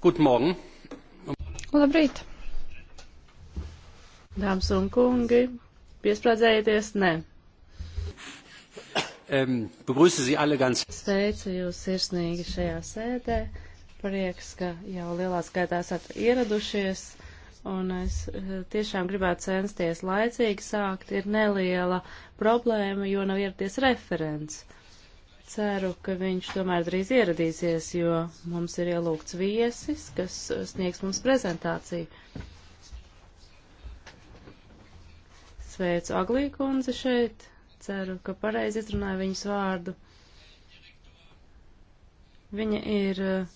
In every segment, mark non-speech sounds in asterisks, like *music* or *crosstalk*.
Guten Morgen. Labrīt. Dāmas un kungi, piesprādzējieties? Nē. Um, begrüße Sie alle ganz. Sveicu jūs sirsnīgi šajā sēdē. Prieks, ka jau lielā skaitā esat ieradušies. Un es eh, tiešām gribētu censties laicīgi sākt. Ir neliela problēma, jo nav ieradies referents. Uh, Ceru, ka viņš tomēr drīz ieradīsies, jo mums ir ielūgts viesis, kas sniegs mums prezentāciju. Sveicu Aglī kundzi šeit. Ceru, ka pareizi izrunāju viņas vārdu. Viņa ir uh,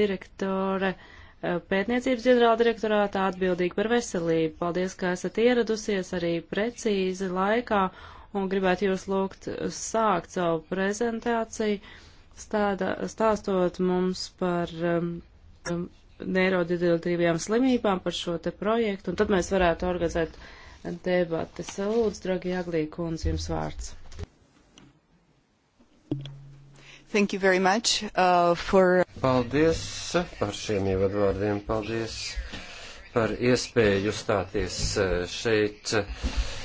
direktore uh, pētniecības ģenerāldirektorātā atbildīga par veselību. Paldies, ka esat ieradusies arī precīzi laikā un gribētu jūs lūgt sākt savu prezentāciju, stāda, stāstot mums par um, um neirodidilatīvajām slimībām, par šo te projektu, un tad mēs varētu organizēt debates. Lūdzu, dragi Jaglī kundze, jums vārds. Thank you very much uh, for. Paldies par šiem ievadvārdiem. Paldies par iespēju stāties uh, šeit. Uh,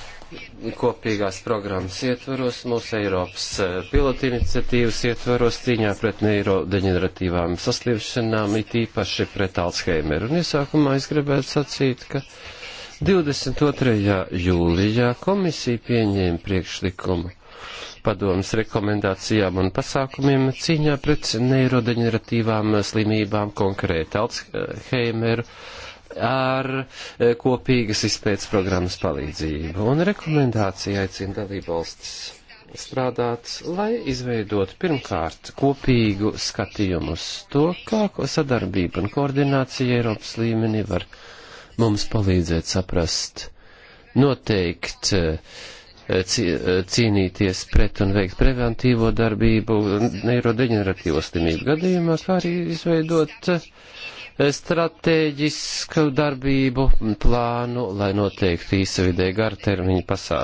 kopīgās programmas ietvaros, mūsu Eiropas eh, pilotiniciatīvas ietvaros cīņā pret neirodeģeneratīvām saslimšanām, it īpaši pret Alzheimeru. Un iesākumā es gribētu sacīt, ka 22. jūlijā komisija pieņēma priekšlikumu padomas rekomendācijām un pasākumiem cīņā pret neirodeģeneratīvām slimībām, konkrēti Alzheimeru ar eh, kopīgas izpētes programmas palīdzību. Un rekomendācija aicina dalībvalstis strādāt, lai izveidot pirmkārt kopīgu skatījumu uz to, kā sadarbība un koordinācija Eiropas līmenī var mums palīdzēt saprast, noteikt uh, cīnīties pret un veikt preventīvo darbību neirodeģeneratīvo slimību gadījumā, kā arī izveidot stratēģisku darbību plānu, lai noteiktu īsavidē gartermiņa pasā,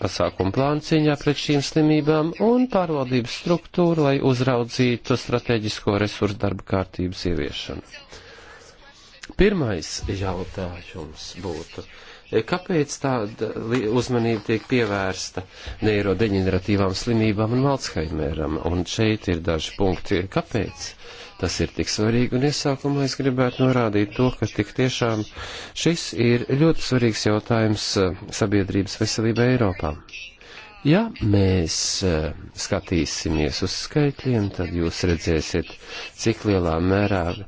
pasākumu plānu cīņā pret šīm slimībām un pārvaldības struktūru, lai uzraudzītu strateģisko resursu darba kārtības ieviešanu. Pirmais jautājums būtu. Kāpēc tāda uzmanība tiek pievērsta neirodeģeneratīvām slimībām un Alzheimeram? Un šeit ir daži punkti. Kāpēc? Uh, Tas ir tik svarīgi, un iesākumā es gribētu norādīt to, ka tik tiešām šis ir ļoti svarīgs jautājums eh, sabiedrības veselībai Eiropā. Ja mēs eh, skatīsimies uz skaitļiem, tad jūs redzēsiet, cik lielā mērā eh,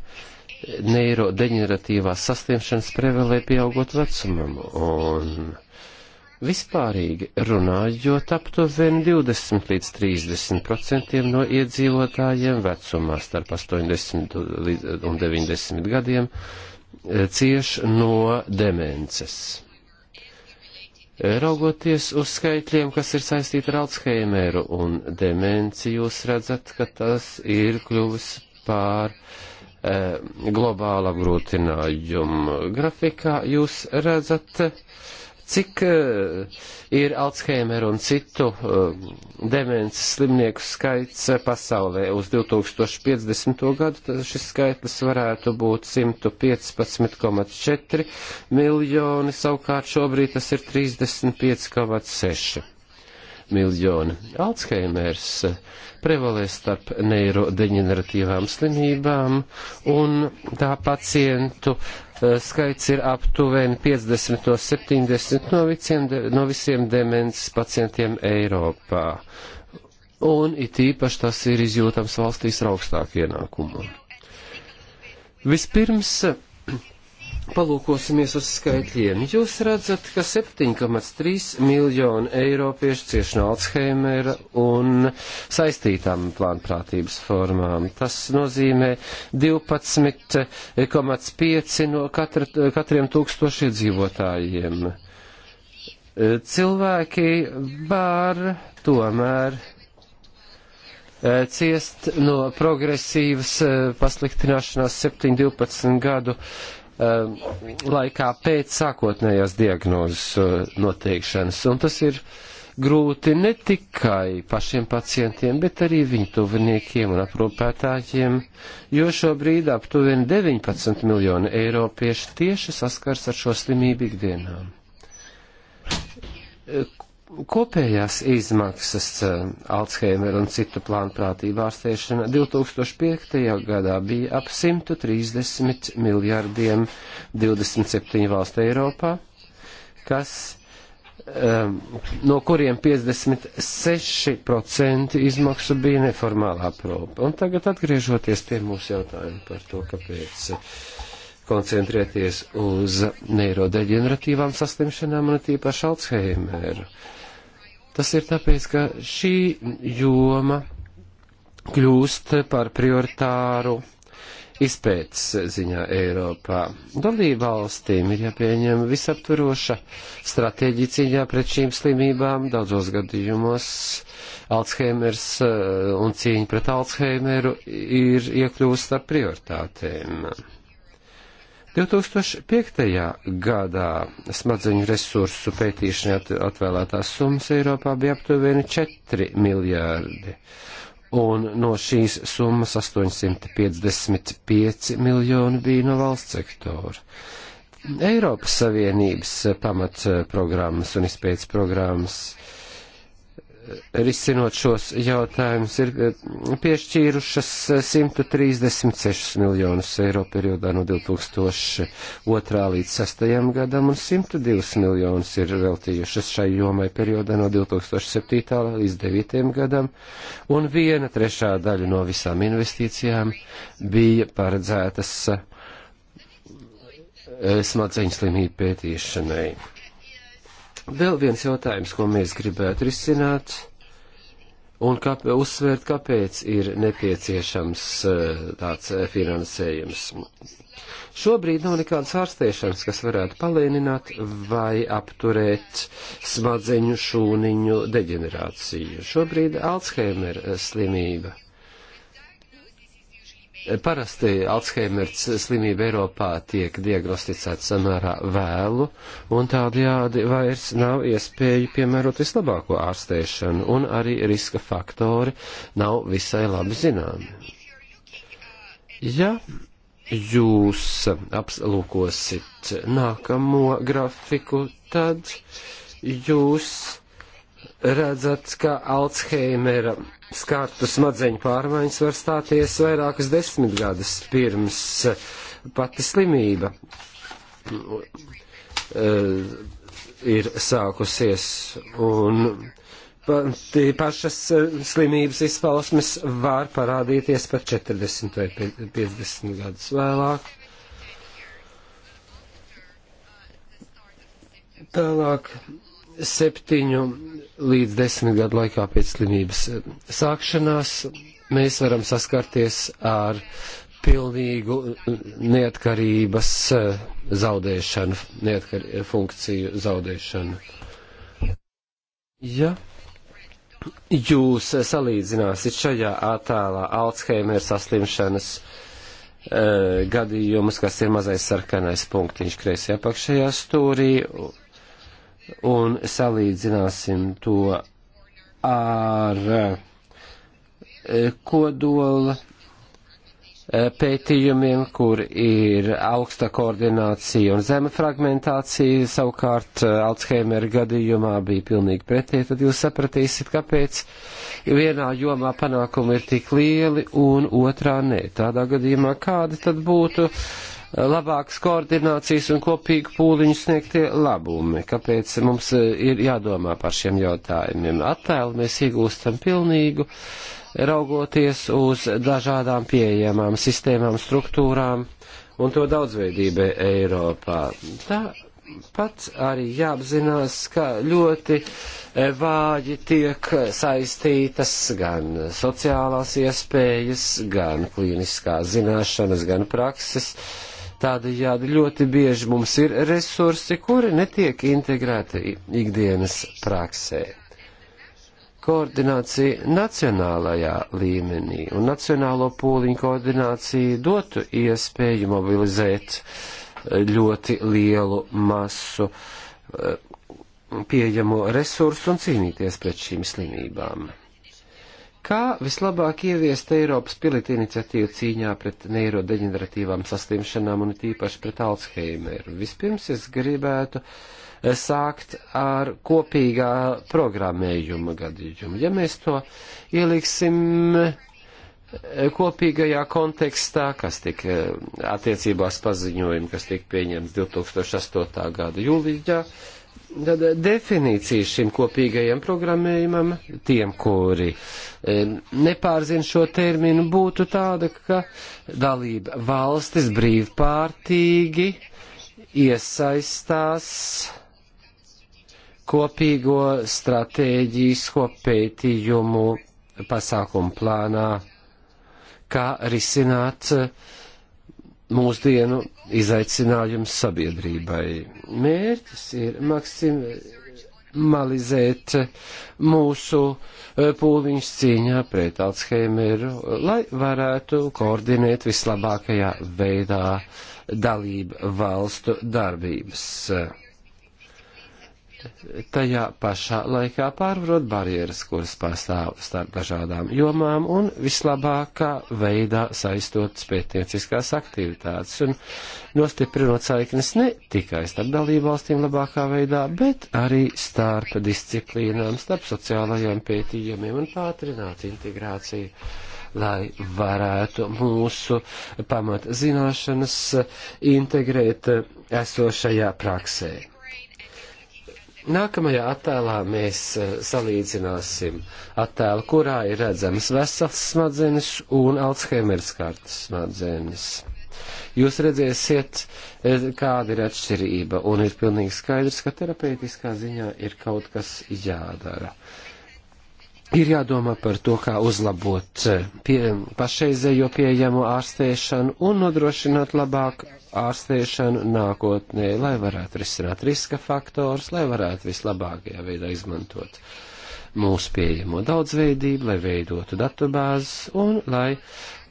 neirodeģeneratīvās saslimšanas prevalē pieaugot vecumam. Un Vispārīgi runājot, aptuveni 20 līdz 30 procentiem no iedzīvotājiem vecumā starp 80 un 90 gadiem eh, cieš no demences. Raugoties uz skaitļiem, kas ir saistīti ar Alzheimeru un demenci, jūs redzat, ka tas ir kļuvis pār e, globāla grūtinājuma grafikā. Jūs redzat Cik eh, ir Alzheimer un citu eh, demences slimnieku skaits pasaulē uz 2050. gadu, tad šis skaitlis varētu būt 115,4 miljoni, savukārt šobrīd tas ir 35,6 miljoni. Alzheimers eh, prevalē starp neirodeģeneratīvām slimībām un tā pacientu uh, Uh, skaits ir aptuveni 50 no 70 no, viciem, no visiem demences pacientiem Eiropā. Un it īpaši tas ir izjūtams valstīs ar augstāku ienākumu. Vispirms Palūkosimies uz skaitļiem. Jūs redzat, ka 7,3 miljonu eiropiešu cieši no Alzheimera un saistītām plānprātības formām. Tas nozīmē 12,5 no katra, katriem tūkstošiem dzīvotājiem. Cilvēki var tomēr eh, ciest no progresīvas eh, pasliktināšanās 7-12 gadu uh, Um, laikā pēc sākotnējās diagnozes uh, noteikšanas. Un tas ir grūti ne tikai pašiem pacientiem, bet arī viņu tuviniekiem un aprūpētājiem, jo šobrīd aptuveni 19 miljoni eiropieši tieši saskars ar šo slimību ikdienām kopējās izmaksas eh, Alzheimer un citu plānprātību ārstēšana 2005. gadā bija ap 130 miljārdiem 27 valstu Eiropā, kas, um, no kuriem 56% izmaksu bija neformālā proba. Un tagad atgriežoties pie mūsu jautājuma par to, kāpēc eh, koncentrēties uz neirodeģeneratīvām saslimšanām un tīpaši Alzheimeru Tas ir tāpēc, ka šī joma kļūst par prioritāru izpētes ziņā Eiropā. Dalība valstīm ir jāpieņem visaptvaroša stratēģija cīņā pret šīm slimībām. Daudzos gadījumos Alzheimers uh, un cīņa pret Alzheimeru ir iekļūst ar prioritātēm. 2005. gadā smadzeņu resursu pētīšanai atvēlētās summas Eiropā bija aptuveni 4 miljārdi, un no šīs summas 855 miljoni bija no valsts sektora. Eiropas Savienības pamatprogrammas un izpētes programmas uh, risinot šos jautājumus, ir eh, piešķīrušas 136 eh, miljonus eiro periodā no 2002 līdz 2006 gadam un 102 miljonus ir veltījušas šai jomai periodā no 2007 līdz 2009 gadam, un viena trešā daļa no visām investīcijām bija paredzētas eh, smadzeņu slimību pētīšanai. Vēl viens jautājums, ko mēs gribētu risināt, un kāp, uzsvērt, kāpēc ir nepieciešams eh, tāds eh, finansējums. Šobrīd nav nekādas ārstēšanas, kas varētu palēnināt vai apturēt smadzeņu šūniņu deģenerāciju. Šobrīd Alzheimer eh, slimība Parasti Alzheimers slimība Eiropā tiek diagnosticēta samērā vēlu, un tādējādi vairs nav iespēju piemērot vislabāko ārstēšanu, un arī riska faktori nav visai labi zināmi. Ja jūs aplūkosit nākamo grafiku, tad jūs redzat, ka Alzheimera skārtu smadzeņu pārmaiņas var stāties vairākas desmitgades pirms eh, pati slimība eh, ir sākusies. Un pašas eh, slimības izpausmes var parādīties pat 40 vai 50 gadus vēlāk. Tālāk septiņu līdz desmit gadu laikā pēc slimības eh, sākšanās mēs varam saskarties ar pilnīgu eh, neatkarības eh, zaudēšanu, neatkar funkciju zaudēšanu. Ja jūs salīdzināsiet šajā attēlā Alzheimer saslimšanas uh, gadījumus, kas ir mazais sarkanais punktiņš kreisajā apakšējā stūrī, un salīdzināsim to ar eh, kodola eh, pētījumiem, kur ir augsta koordinācija un zema fragmentācija, savukārt eh, Alzheimer gadījumā bija pilnīgi pretēji, tad jūs sapratīsiet, kāpēc vienā jomā panākumi ir tik lieli un otrā nē. Tādā gadījumā kādi tad būtu uh, labākas koordinācijas un kopīgu pūliņu sniegtie labumi. Kāpēc mums e, ir jādomā par šiem jautājumiem? Attēlu mēs iegūstam pilnīgu, raugoties uz dažādām pieejamām sistēmām, struktūrām un to daudzveidībai Eiropā. Tā pats arī jāapzinās, ka ļoti e, vāji tiek saistītas gan sociālās iespējas, gan klīniskās zināšanas, gan prakses. Uh, Tādējādi ļoti bieži mums ir resursi, kuri netiek integrēti ikdienas praksē. Koordinācija nacionālajā līmenī un nacionālo pūliņu koordinācija dotu iespēju mobilizēt eh, ļoti lielu masu eh, pieejamo resursu un cīnīties pret šīm slimībām. Kā vislabāk ieviest Eiropas pilita iniciatīvu cīņā pret neirodeģeneratīvām saslimšanām un tīpaši pret Alzheimeru? Vispirms es gribētu eh, sākt ar kopīgā programmējuma gadījumu. Ja mēs to ieliksim eh, kopīgajā kontekstā, kas tika eh, attiecībās paziņojumi, kas tika pieņemts 2008. gada jūlijā, Tad eh, definīcija šim kopīgajam programmējumam tiem, kuri e, eh, nepārzin šo terminu, būtu tāda, ka dalība valstis brīvpārtīgi iesaistās kopīgo stratēģisko pētījumu pasākumu plānā, kā risināt uh, mūsdienu izaicinājums sabiedrībai. Mērķis ir maksimalizēt mūsu e, pūliņus cīņā pret Alzheimeru, lai varētu koordinēt vislabākajā veidā dalību valstu darbības tajā pašā laikā pārvarot barjeras, kuras pastāv starp dažādām jomām un vislabākā veidā saistot pētnieciskās aktivitātes un nostiprinot saiknes ne tikai starp dalībvalstīm labākā veidā, bet arī starp disciplīnām, starp sociālajiem pētījumiem un pātrināt integrāciju lai varētu mūsu pamat zināšanas integrēt esošajā praksē. Nākamajā attēlā mēs eh, salīdzināsim attēlu, kurā ir redzamas vesels smadzenes un Alzheimer's kartas smadzenes. Jūs redzēsiet, eh, kāda ir atšķirība, un ir pilnīgi skaidrs, ka terapeitiskā ziņā ir kaut kas jādara. Ir jādomā par to, kā uzlabot eh, pie, pašreizējo pieejamo ārstēšanu un nodrošināt labāku ārstēšanu nākotnē, lai varētu risināt riska faktors, lai varētu vislabākajā veidā izmantot mūsu pieejamo daudzveidību, lai veidotu datubāzes un lai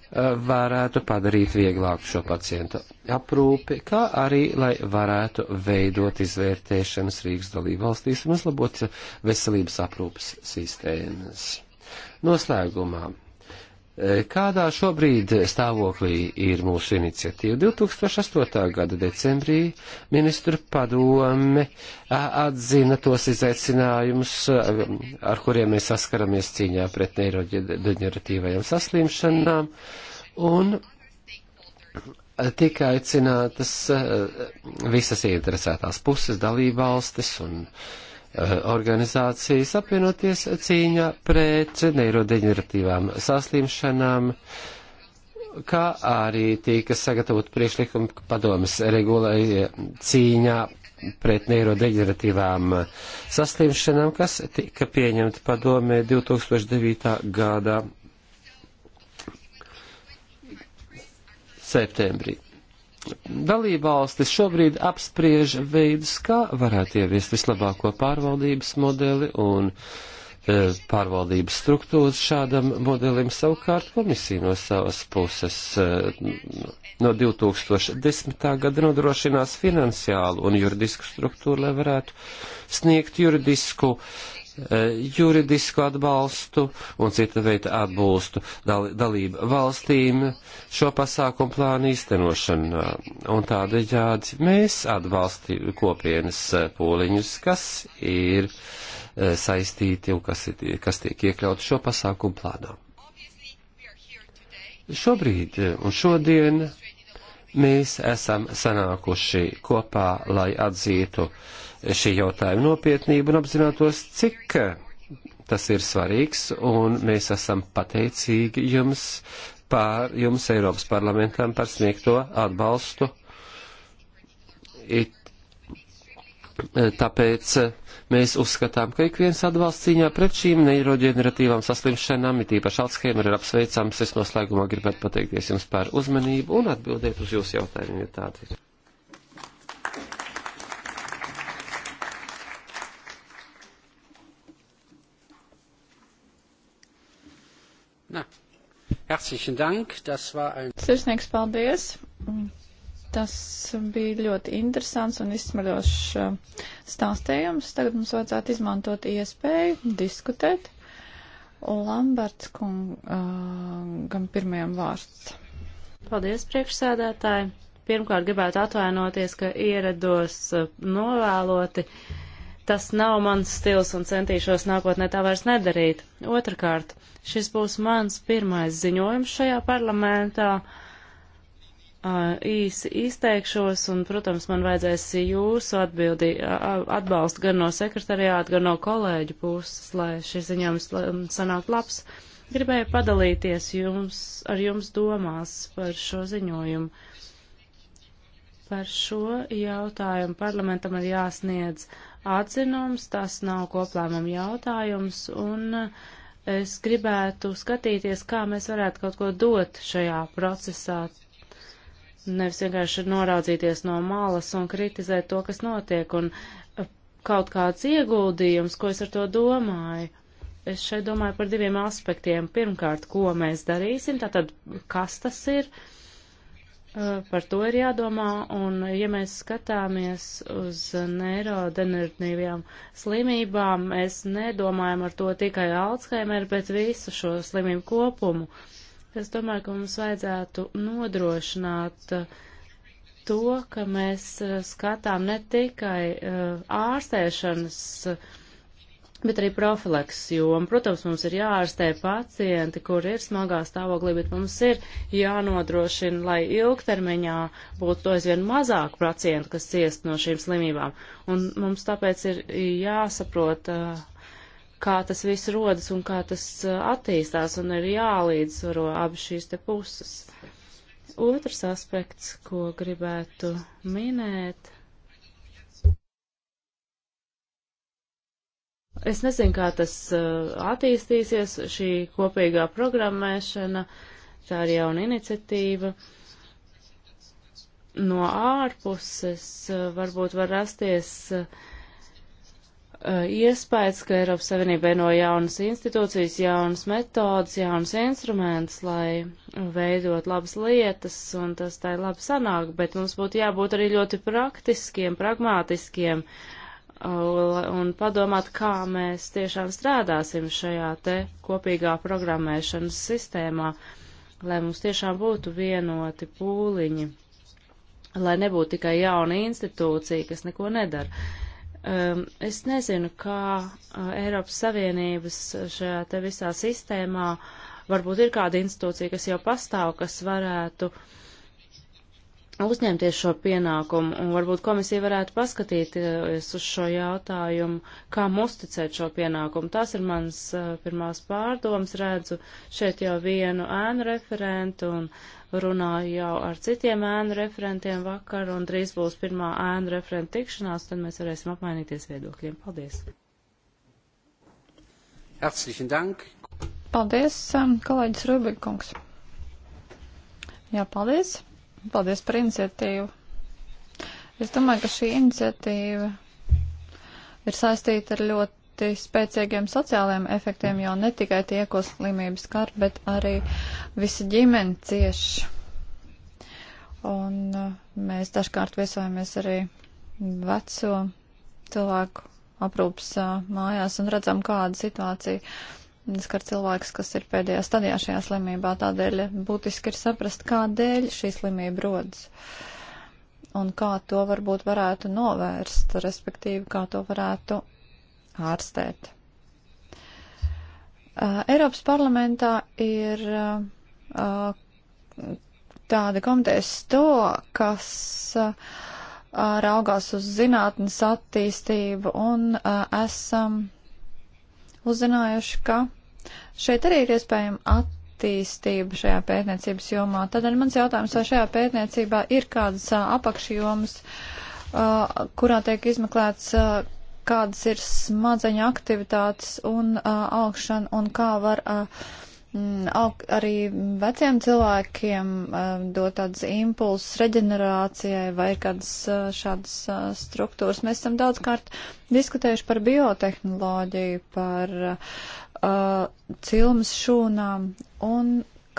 Uh, varētu padarīt vieglāku šo pacientu aprūpi, kā arī, lai varētu veidot izvērtēšanas Rīgas dalību valstīs un uzlabot veselības aprūpas sistēmas. Noslēgumā Kādā šobrīd stāvoklī ir mūsu iniciatīva? 2008. gada decembrī ministru padome atzina tos izaicinājumus, ar kuriem mēs saskaramies cīņā pret neiroģeneratīvajām saslimšanām, un tika aicinātas visas ieinteresētās puses, dalībvalstis un uh, Eh, organizācijas apvienoties cīņā pret neirodeģeneratīvām saslimšanām, kā arī tika sagatavot priekšlikumu padomas regulai cīņā pret neirodeģeneratīvām saslimšanām, kas tika pieņemta padomē 2009. gadā septembrī dalībvalstis šobrīd apspriež veidus, kā varētu ieviest vislabāko pārvaldības modeli un e, pārvaldības struktūras šādam modelim savukārt komisija no savas puses e, no 2010. gada nodrošinās finansiālu un juridisku struktūru, lai varētu sniegt juridisku uh, Eh, juridisku atbalstu un cita veida atbalstu dal, dalību valstīm šo pasākumu plānu īstenošanā. Un tādējādi mēs atbalstīju kopienas eh, pūliņus, kas ir eh, saistīti un kas, ir, kas tiek iekļauti šo pasākumu plānā. Šobrīd un šodien mēs esam sanākuši kopā, lai atzītu uh, šī jautājuma nopietnību un apzinātos, cik eh, tas ir svarīgs, un mēs esam pateicīgi jums pār jums Eiropas parlamentam par sniegto atbalstu. It, eh, tāpēc eh, mēs uzskatām, ka ik viens atbalsts cīņā pret šīm neiroģeneratīvām saslimšanām, it īpaši Alzheimer ir apsveicams. Es noslēgumā gribētu pateikties jums par uzmanību un atbildēt uz jūsu jautājumiem, ja tādi ir. Herzlichen Dank. Das war ein. Sirsnieks, paldies. Tas bija ļoti interesants un izsmaļošs uh, stāstījums. Tagad mums vajadzētu izmantot iespēju diskutēt. Lamberts kungam uh, pirmajam vārds. Paldies, priekšsēdētāji. Pirmkārt gribētu atvainoties, ka ierados uh, novēloti. Uh, Tas nav mans stils un centīšos nākotnē tā vairs nedarīt. Otrakārt, šis būs mans pirmais ziņojums šajā parlamentā. Īsi izteikšos un, protams, man vajadzēs jūsu atbildi, atbalstu gan no sekretariāta, gan no kolēģu puses, lai šis ziņojums um, sanāk labs. Gribēju padalīties jums, ar jums domās par šo ziņojumu. Par šo jautājumu parlamentam ir jāsniedz uh, atzinums, tas nav koplēmuma jautājums, un eh, es gribētu skatīties, kā mēs varētu kaut ko dot šajā procesā. Nevis vienkārši noraudzīties no malas un kritizēt to, kas notiek, un eh, kaut kāds ieguldījums, ko es ar to domāju. Es šeit domāju par diviem aspektiem. Pirmkārt, ko mēs darīsim, tātad kas tas ir, uh, Par to ir jādomā, un ja mēs skatāmies uz neirodenerģīvajām slimībām, mēs nedomājam ar to tikai Alzheimeru, bet visu šo slimību kopumu. Es domāju, ka mums vajadzētu nodrošināt to, ka mēs skatām ne tikai ārstēšanas uh, bet arī profilakses joma. Protams, mums ir jāārstē pacienti, kur ir smagā stāvoklī, bet mums ir jānodrošina, lai ilgtermiņā būtu to aizvien mazāk pacientu, kas ciest no šīm slimībām. Un mums tāpēc ir jāsaprot, kā tas viss rodas un kā tas attīstās, un ir jālīdzsvaro abi šīs te puses. Otrs aspekts, ko gribētu minēt, Es nezinu, kā tas uh, attīstīsies, šī kopīgā programmēšana, tā ir jauna iniciatīva. No ārpuses uh, varbūt var rasties uh, iespējas, ka Eiropas Savienībai no jaunas institūcijas, jaunas metodas, jaunas instrumentus, lai veidot labas lietas, un tas tā ir labi sanāk, bet mums būtu jābūt arī ļoti praktiskiem, pragmātiskiem. Uh, un padomāt, kā mēs tiešām strādāsim šajā te kopīgā programmēšanas sistēmā, lai mums tiešām būtu vienoti pūliņi, lai nebūtu tikai jauna institūcija, kas neko nedara. Um, es nezinu, kā uh, Eiropas Savienības šajā te visā sistēmā varbūt ir kāda institūcija, kas jau pastāv, kas varētu uh, uzņemties šo pienākumu, un varbūt komisija varētu paskatīties uz šo jautājumu, kā musticēt šo pienākumu. Tās ir mans eh, pirmās pārdomas, redzu šeit jau vienu ēnu referentu, un runāju jau ar citiem ēnu referentiem vakar, un drīz būs pirmā ēnu referenta tikšanās, tad mēs varēsim apmainīties viedokļiem. Paldies! Herzlichen Dank! Paldies, um, kolēģis Rubikungs! Jā, paldies! Paldies par iniciatīvu. Es domāju, ka šī iniciatīva ir saistīta ar ļoti spēcīgiem sociālajiem efektiem, jo ne tikai tie, ko slimības skar, bet arī visa ģimene cieš. Un uh, mēs dažkārt viesojamies arī veco cilvēku aprūpas uh, mājās un redzam, kāda situācija skar cilvēkus, kas ir pēdējā stadijā šajā slimībā. Tādēļ būtiski ir saprast, kādēļ šī slimība rodas un kā to varbūt varētu novērst, respektīvi, kā to varētu ārstēt. Uh, Eiropas parlamentā ir uh, tāda komitejas to, kas uh, raugās uz zinātnes attīstību un esam uzzinājuši, ka Šeit arī ir iespējama attīstība šajā pētniecības jomā. Tādēļ mans jautājums, vai šajā pētniecībā ir kādas apakšjomas, kurā tiek izmeklēts, kādas ir smadzeņa aktivitātes un augšana un kā var arī veciem cilvēkiem dot tādas impulsas reģenerācijai vai kādas šādas struktūras. Mēs esam daudzkārt diskutējuši par biotehnoloģiju, par uh, cilmas šūnām un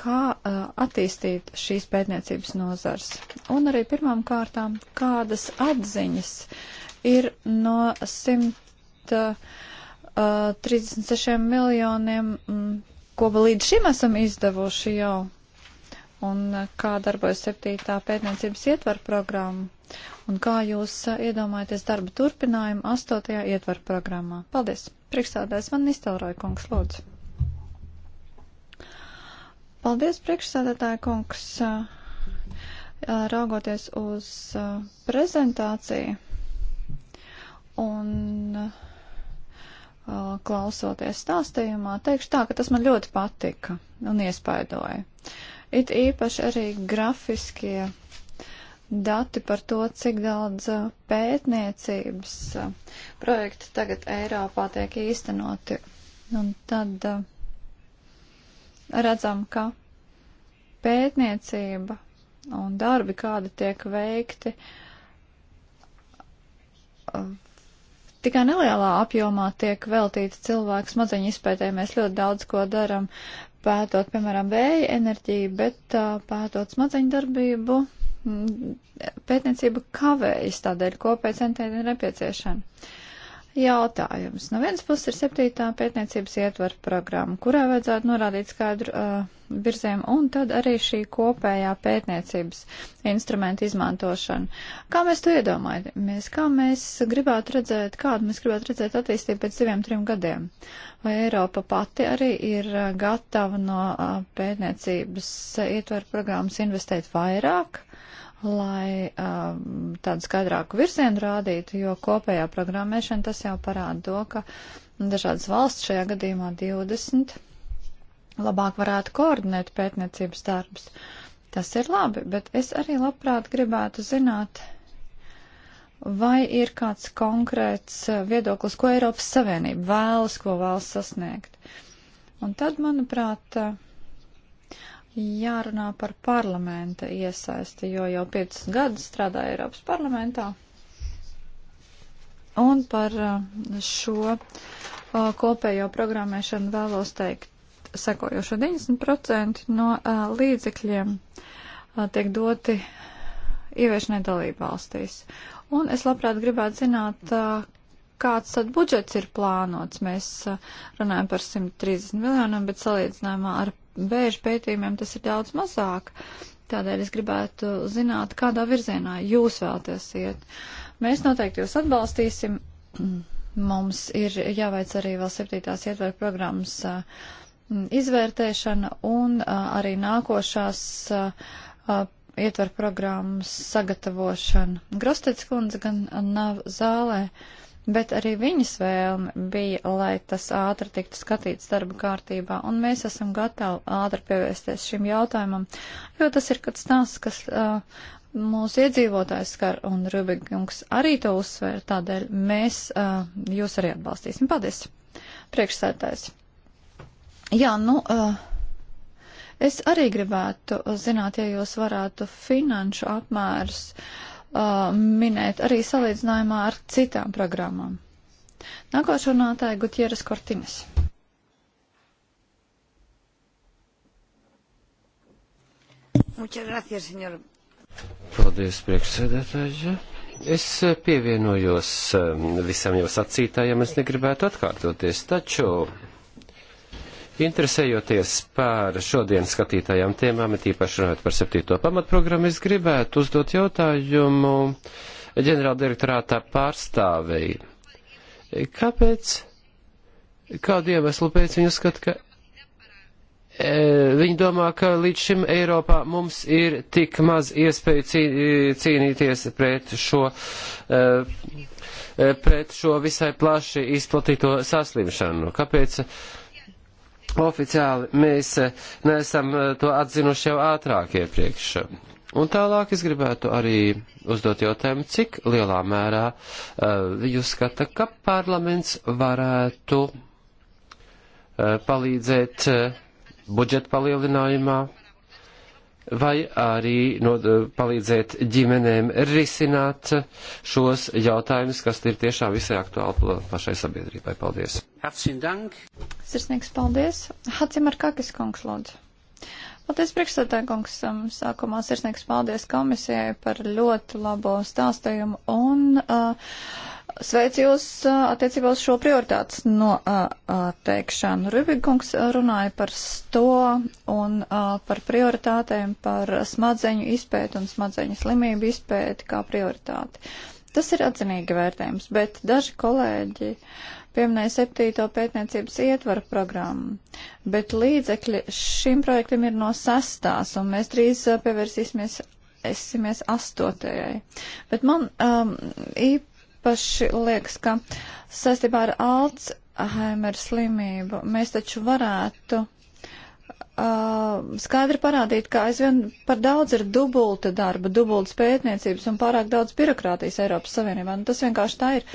kā uh, attīstīt šīs pētniecības nozars. Un arī pirmām kārtām, kādas atziņas ir no 136 uh, miljoniem, mm, ko līdz šim esam izdevuši jau, un uh, kā darbojas 7. pētniecības ietvaru programma, un kā jūs uh, iedomājaties darba turpinājumu 8. ietvaru programmā. Paldies! Priekšsādājs man iztauroja kungs, lūdzu. Paldies, priekšsādātāja kungs. Raugoties uz prezentāciju un klausoties stāstījumā, teikšu tā, ka tas man ļoti patika un iespaidoja. It īpaši arī grafiskie dati par to, cik daudz uh, pētniecības uh, projektu tagad Eiropā tiek īstenoti. Un tad uh, redzam, ka pētniecība un darbi, kādi tiek veikti, tikai nelielā apjomā tiek veltīti cilvēku smadzeņu izpētē. Mēs ļoti daudz ko daram, pētot, piemēram, vēja enerģiju, bet pētot smadzeņu darbību Mm, pētniecība kavējas tādēļ kopēja centieni ir nepieciešami. Jautājums. No vienas puses ir septītā pētniecības ietvaru programma, kurā vajadzētu norādīt skaidru uh, virzienu, un tad arī šī kopējā pētniecības instrumenta izmantošana. Kā mēs to iedomājamies? Kā mēs gribētu redzēt, kādu mēs gribētu redzēt attīstību pēc diviem, trim gadiem? Vai Eiropa pati arī ir uh, gatava no uh, pētniecības ietvaru programmas investēt vairāk? lai um, tādu skaidrāku virzienu rādītu, jo kopējā programmēšana tas jau parāda to, ka dažādas valsts šajā gadījumā 20 labāk varētu koordinēt pētniecības darbus. Tas ir labi, bet es arī labprāt gribētu zināt, vai ir kāds konkrēts uh, viedoklis, ko Eiropas Savienība vēlas, ko vēlas sasniegt. Un tad, manuprāt, uh, jārunā par parlamenta iesaisti, jo jau piecus gadus strādāju Eiropas parlamentā. Un par uh, šo uh, kopējo programmēšanu vēlos teikt sekojošo 90% no uh, līdzekļiem tiek doti ieviešanai dalību valstīs. Un es labprāt gribētu zināt, kāds tad budžets ir plānots. Mēs runājam par 130 miljoniem, bet salīdzinājumā ar bēžu pētījumiem tas ir daudz mazāk. Tādēļ es gribētu zināt, kādā virzienā jūs vēlaties iet. Mēs noteikti jūs atbalstīsim. *clears throat* Mums ir jāveic arī vēl septītās ietveru programmas uh, izvērtēšana un uh, arī nākošās uh, ietveru programmas sagatavošana. Grostets kundze gan nav zālē. Uh, bet arī viņas vēlme bija, lai tas ātri tiktu skatīts darba kārtībā, un mēs esam gatavi ātri pievērsties šim jautājumam, jo tas ir kāds tās, kas uh, mūsu iedzīvotājs skar, un Rubikungs arī to uzsver, tādēļ mēs uh, jūs arī atbalstīsim. Paldies! Priekšsētājs. Jā, nu, uh, es arī gribētu zināt, ja jūs varētu finanšu apmērus. Uh, uh, minēt arī salīdzinājumā ar citām programmām. Nākošo runātāja Gutieres Kortines. Muchas gracias, señor. Paldies, priekšsēdētāji. Es eh, pievienojos eh, visam jau sacītājiem, es negribētu atkārtoties, taču Interesējoties par šodien skatītajām tēmām, it īpaši runājot par septīto pamatprogrammu, es gribētu uzdot jautājumu ģenerāldirektorātā pārstāvei. Kāpēc, kādu iemeslu pēc viņa uzskata, ka e, viņi domā, ka līdz šim Eiropā mums ir tik maz iespēju cīnīties pret šo, e, e, pret šo visai plaši izplatīto saslimšanu. Kāpēc oficiāli mēs eh, neesam eh, to atzinuši jau ātrāk iepriekš. Un tālāk es gribētu arī uzdot jautājumu, cik lielā mērā uh, jūs skata, ka parlaments varētu uh, palīdzēt uh, budžeta palielinājumā, vai arī no, palīdzēt ģimenēm risināt šos jautājumus, kas ir tiešām visai aktuāli pašai sabiedrībai. Paldies! Sirsnīgs paldies! Hacimar Kakis kungs, lūdzu! Paldies, priekšstādāja kungs! Um, sākumā sirsnīgs paldies komisijai par ļoti labo stāstījumu un uh, sveicu jūs attiecībā uz šo prioritātes noteikšanu. Rubikungs runāja par to un par prioritātēm, par smadzeņu izpēti un smadzeņu slimību izpēti kā prioritāti. Tas ir atzinīgi vērtējums, bet daži kolēģi pieminēja septīto pētniecības ietvaru programmu, bet līdzekļi šim projektam ir no sastās, un mēs drīz pievērsīsimies esimies astotajai. Bet man um, īp, īpaši liekas, ka saistībā ar Alzheimer slimību mēs taču varētu Uh, skaidri parādīt, ka aizvien par daudz ir dubulta darba, dubultas pētniecības un pārāk daudz birokrātijas Eiropas Savienībā. Nu, tas vienkārši tā ir.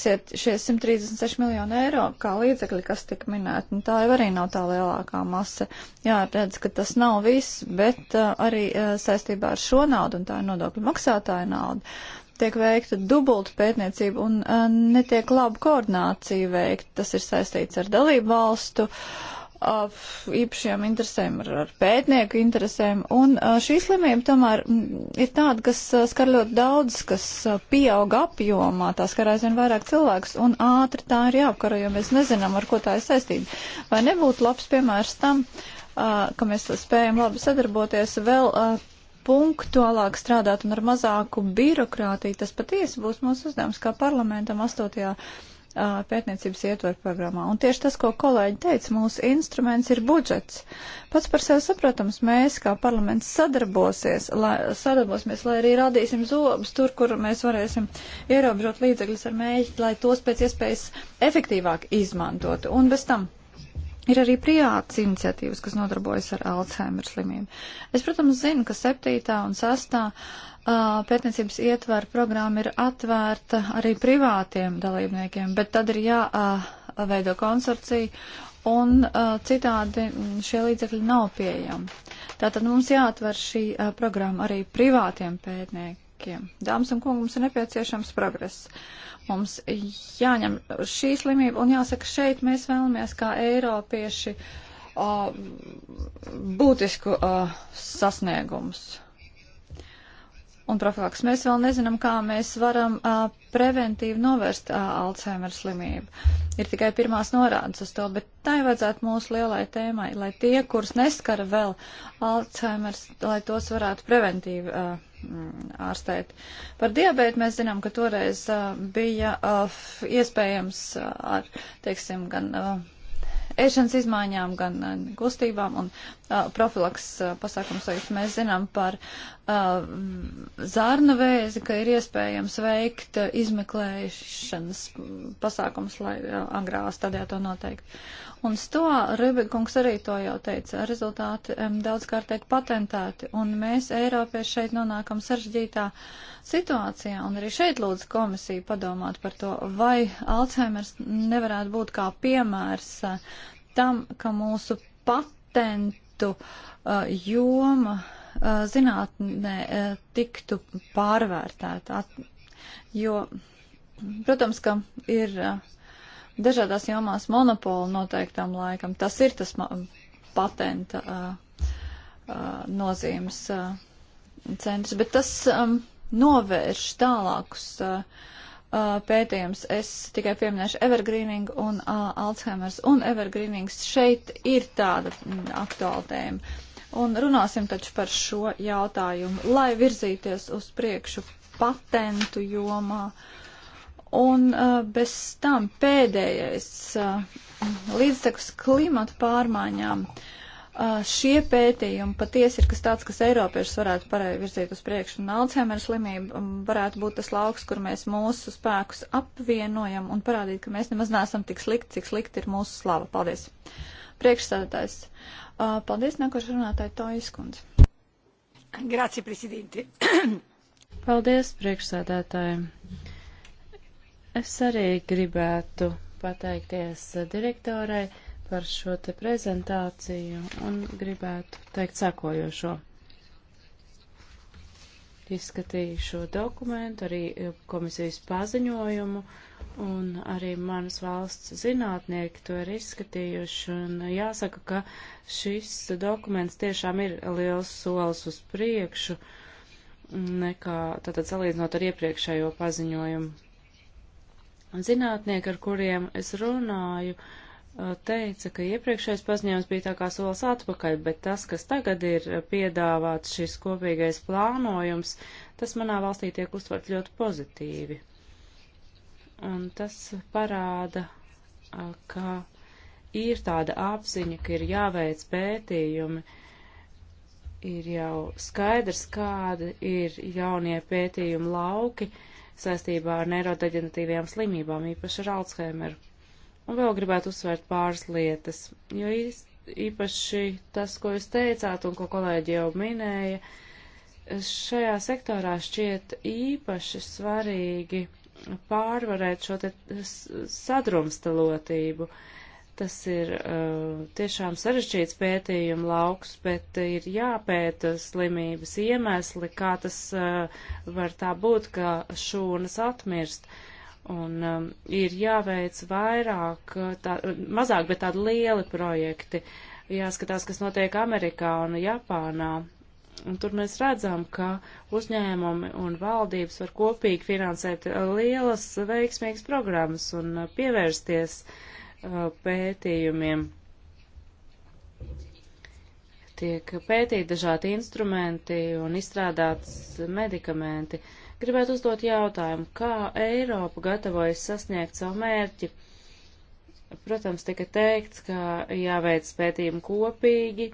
Siet šie 136 miljoni eiro kā līdzekļi, kas tika minēti, nu, tā jau arī nav tā lielākā masa. Jā, redz, ka tas nav viss, bet uh, arī uh, saistībā ar šo naudu, un tā ir nodokļu maksātāja nauda, tiek veikta dubulta pētniecība un uh, netiek laba koordinācija veikta. Tas ir saistīts ar dalību valstu uh, īpašiem interesēm, ar, ar pētnieku interesēm. Un uh, šī slimība tomēr m, ir tāda, kas uh, skar ļoti daudz, kas uh, pieauga apjomā, tā skar aizvien vairāk cilvēks un ātri tā ir jāapkaro, jo mēs nezinām, ar ko tā ir saistīta. Vai nebūtu labs piemērs tam? Uh, ka mēs spējam labi sadarboties vēl uh, punktuālāk strādāt un ar mazāku birokrātiju, tas patiesi būs mūsu uzdevums kā parlamentam 8. pētniecības ietvaru programmā. Un tieši tas, ko kolēģi teica, mūsu instruments ir budžets. Pats par sevi saprotams, mēs kā parlaments sadarbosies, lai, sadarbosimies, lai arī radīsim zobus tur, kur mēs varēsim ierobežot līdzekļus ar mēģi, lai tos pēc iespējas efektīvāk izmantotu. Un bez tam Ir arī privātas iniciatīvas, kas nodarbojas ar Alzheimer slimību. Es, protams, zinu, ka 7. un 6. pētniecības ietvaru programma ir atvērta arī privātiem dalībniekiem, bet tad ir jāveido konsorcija un citādi šie līdzekļi nav pieejami. Tātad mums jāatver šī programma arī privātiem pētniekiem. Dāmas un kungi, mums ir nepieciešams progress. Uh, Mums jāņem šī slimība un jāsaka, šeit mēs vēlamies kā Eiropieši uh, būtisku uh, sasniegumus un profilaks. Mēs vēl nezinām, kā mēs varam uh, preventīvi novērst uh, Alzheimer slimību. Ir tikai pirmās norādes uz to, bet tai vajadzētu mūsu lielai tēmai, lai tie, kurus neskara vēl Alzheimer, lai tos varētu preventīvi uh, Mm, ārstēt. Par diabētu mēs zinām, ka toreiz bija iespējams ar, teiksim, gan ēšanas izmaiņām, gan kustībām, un profilaks pasākums, vai mēs zinām par zārna vēzi, ka ir iespējams veikt izmeklēšanas pasākums, lai agrā stadijā to noteikti. Un to Rubikungs arī to jau teica. Rezultāti um, daudzkārt tiek patentēti, un mēs, Eiropieši, šeit nonākam sarežģītā situācijā, un arī šeit lūdzu komisiju padomāt par to, vai Alzheimers nevarētu būt kā piemērs uh, tam, ka mūsu patent citu uh, jomu uh, zinātnē uh, tiktu pārvērtēta. Jo, protams, ka ir uh, dažādās jomās monopoli noteiktām laikam. Tas ir tas patenta uh, uh, nozīmes uh, centrs, bet tas um, novērš tālākus. Uh, Uh, pētījums. Es tikai pieminēšu evergreening un uh, Alzheimer's. Un evergreenings šeit ir tāda mm, aktuāla tēma. Un runāsim taču par šo jautājumu, lai virzīties uz priekšu patentu jomā. Un uh, bez tam pēdējais uh, līdztekus klimatu pārmaiņām. Uh, Šie pētījumi patiesi ir kas tāds, kas Eiropiešus varētu pareizi virzīt uz priekšu, un Alzheimer slimība um, varētu būt tas lauks, kur mēs mūsu spēkus apvienojam un parādīt, ka mēs nemaz neesam tik slikti, cik slikti ir mūsu slava. Paldies! Priekšsēdētājs. Paldies, nākošais runātāji Tojas kundze. Grācija, prezidenti. Paldies, priekšsēdētāji. Es arī gribētu pateikties direktorai par šo te prezentāciju un gribētu teikt sakojošo. Izskatīju šo dokumentu, arī e, komisijas paziņojumu, un arī manas valsts zinātnieki to ir izskatījuši, un jāsaka, ka šis dokuments tiešām ir liels solis uz priekšu, nekā tātad salīdzinot ar iepriekšējo paziņojumu. Zinātnieki, ar kuriem es runāju, uh, teica, ka iepriekšējais paziņojums bija tā kā solis atpakaļ, bet tas, kas tagad ir piedāvāts šis kopīgais plānojums, tas manā valstī tiek uztverts ļoti pozitīvi. Un tas parāda, ka ir tāda apziņa, ka ir jāveic pētījumi, ir jau skaidrs, kādi ir jaunie pētījumi lauki saistībā ar neirodeģenatīvajām slimībām, īpaši ar Alzheimeru Un vēl gribētu uzsvērt pāris lietas, jo īpaši tas, ko jūs teicāt un ko kolēģi jau minēja, šajā sektorā šķiet īpaši svarīgi pārvarēt šo te sadrumstalotību. Tas ir uh, tiešām sarežģīts pētījuma lauks, bet ir jāpēta slimības iemesli, kā tas uh, var tā būt, ka šūnas atmirst. Uh, Un um, ir jāveic vairāk, uh, tā, mazāk, bet tādi lieli projekti. Jāskatās, kas notiek Amerikā un Japānā. Un tur mēs redzam, ka uzņēmumi un valdības var kopīgi finansēt uh, lielas veiksmīgas programmas un uh, pievērsties uh, pētījumiem. Tiek pētīti dažādi instrumenti un izstrādāts medikamenti. Uh, Gribētu uzdot jautājumu, kā Eiropa gatavojas sasniegt savu mērķi? Protams, tika teikts, ka jāveic pētījumi kopīgi,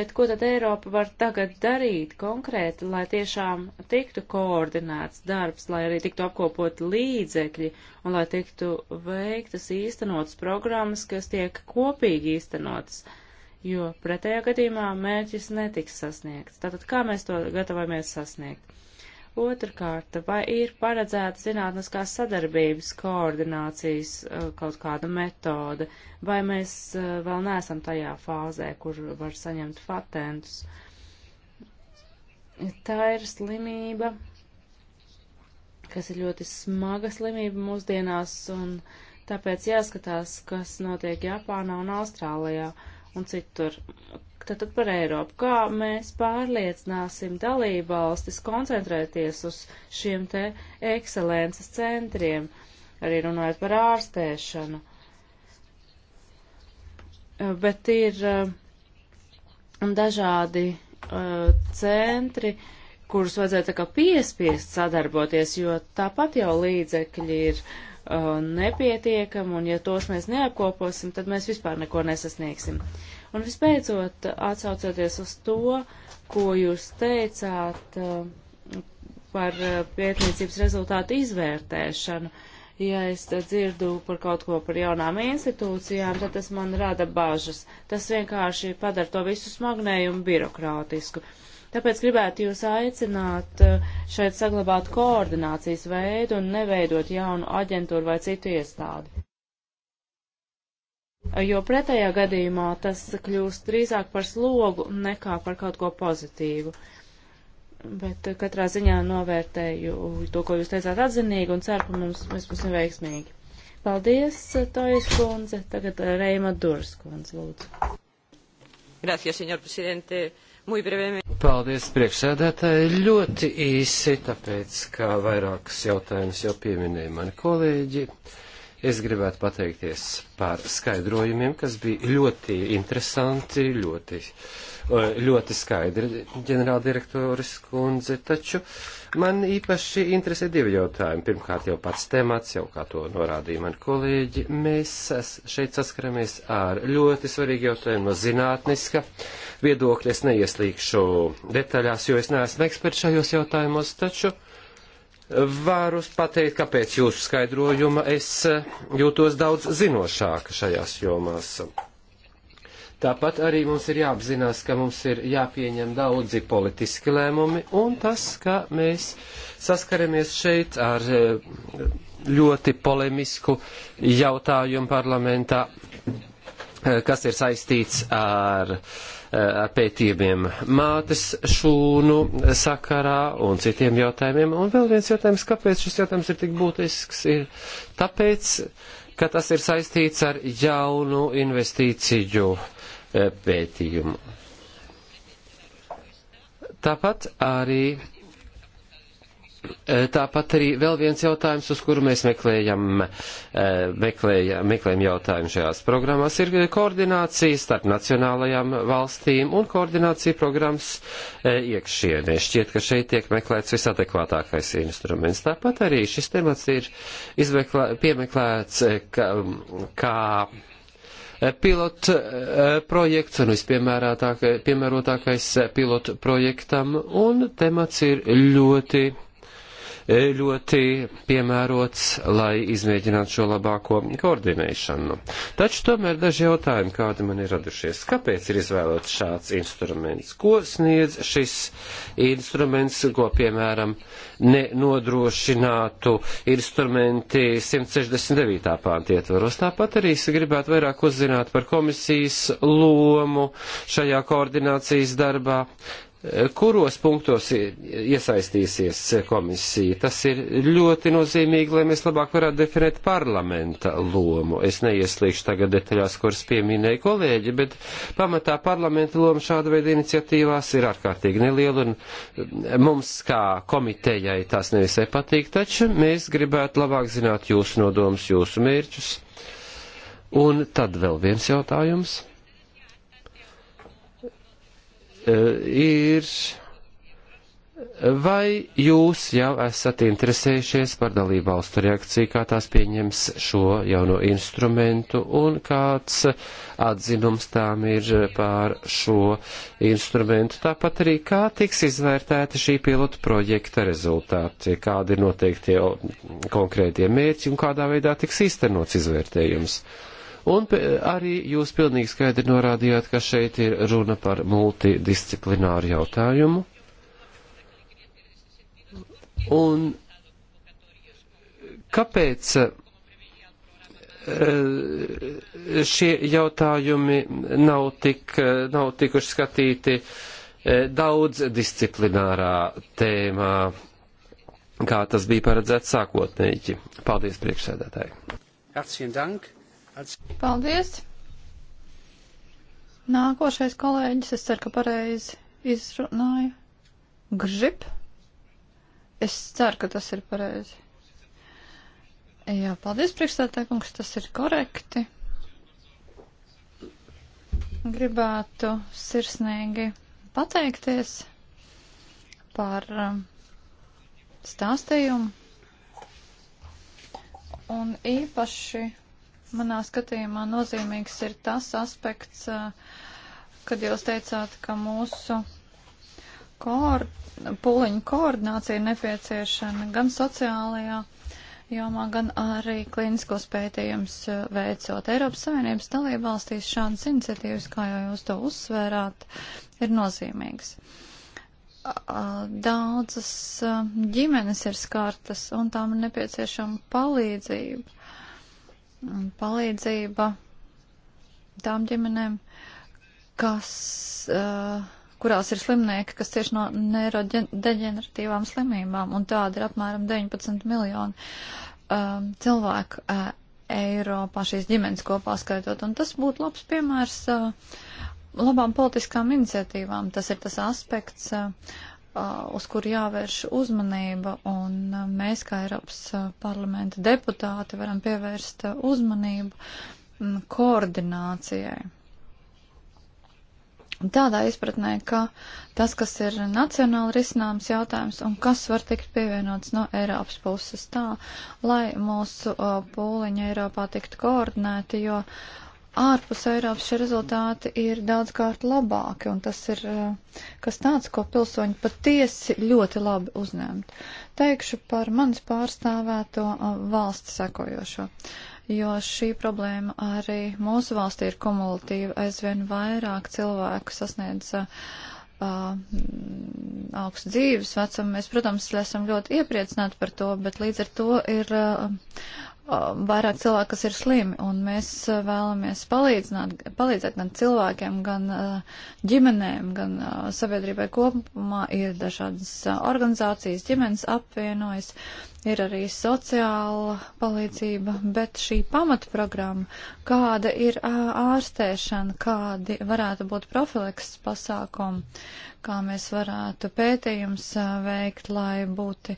bet ko tad Eiropa var tagad darīt konkrēti, lai tiešām tiktu koordinēts darbs, lai arī tiktu apkopot līdzekļi un lai tiktu veiktas īstenotas programmas, kas tiek kopīgi īstenotas? jo pretējā gadījumā mērķis netiks sasniegts. Tātad kā mēs to gatavojamies sasniegt? Otrkārt, vai ir paredzēta zinātniskās sadarbības koordinācijas uh, kaut kāda metode, vai mēs uh, vēl neesam tajā fāzē, kur var saņemt patentus? Tā ir slimība, kas ir ļoti smaga slimība mūsdienās, un tāpēc jāskatās, kas notiek Japānā un Austrālijā un citur. Tātad par Eiropu. Kā mēs pārliecināsim dalībvalstis koncentrēties uz šiem te ekscelences centriem, arī runājot par ārstēšanu? Bet ir eh, dažādi eh, centri, kurus vajadzētu tā kā piespiest sadarboties, jo tāpat jau līdzekļi ir uh, nepietiekami, un ja tos mēs neapkoposim, tad mēs vispār neko nesasniegsim. Uh, Un visbeidzot, atsaucoties uz to, ko jūs teicāt uh, par uh, pētniecības rezultātu izvērtēšanu, ja es dzirdu par kaut ko par jaunām institūcijām, tad tas man rada bažas. Tas vienkārši padara to visu smagnējumu birokrātisku. Tāpēc gribētu jūs aicināt uh, šeit saglabāt koordinācijas veidu un neveidot jaunu aģentūru vai citu iestādi jo pretējā gadījumā tas kļūst drīzāk par slogu nekā par kaut ko pozitīvu. Bet eh, katrā ziņā novērtēju to, ko jūs teicāt atzinīgi un ceru, ka mums, mēs būsim veiksmīgi. Paldies, eh, Tojas kundze. Tagad eh, Reima Durs kundze, lūdzu. Gracias, señor presidente. Muy brevemente. Paldies, priekšsēdētāji. Ļoti īsi, tāpēc, kā vairākas jautājumas jau pieminēja mani kolēģi. Uh, Es gribētu pateikties par skaidrojumiem, kas bija ļoti interesanti, ļoti, eh, ļoti skaidri, ģenerāldirektoris kundze, taču man īpaši interesē divi jautājumi. Pirmkārt jau pats temats, jau kā to norādīja mani kolēģi, mēs šeit saskaramies ar ļoti svarīgu jautājumu no zinātniska viedokļa. Es neieslīgšu detaļās, jo es neesmu eksperts šajos jautājumos, taču varu pateikt, kāpēc jūsu skaidrojuma es eh, jūtos daudz zinošāka šajās jomās. Tāpat arī mums ir jāapzinās, ka mums ir jāpieņem daudzi politiski lēmumi, un tas, ka mēs saskaramies šeit ar eh, ļoti polemisku jautājumu parlamentā, eh, kas ir saistīts ar uh, Eh, pētījumiem mātes šūnu sakarā un citiem jautājumiem. Un vēl viens jautājums, kāpēc šis jautājums ir tik būtisks, ir tāpēc, ka tas ir saistīts ar jaunu investīciju eh, pētījumu. Tāpat arī Tāpat arī vēl viens jautājums, uz kuru mēs meklējam, meklējam, meklējam jautājumu šajās programmās, ir koordinācija starp nacionālajām valstīm un koordinācija programmas iekšienē. Šķiet, ka šeit tiek meklēts visadekvātākais instruments. Tāpat arī šis temats ir izmeklē, piemeklēts kā. kā pilotu projekts un vispiemērotākais pilotu projektam, un temats ir ļoti ļoti piemērots, lai izmēģinātu šo labāko koordinēšanu. Taču tomēr daži jautājumi, kādi man ir radušies. Kāpēc ir izvēlots šāds instruments? Ko sniedz šis instruments, ko, piemēram, nenodrošinātu instrumenti 169. pānta ietvaros? Tāpat arī es gribētu vairāk uzzināt par komisijas lomu šajā koordinācijas darbā kuros punktos iesaistīsies komisija. Tas ir ļoti nozīmīgi, lai mēs labāk varētu definēt parlamenta lomu. Es neieslīgšu tagad detaļās, kuras pieminēja kolēģi, bet pamatā parlamenta loma šāda veida iniciatīvās ir ārkārtīgi neliela, un mm, mums kā komitejai tās nevisai patīk, taču mēs gribētu labāk zināt jūsu nodomus, jūsu mērķus. Un tad vēl viens jautājums Eh, ir, vai jūs jau esat interesējušies par dalību valstu reakciju, kā tās pieņems šo jauno instrumentu un kāds atzinums tām ir pār šo instrumentu. Tāpat arī, kā tiks izvērtēta šī pilotu projekta rezultāti, kādi ir noteiktie konkrētie mērķi un kādā veidā tiks īstenots izvērtējums. Uh, Un arī jūs pilnīgi skaidri norādījāt, ka šeit ir runa par multidisciplināru jautājumu. Un kāpēc e, šie jautājumi nav, tik, e, nav tikuši skatīti e, daudz disciplinārā tēmā, kā tas bija paredzēts sākotnēji? Paldies priekšsēdētāji! Herzlichen Dank! Paldies! Nākošais kolēģis, es ceru, ka pareizi izrunāju. Gržip? Es ceru, ka tas ir pareizi. Jā, paldies, priekšstādākums, tas ir korekti. Gribētu sirsnīgi pateikties par um, stāstījumu un īpaši Manā skatījumā nozīmīgs ir tas aspekts, eh, kad jūs teicāt, ka mūsu koor, puliņu koordinācija ir nepieciešama gan sociālajā jomā, gan arī klīniskos pētījums eh, veicot. Eiropas Savienības dalība valstīs šādas iniciatīvas, kā jau jūs to uzsvērāt, ir nozīmīgas. Daudzas eh, ģimenes ir skartas un tām ir nepieciešama palīdzība palīdzība tām ģimenēm, kas, uh, kurās ir slimnieki, kas cieši no neirodeģeneratīvām slimībām, un tāda ir apmēram 19 miljoni uh, cilvēku uh, Eiropā šīs ģimenes kopā skaitot. Un tas būtu labs piemērs uh, labām politiskām iniciatīvām. Tas ir tas aspekts, uh, uz kur jāvērš uzmanība, un mēs, kā Eiropas parlamenta deputāti, varam pievērst uzmanību koordinācijai. Tādā izpratnē, ka tas, kas ir nacionāli risināms jautājums un kas var tikt pievienots no Eiropas puses tā, lai mūsu pūliņi Eiropā tiktu koordinēti, jo uh, ārpus Eiropas šie rezultāti ir daudz kārt labāki, un tas ir eh, kas tāds, ko pilsoņi patiesi ļoti labi uzņemt. Teikšu par manis pārstāvēto eh, valsts sekojošo, jo šī problēma arī mūsu valstī ir kumulatīva, aizvien vairāk cilvēku sasniedz Uh, eh, mm, augstu dzīves vecumu. Mēs, protams, esam ļoti iepriecināti par to, bet līdz ar to ir uh, vairāk cilvēku, kas ir slimi, un mēs vēlamies palīdzēt gan cilvēkiem, gan ģimenēm, gan sabiedrībai kopumā. Ir dažādas organizācijas, ģimenes apvienojas, ir arī sociāla palīdzība, bet šī pamatprogramma, kāda ir ārstēšana, kādi varētu būt profilakses pasākumi, kā mēs varētu pētījums veikt, lai būtu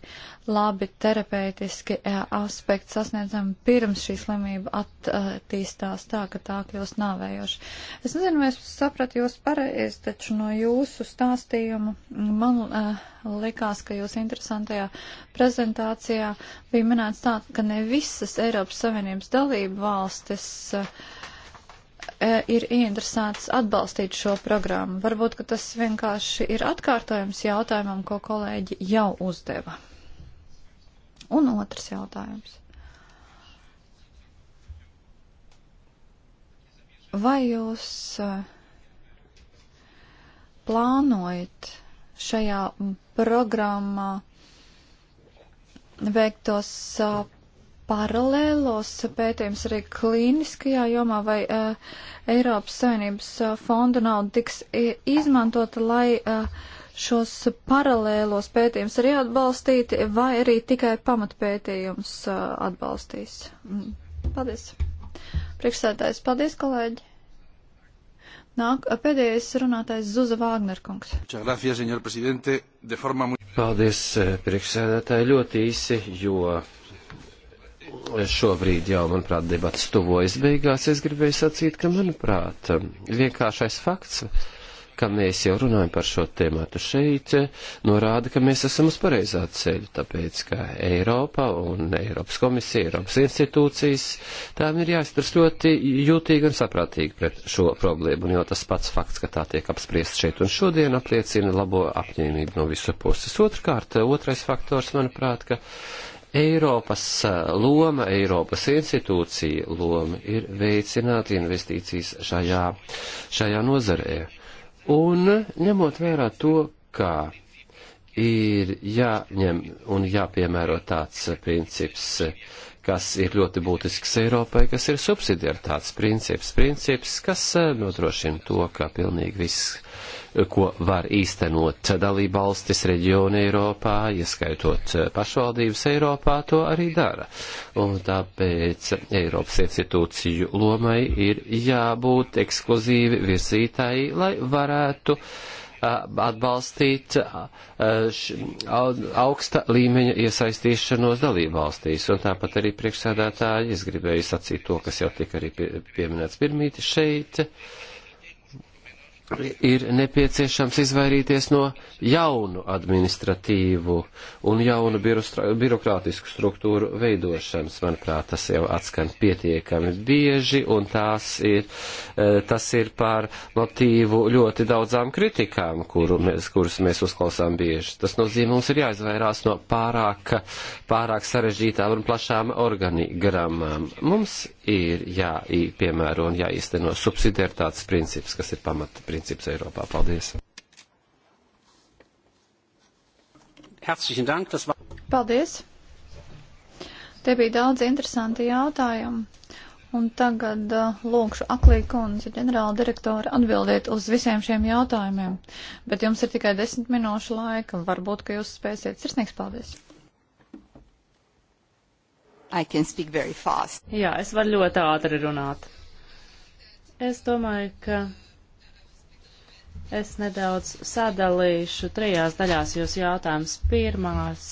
labi terapeitiski aspekti sasniedzami pirms šī slimība attīstās tā, ka tā kļūst nāvējoša. Es nezinu, vai es sapratu jūs pareizi, taču no jūsu stāstījumu man uh, likās, ka jūs interesantajā prezentācijā bija minēts tā, ka ne visas Eiropas Savienības dalību valstis uh, E, ir ieinteresētas atbalstīt šo programmu. Varbūt, ka tas vienkārši ir atkārtojums jautājumam, ko kolēģi jau uzdeva. Un otrs jautājums. Vai jūs e, plānojat šajā programmā veiktos e, paralēlos pētījums arī klīniskajā jomā, vai uh, Eiropas Savienības uh, fonda nauda tiks eh, izmantota, lai uh, šos paralēlos pētījums arī atbalstīti, vai arī tikai pamatpētījums uh, atbalstīs. Mm. Paldies. Priekšsētājs, paldies, kolēģi. Nāk, pēdējais runātājs Zuza Vāgnerkungs. Paldies, priekšsēdētāji, ļoti īsi, jo šobrīd jau, manuprāt, debats tuvojas beigās. Es gribēju sacīt, ka, manuprāt, vienkāršais fakts, ka mēs jau runājam par šo tēmatu šeit, norāda, ka mēs esam uz pareizā ceļa, tāpēc, ka Eiropa un Eiropas komisija, Eiropas institūcijas, tām ir jāizturas ļoti jūtīgi un saprātīgi pret šo problēmu, un jau tas pats fakts, ka tā tiek apspriest šeit un šodien apliecina labo apņēmību no visu puses. Otrkārt, otrais faktors, manuprāt, ka Eiropas eh, loma, Eiropas institūcija loma ir veicināt investīcijas šajā, šajā nozarē. Un ņemot vērā to, kā ir jāņem un jāpiemēro tāds princips kas ir ļoti būtisks Eiropai, kas ir subsidiaritātes princips, princips, kas eh, nodrošina to, ka pilnīgi viss, eh, ko var īstenot dalība valstis reģiona Eiropā, ieskaitot eh, pašvaldības Eiropā, to arī dara. Un tāpēc Eiropas institūciju lomai ir jābūt ekskluzīvi virzītāji, lai varētu uh, atbalstīt augsta līmeņa iesaistīšanos dalībvalstīs. Un tāpat arī priekšsēdētāji, es gribēju sacīt to, kas jau tika arī pieminēts pirmīti šeit. Uh, ir nepieciešams izvairīties no jaunu administratīvu un jaunu birokrātisku struktūru veidošanas. Manuprāt, tas jau atskan pietiekami bieži, un tās ir, e, tas ir pār motīvu ļoti daudzām kritikām, kuru mēs, kuras mēs uzklausām bieži. Tas nozīmē, mums ir jāizvairās no pārāk, pārāk sarežģītām un plašām organigrammām. Mums ir jāpiemēro un jāīsteno subsidiaritātes princips, kas ir pamata princips princips Eiropā. Paldies! Paldies! Te bija daudz interesanti jautājumi. Un tagad uh, lūkšu Aklī kundzi, ģenerāla direktora, atbildēt uz visiem šiem jautājumiem. Bet jums ir tikai desmit minūšu laika. Varbūt, ka jūs spēsiet. Sirsnīgs paldies! Jā, es varu ļoti ātri runāt. Es domāju, ka Es nedaudz sadalīšu trijās daļās jūs jautājums. Pirmās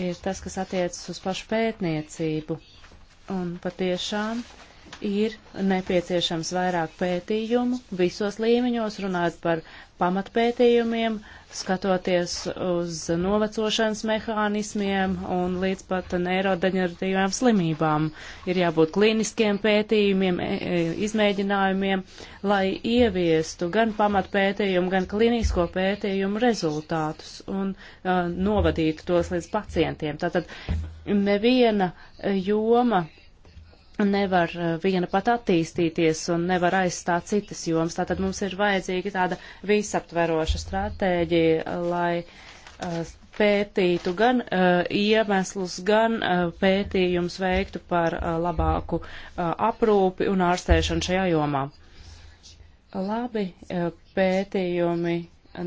ir tas, kas attiecas uz pašu pētniecību. Un patiešām uh, ir nepieciešams vairāk pētījumu visos līmeņos, runāt par pamatpētījumiem, skatoties uz novecošanas mehānismiem un līdz pat neirodeģeneratīvām slimībām. Ir jābūt klīniskiem pētījumiem, e, e, izmēģinājumiem, lai ieviestu gan pamatpētījumu, gan klīnisko pētījumu rezultātus un uh, novadītu tos līdz pacientiem. Tātad neviena joma. Uh, nevar eh, viena pat attīstīties un nevar aizstāt citas jomas. Tātad mums ir vajadzīga tāda visaptveroša stratēģija, lai uh, pētītu gan uh, iemeslus, gan uh, pētījums veiktu par uh, labāku uh, aprūpi un ārstēšanu šajā jomā. Labi uh, pētījumi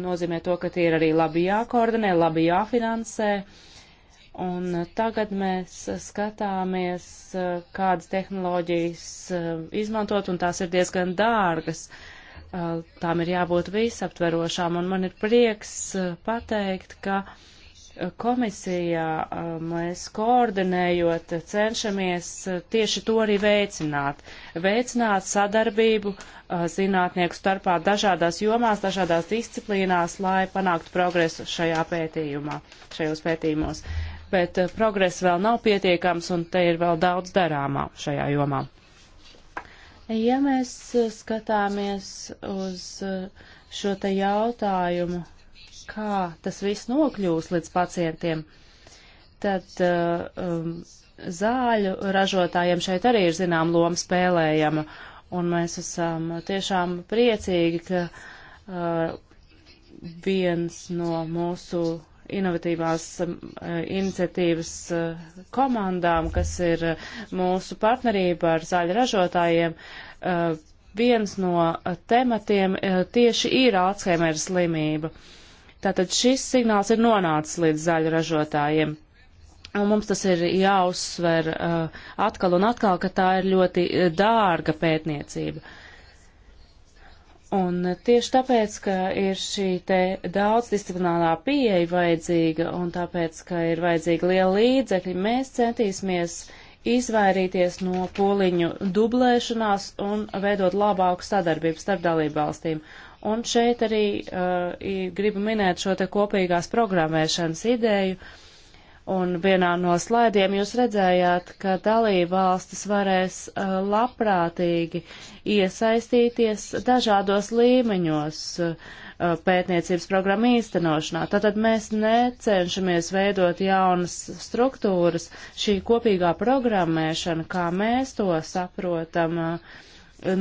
nozīmē to, ka tie ir arī labi jākoordinē, labi jāfinansē. Uh, Un tagad mēs skatāmies, kādas tehnoloģijas eh, izmantot, un tās ir diezgan dārgas. Eh, tām ir jābūt visaptverošām, un man ir prieks eh, pateikt, ka komisijā mēs koordinējot cenšamies tieši to arī veicināt. Veicināt sadarbību zinātnieku starpā dažādās jomās, dažādās disciplīnās, lai panāktu progresu šajā pētījumā, šajos pētījumos bet eh, progress vēl nav pietiekams un te ir vēl daudz darāmā šajā jomā. Ja mēs eh, skatāmies uz eh, šo te jautājumu, kā tas viss nokļūs līdz pacientiem, tad um, zāļu ražotājiem šeit arī ir zinām loma spēlējama, un mēs esam tiešām priecīgi, ka uh, viens no mūsu inovatīvās um, eh, iniciatīvas eh, komandām, kas ir eh, mūsu partnerība ar zaļu ražotājiem. Viens no tematiem tieši ir Alzheimer slimība. Tātad šis signāls ir nonācis līdz zaļu ražotājiem. Un mums tas ir jāuzsver uh, atkal un atkal, ka tā ir ļoti dārga pētniecība. Uh, Un tieši tāpēc, ka ir šī te daudzdisciplinārā pieeja vajadzīga un tāpēc, ka ir vajadzīga liela līdzekļa, mēs centīsimies izvairīties no poliņu dublēšanās un veidot labāku sadarbību starp dalībvalstīm. Un šeit arī uh, gribu minēt šo te kopīgās programmēšanas ideju. Uh, Un vienā no slaidiem jūs redzējāt, ka dalība valstis varēs uh, labprātīgi iesaistīties dažādos līmeņos uh, pētniecības programmu īstenošanā. Tātad mēs necenšamies veidot jaunas struktūras. Šī kopīgā programmēšana, kā mēs to saprotam, uh,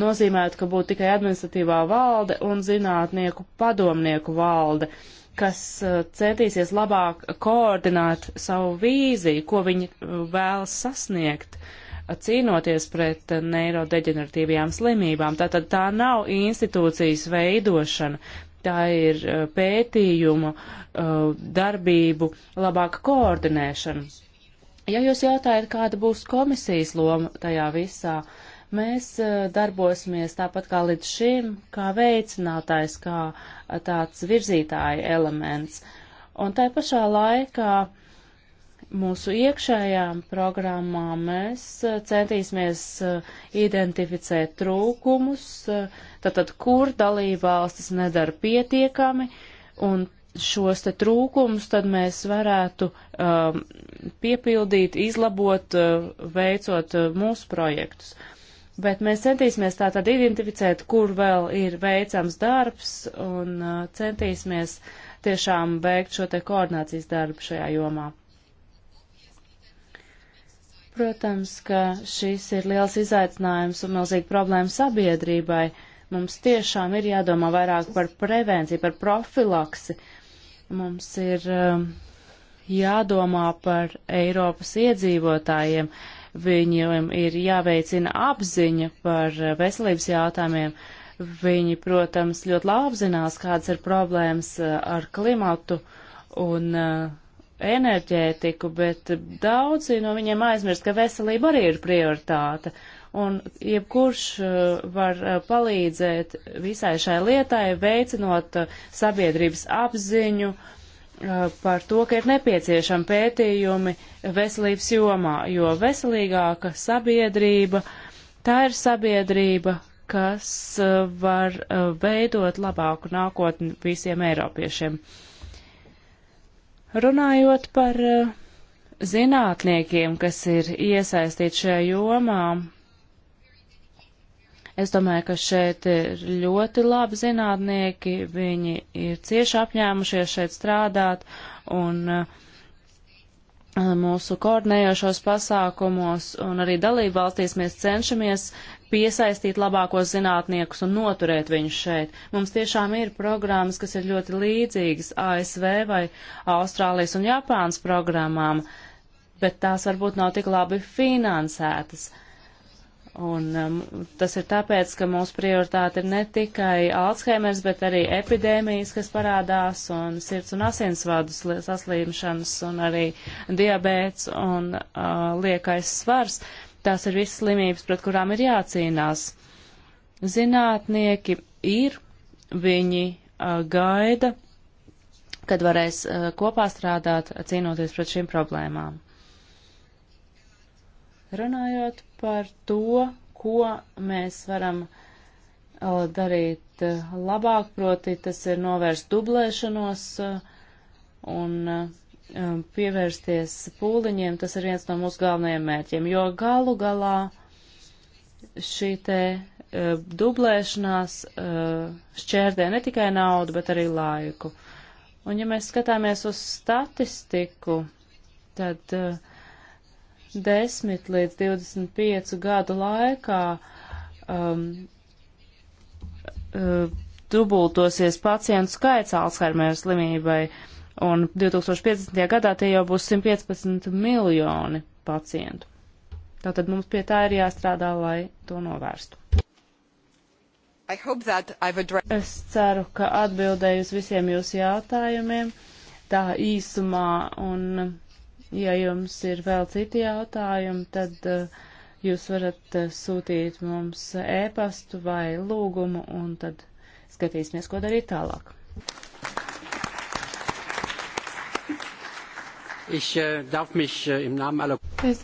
nozīmētu, ka būtu tikai administratīvā valde un zinātnieku padomnieku valde. Uh, kas eh, centīsies labāk koordinēt savu vīziju, ko viņi eh, vēlas sasniegt, eh, cīnoties pret neirodeģeneratīvajām slimībām. Tātad tā nav institūcijas veidošana, tā ir pētījumu, darbību, labāka koordinēšana. Ja jūs jautājat, kāda būs komisijas loma tajā visā, uh, Mēs eh, darbosimies tāpat kā līdz šim, kā veicinātājs, kā eh, tāds virzītāja elements. Un tai pašā laikā mūsu iekšējām programmām mēs eh, centīsimies identificēt trūkumus, tātad kur dalībvalstis nedara pietiekami, un šos te trūkumus tad mēs varētu um, piepildīt, izlabot, veicot mūsu projektus. Bet mēs centīsimies tātad identificēt, kur vēl ir veicams darbs un centīsimies tiešām veikt šo te koordinācijas darbu šajā jomā. Protams, ka šis ir liels izaicinājums un milzīga problēma sabiedrībai. Mums tiešām ir jādomā vairāk par prevenciju, par profilaksi. Mums ir jādomā par Eiropas iedzīvotājiem. Uh, viņiem ir jāveicina apziņa par veselības jautājumiem. Viņi, protams, ļoti labi apzinās, kādas ir problēmas eh, ar klimatu un eh, enerģētiku, bet daudzi no viņiem aizmirst, ka veselība arī ir prioritāte. Un jebkurš eh, var palīdzēt visai šai lietai, veicinot sabiedrības apziņu Uh, par to, ka ir nepieciešami pētījumi veselības jomā, jo veselīgāka sabiedrība, tā ir sabiedrība, kas uh, var uh, veidot labāku nākotni visiem eiropiešiem. Runājot par zinātniekiem, kas ir iesaistīti šajā jomā, Es domāju, ka šeit ir ļoti labi zinātnieki, viņi ir cieši apņēmušies šeit strādāt un eh, mūsu koordinējošos pasākumos un arī dalību valstīs mēs cenšamies piesaistīt labākos zinātniekus un noturēt viņus šeit. Mums tiešām ir programmas, kas ir ļoti līdzīgas ASV vai Austrālijas un Japānas programmām, bet tās varbūt nav tik labi finansētas. Uh, Un um, tas ir tāpēc, ka mūsu prioritāte ir ne tikai Alzheimers, bet arī epidēmijas, kas parādās, un sirds un asinsvadu saslimšanas, un arī diabēts un uh, liekais svars. Tās ir visas slimības, pret kurām ir jācīnās. Zinātnieki ir, viņi uh, gaida, kad varēs uh, kopā strādāt, cīnoties pret šīm problēmām. Runājot par to, ko mēs varam uh, darīt uh, labāk, proti tas ir novērst dublēšanos uh, un um, pievērsties pūliņiem, tas ir viens no mūsu galvenajiem mērķiem, jo galu galā šī te dublēšanās šķērdē ne tikai naudu, bet arī laiku. Un ja mēs skatāmies uz statistiku, tad uh, 10 līdz 25 gadu laikā um, uh, dubultosies pacientu skaits Alzheimer slimībai, un 2050. gadā tie jau būs 115 miljoni pacientu. Tātad mums pie tā ir jāstrādā, lai to novērstu. Es ceru, ka atbildēju uz visiem jūsu jautājumiem tā īsumā, un Ja jums ir vēl citi jautājumi, tad eh, jūs varat eh, sūtīt mums ēpastu eh, e vai lūgumu, un tad skatīsimies, ko darīt tālāk. Es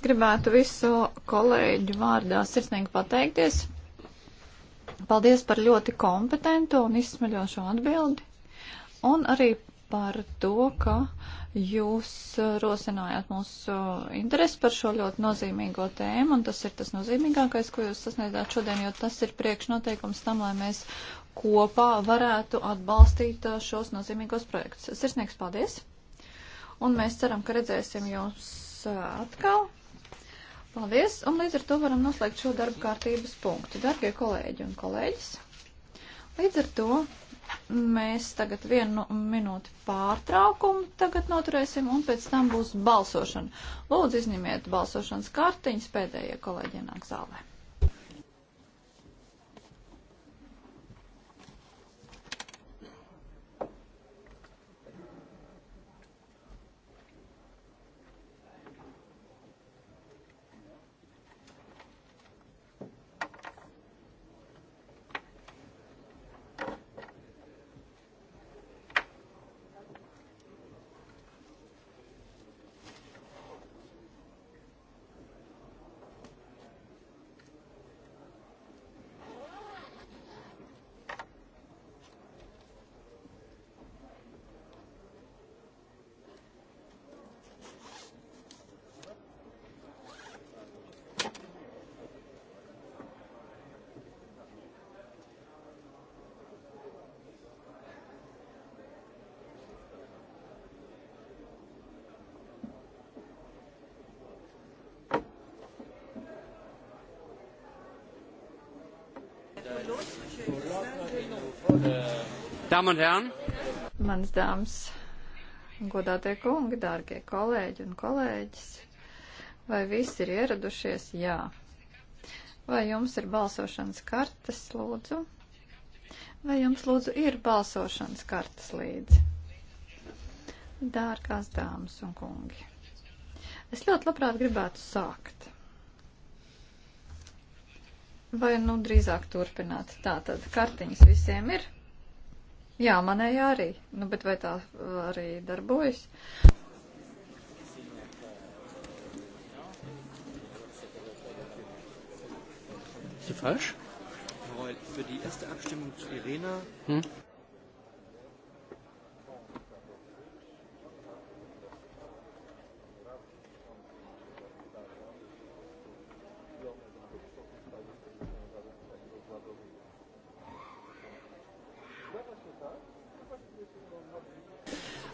gribētu visu kolēģu vārdā sirsnīgi pateikties. Paldies par ļoti kompetentu un izsmeļošu atbildi. Un arī par to, ka Jūs uh, rosinājāt mūsu uh, interesi par šo ļoti nozīmīgo tēmu, un tas ir tas nozīmīgākais, ko jūs sasniedzāt šodien, jo tas ir priekšnoteikums tam, lai mēs kopā varētu atbalstīt uh, šos nozīmīgos projektus. Sirsnieks, paldies! Un mēs ceram, ka redzēsim jūs atkal. Paldies, un līdz ar to varam noslēgt šo darba kārtības punktu. Darbie kolēģi un kolēģis, līdz ar to mēs tagad vienu minūti pārtraukumu tagad noturēsim un pēc tam būs balsošana. Lūdzu, izņemiet balsošanas kartiņas, pēdējie kolēģi nāk zālē. Dāmas un herren! Mans dāmas, godātie kungi, dārgie kolēģi un kolēģis, vai visi ir ieradušies? Jā. Vai jums ir balsošanas kartes, lūdzu? Vai jums, lūdzu, ir balsošanas kartes līdzi? Dārgās dāmas un kungi, es ļoti labprāt gribētu sākt. Vai nu drīzāk turpināt? Tātad kartiņas visiem ir. Jā, manējā arī. Nu, bet vai tā uh, arī darbojas? Sie falsch? Für die erste Abstimmung zu Irena. Hm?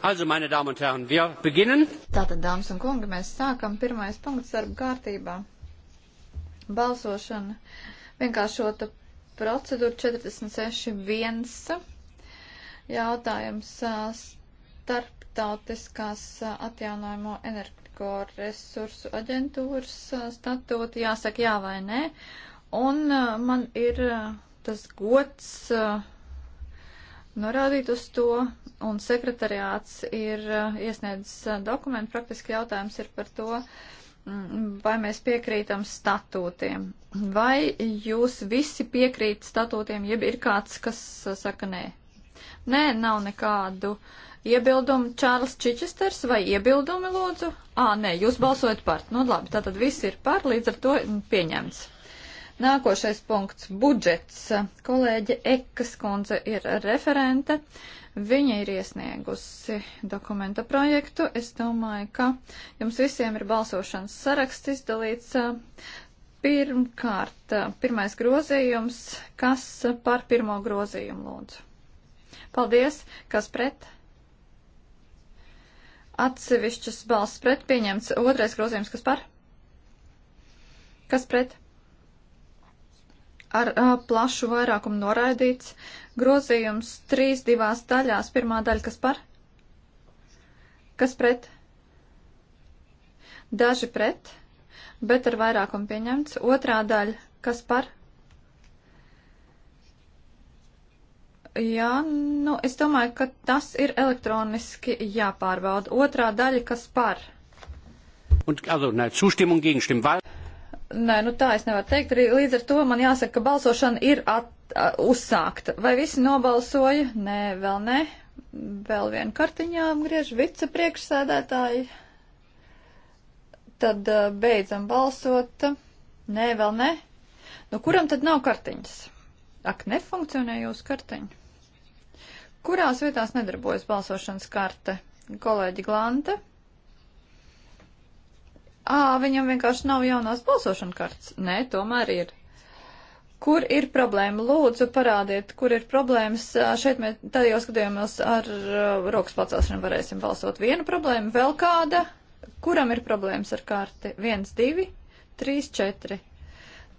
Also, meine Damen und Herren, wir beginnen. Tātad, dāmas un kungi, mēs sākam pirmais punkts darba kārtībā. Balsošana vienkāršota procedūra 46.1. Jautājums starptautiskās atjaunojumo energoresursu aģentūras statūti jāsaka jā vai nē. Un man ir tas gods. Uh, norādīt uz to, un sekretariāts ir eh, iesniedzis eh, dokumentu, praktiski jautājums ir par to, mm, vai mēs piekrītam statūtiem. Vai jūs visi piekrīt statūtiem, jeb ir kāds, kas eh, saka nē? Nē, nav nekādu iebildumu. Čārls Čičesters vai iebildumi lūdzu? Ā, nē, jūs balsojat par. Nu labi, tātad viss ir par, līdz ar to mm, pieņemts. Nākošais punkts - budžets. Kolēģe Ekas kundze ir referente. Viņa ir iesniegusi dokumenta projektu. Es domāju, ka jums visiem ir balsošanas saraksts izdalīts. Pirmkārt, pirmais grozījums, kas par pirmo grozījumu lūdzu. Paldies, kas pret? Atsevišķas balsts pret pieņemts. Otrais grozījums, kas par? Kas pret? ar uh, plašu vairākumu noraidīts. Grozījums trīs divās daļās. Pirmā daļa, kas par? Kas pret? Daži pret, bet ar vairākumu pieņemts. Otrā daļa, kas par? Jā, nu, es domāju, ka tas ir elektroniski jāpārbauda. Otrā daļa, kas par? Un, also, ne, Zustimmung gegen Stimmen. Nē, nu tā es nevaru teikt. Arī līdz ar to man jāsaka, ka balsošana ir at, uh, uzsākta. Vai visi nobalsoja? Nē, vēl nē. Vēl vienu kartiņā griež vicepriekšsēdētāji. Tad uh, beidzam balsot. Nē, vēl nē. Nu, kuram tad nav kartiņas? Ak, nefunkcionē jūsu kartiņa. Kurās vietās nedarbojas balsošanas karte? Kolēģi Glante. Ā, viņam vienkārši nav jaunās balsošana kartas. Nē, tomēr ir. Kur ir problēma? Lūdzu, parādiet, kur ir problēmas. Šeit mēs tādajos gadījumos ar uh, rokas pacelšanu varēsim balsot. Viena problēma, vēl kāda. Kuram ir problēmas ar karti? 1, 2, 3, 4.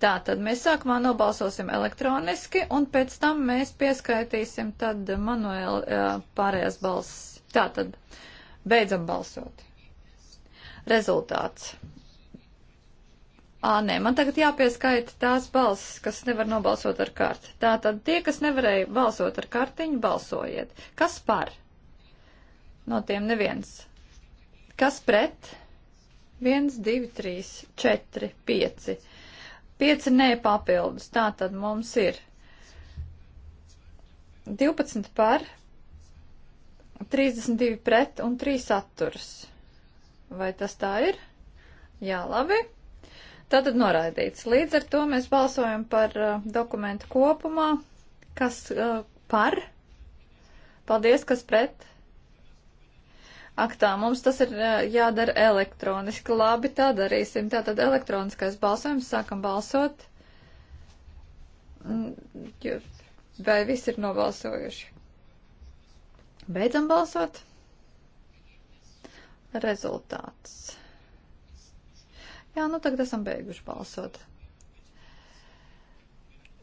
Tā tad mēs sākumā nobalsosim elektroniski, un pēc tam mēs pieskaitīsim tad manuēli pārējās balss. Tā tad beidzam balsot rezultāts. Ā, nē, man tagad jāpieskaita tās balsis, kas nevar nobalsot ar karti. Tātad tie, kas nevarēja balsot ar kartiņu, balsojiet. Kas par? No tiem neviens. Kas pret? 1, 2, 3, 4, 5. 5 nē papildus. Tātad mums ir 12 par, 32 pret un 3 atturas. Vai tas tā ir? Jā, labi. Tātad noraidīts. Līdz ar to mēs balsojam par uh, dokumentu kopumā. Kas uh, par? Paldies, kas pret? Ak tā, mums tas ir uh, jādara elektroniski. Labi, tā darīsim. Tātad elektroniskais balsojums. Sākam balsot. Mm, vai visi ir nobalsojuši? Beidzam balsot. Rezultāts. Jā, nu tagad esam beiguši balsot.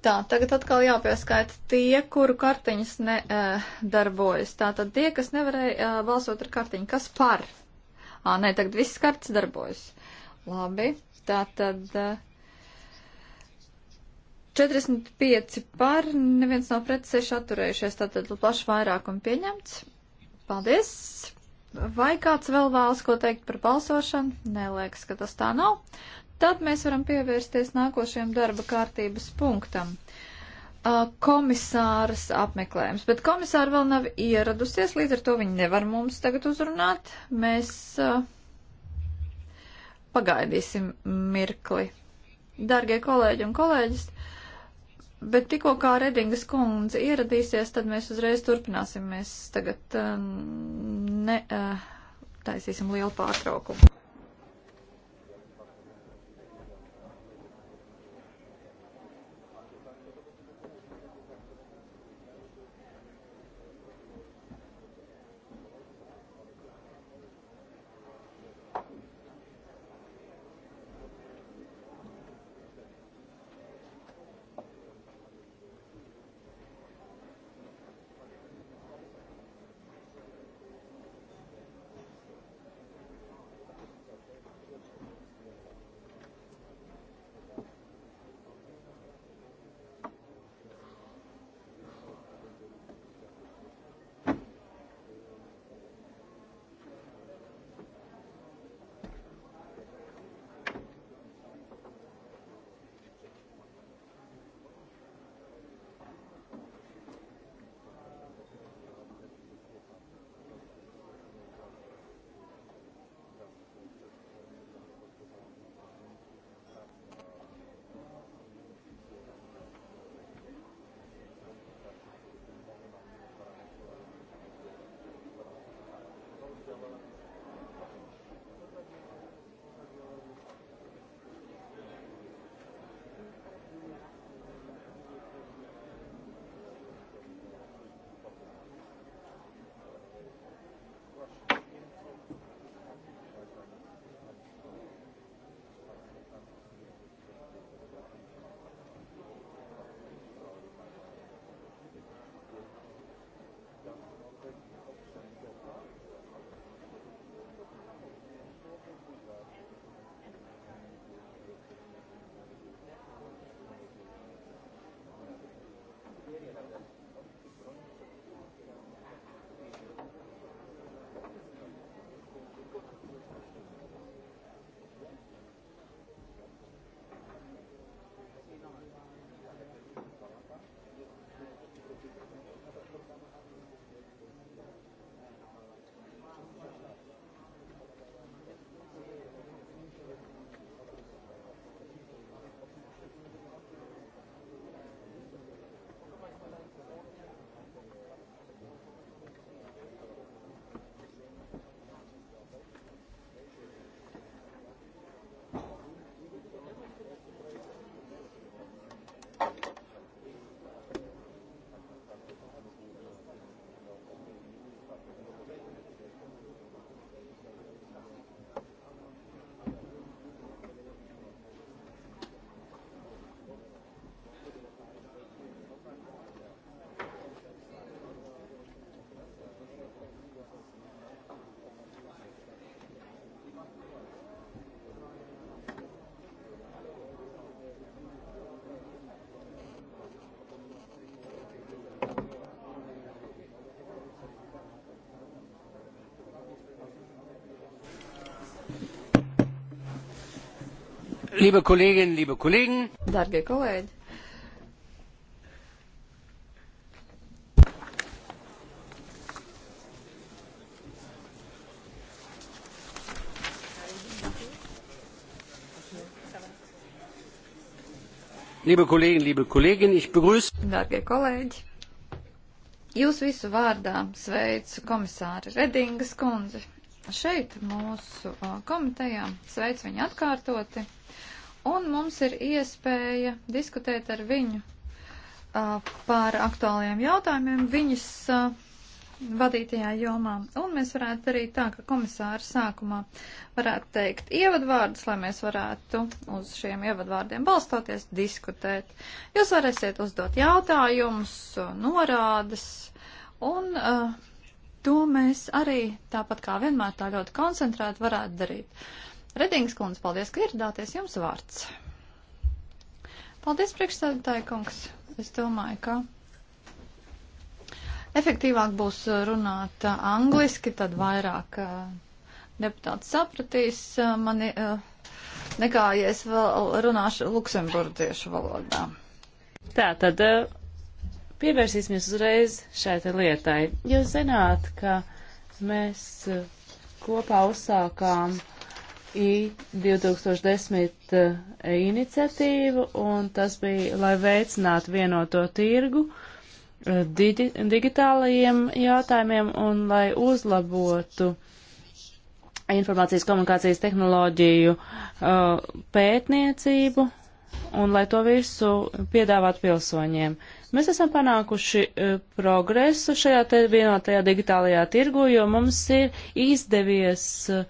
Tā, tagad atkal jāpieskaita tie, kuru kartiņas nedarbojas. Uh, Tātad tie, kas nevarēja uh, balsot ar kartiņu, kas par? Ā, nē, tagad viss karts darbojas. Labi, tātad. Uh, 45 par, neviens nav pret 6 atturējušies, tātad plašs vairākums pieņemts. Paldies! Vai kāds vēl vēlas ko teikt par balsošanu? Neliekas, ka tas tā nav. Tad mēs varam pievērsties nākošajam darba kārtības punktam. Komisāras apmeklējums, bet komisāra vēl nav ieradusies, līdz ar to viņa nevar mums tagad uzrunāt. Mēs pagaidīsim mirkli. Dargie kolēģi un kolēģis, uh, Bet tikko kā Redingas kundze ieradīsies, tad mēs uzreiz turpināsim. Mēs tagad um, ne, uh, taisīsim lielu pārtraukumu. Liebe Kolleginnen, liebe Kollegen. Dargie kolēģi. Liebe Kolleginnen, liebe Kollegen, ich begrüße. Dargie kolēģi. Jūs visu vārdā sveicu komisāri Redingas kundzi šeit mūsu komitejā. Sveic viņu atkārtoti. Un mums ir iespēja diskutēt ar viņu par aktuāliem jautājumiem viņas vadītajā jomā. Un mēs varētu arī tā, ka komisāra sākumā varētu teikt ievadvārdus, lai mēs varētu uz šiem ievadvārdiem balstoties diskutēt. Jūs varēsiet uzdot jautājumus, norādes, un uh, to mēs arī tāpat kā vienmēr tā ļoti koncentrēti varētu darīt. Redings kundze, paldies, ka ieradāties jums vārds. Paldies, priekšstādātāji kungs. Es domāju, ka efektīvāk būs runāt uh, angliski, tad vairāk uh, deputāti sapratīs uh, mani, nekā ja es vēl runāšu luksemburgiešu valodā. Tā tad Pievērsīsimies uzreiz šai lietai. Jūs zināt, ka mēs uh, kopā uzsākām I 2010 uh, iniciatīvu, un tas bija, lai veicinātu vienoto tirgu uh, digi digitālajiem jautājumiem un lai uzlabotu informācijas komunikācijas tehnoloģiju pētniecību un lai to visu piedāvāt pilsoņiem. Mēs esam panākuši e, progresu šajā te vienotajā digitālajā tirgu, jo mums ir izdevies e,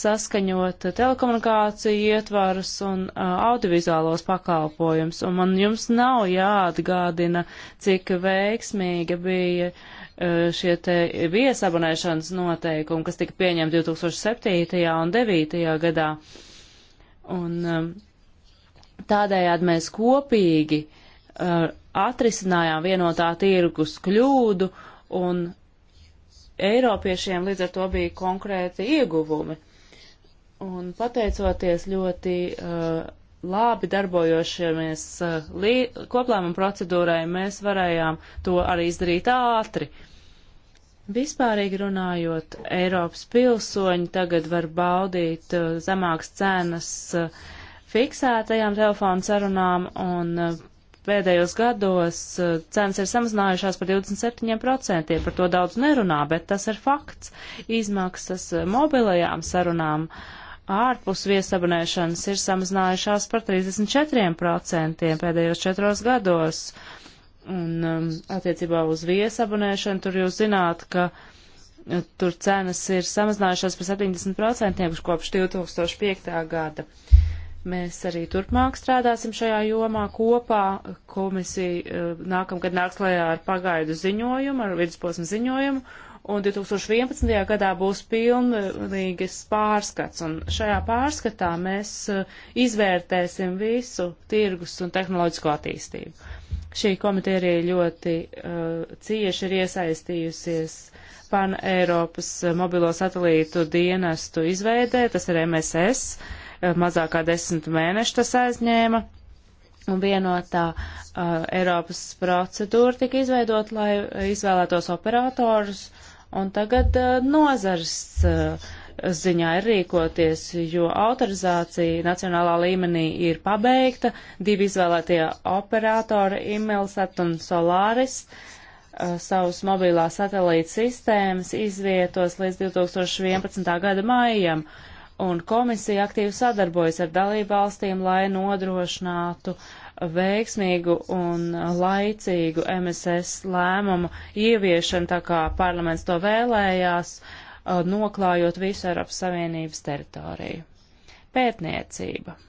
saskaņot telekomunikāciju ietvarus un e, audiovizuālos pakalpojumus. Un man jums nav jāatgādina, cik veiksmīga bija šie te viesabonēšanas noteikumi, kas tika pieņemti 2007. un 2009. gadā. Un, um, Tādējādi mēs kopīgi uh, atrisinājām vienotā tirgus kļūdu un Eiropiešiem līdz ar to bija konkrēti ieguvumi. Un pateicoties ļoti uh, labi darbojošamies uh, koplēmuma procedūrai, mēs varējām to arī izdarīt ātri. Vispārīgi runājot, Eiropas pilsoņi tagad var baudīt uh, zemākas cenas uh, fiksētajām telefonu sarunām, un uh, pēdējos gados uh, cenas ir samazinājušās par 27%. Par to daudz nerunā, bet tas ir fakts. Izmaksas uh, mobilajām sarunām ārpus viesabunēšanas ir samazinājušās par 34% pēdējos četros gados. Un um, attiecībā uz viesabunēšanu tur jūs zināt, ka tur cenas ir samazinājušās par 70% kopš 2005. gada. Uh, Mēs arī turpmāk strādāsim šajā jomā kopā. Komisija eh, nākamgad nāks lejā ar pagaidu ziņojumu, ar vidusposmu ziņojumu, un 2011. gadā būs pilnīgas pārskats. Un šajā pārskatā mēs eh, izvērtēsim visu tirgus un tehnoloģisko attīstību. Šī komiteja arī ļoti uh, cieši ir iesaistījusies pan Eiropas mobilo satelītu dienestu izveidē, tas ir MSS. Uh, Eh, mazākā desmit mēneša tas aizņēma, un vienotā uh, Eiropas procedūra tika izveidot, lai izvēlētos operatorus, un tagad uh, nozars uh, ziņā ir rīkoties, jo autorizācija nacionālā līmenī ir pabeigta, divi izvēlētie operatori, Imelsat un Solaris, uh, savus mobilās satelīta sistēmas izvietos līdz 2011. gada maijam. Uh, un komisija aktīvi sadarbojas ar dalību valstīm, lai nodrošinātu veiksmīgu un laicīgu MSS lēmumu ieviešanu, tā kā parlaments to vēlējās, uh, noklājot visu Eiropas Savienības teritoriju. Pētniecība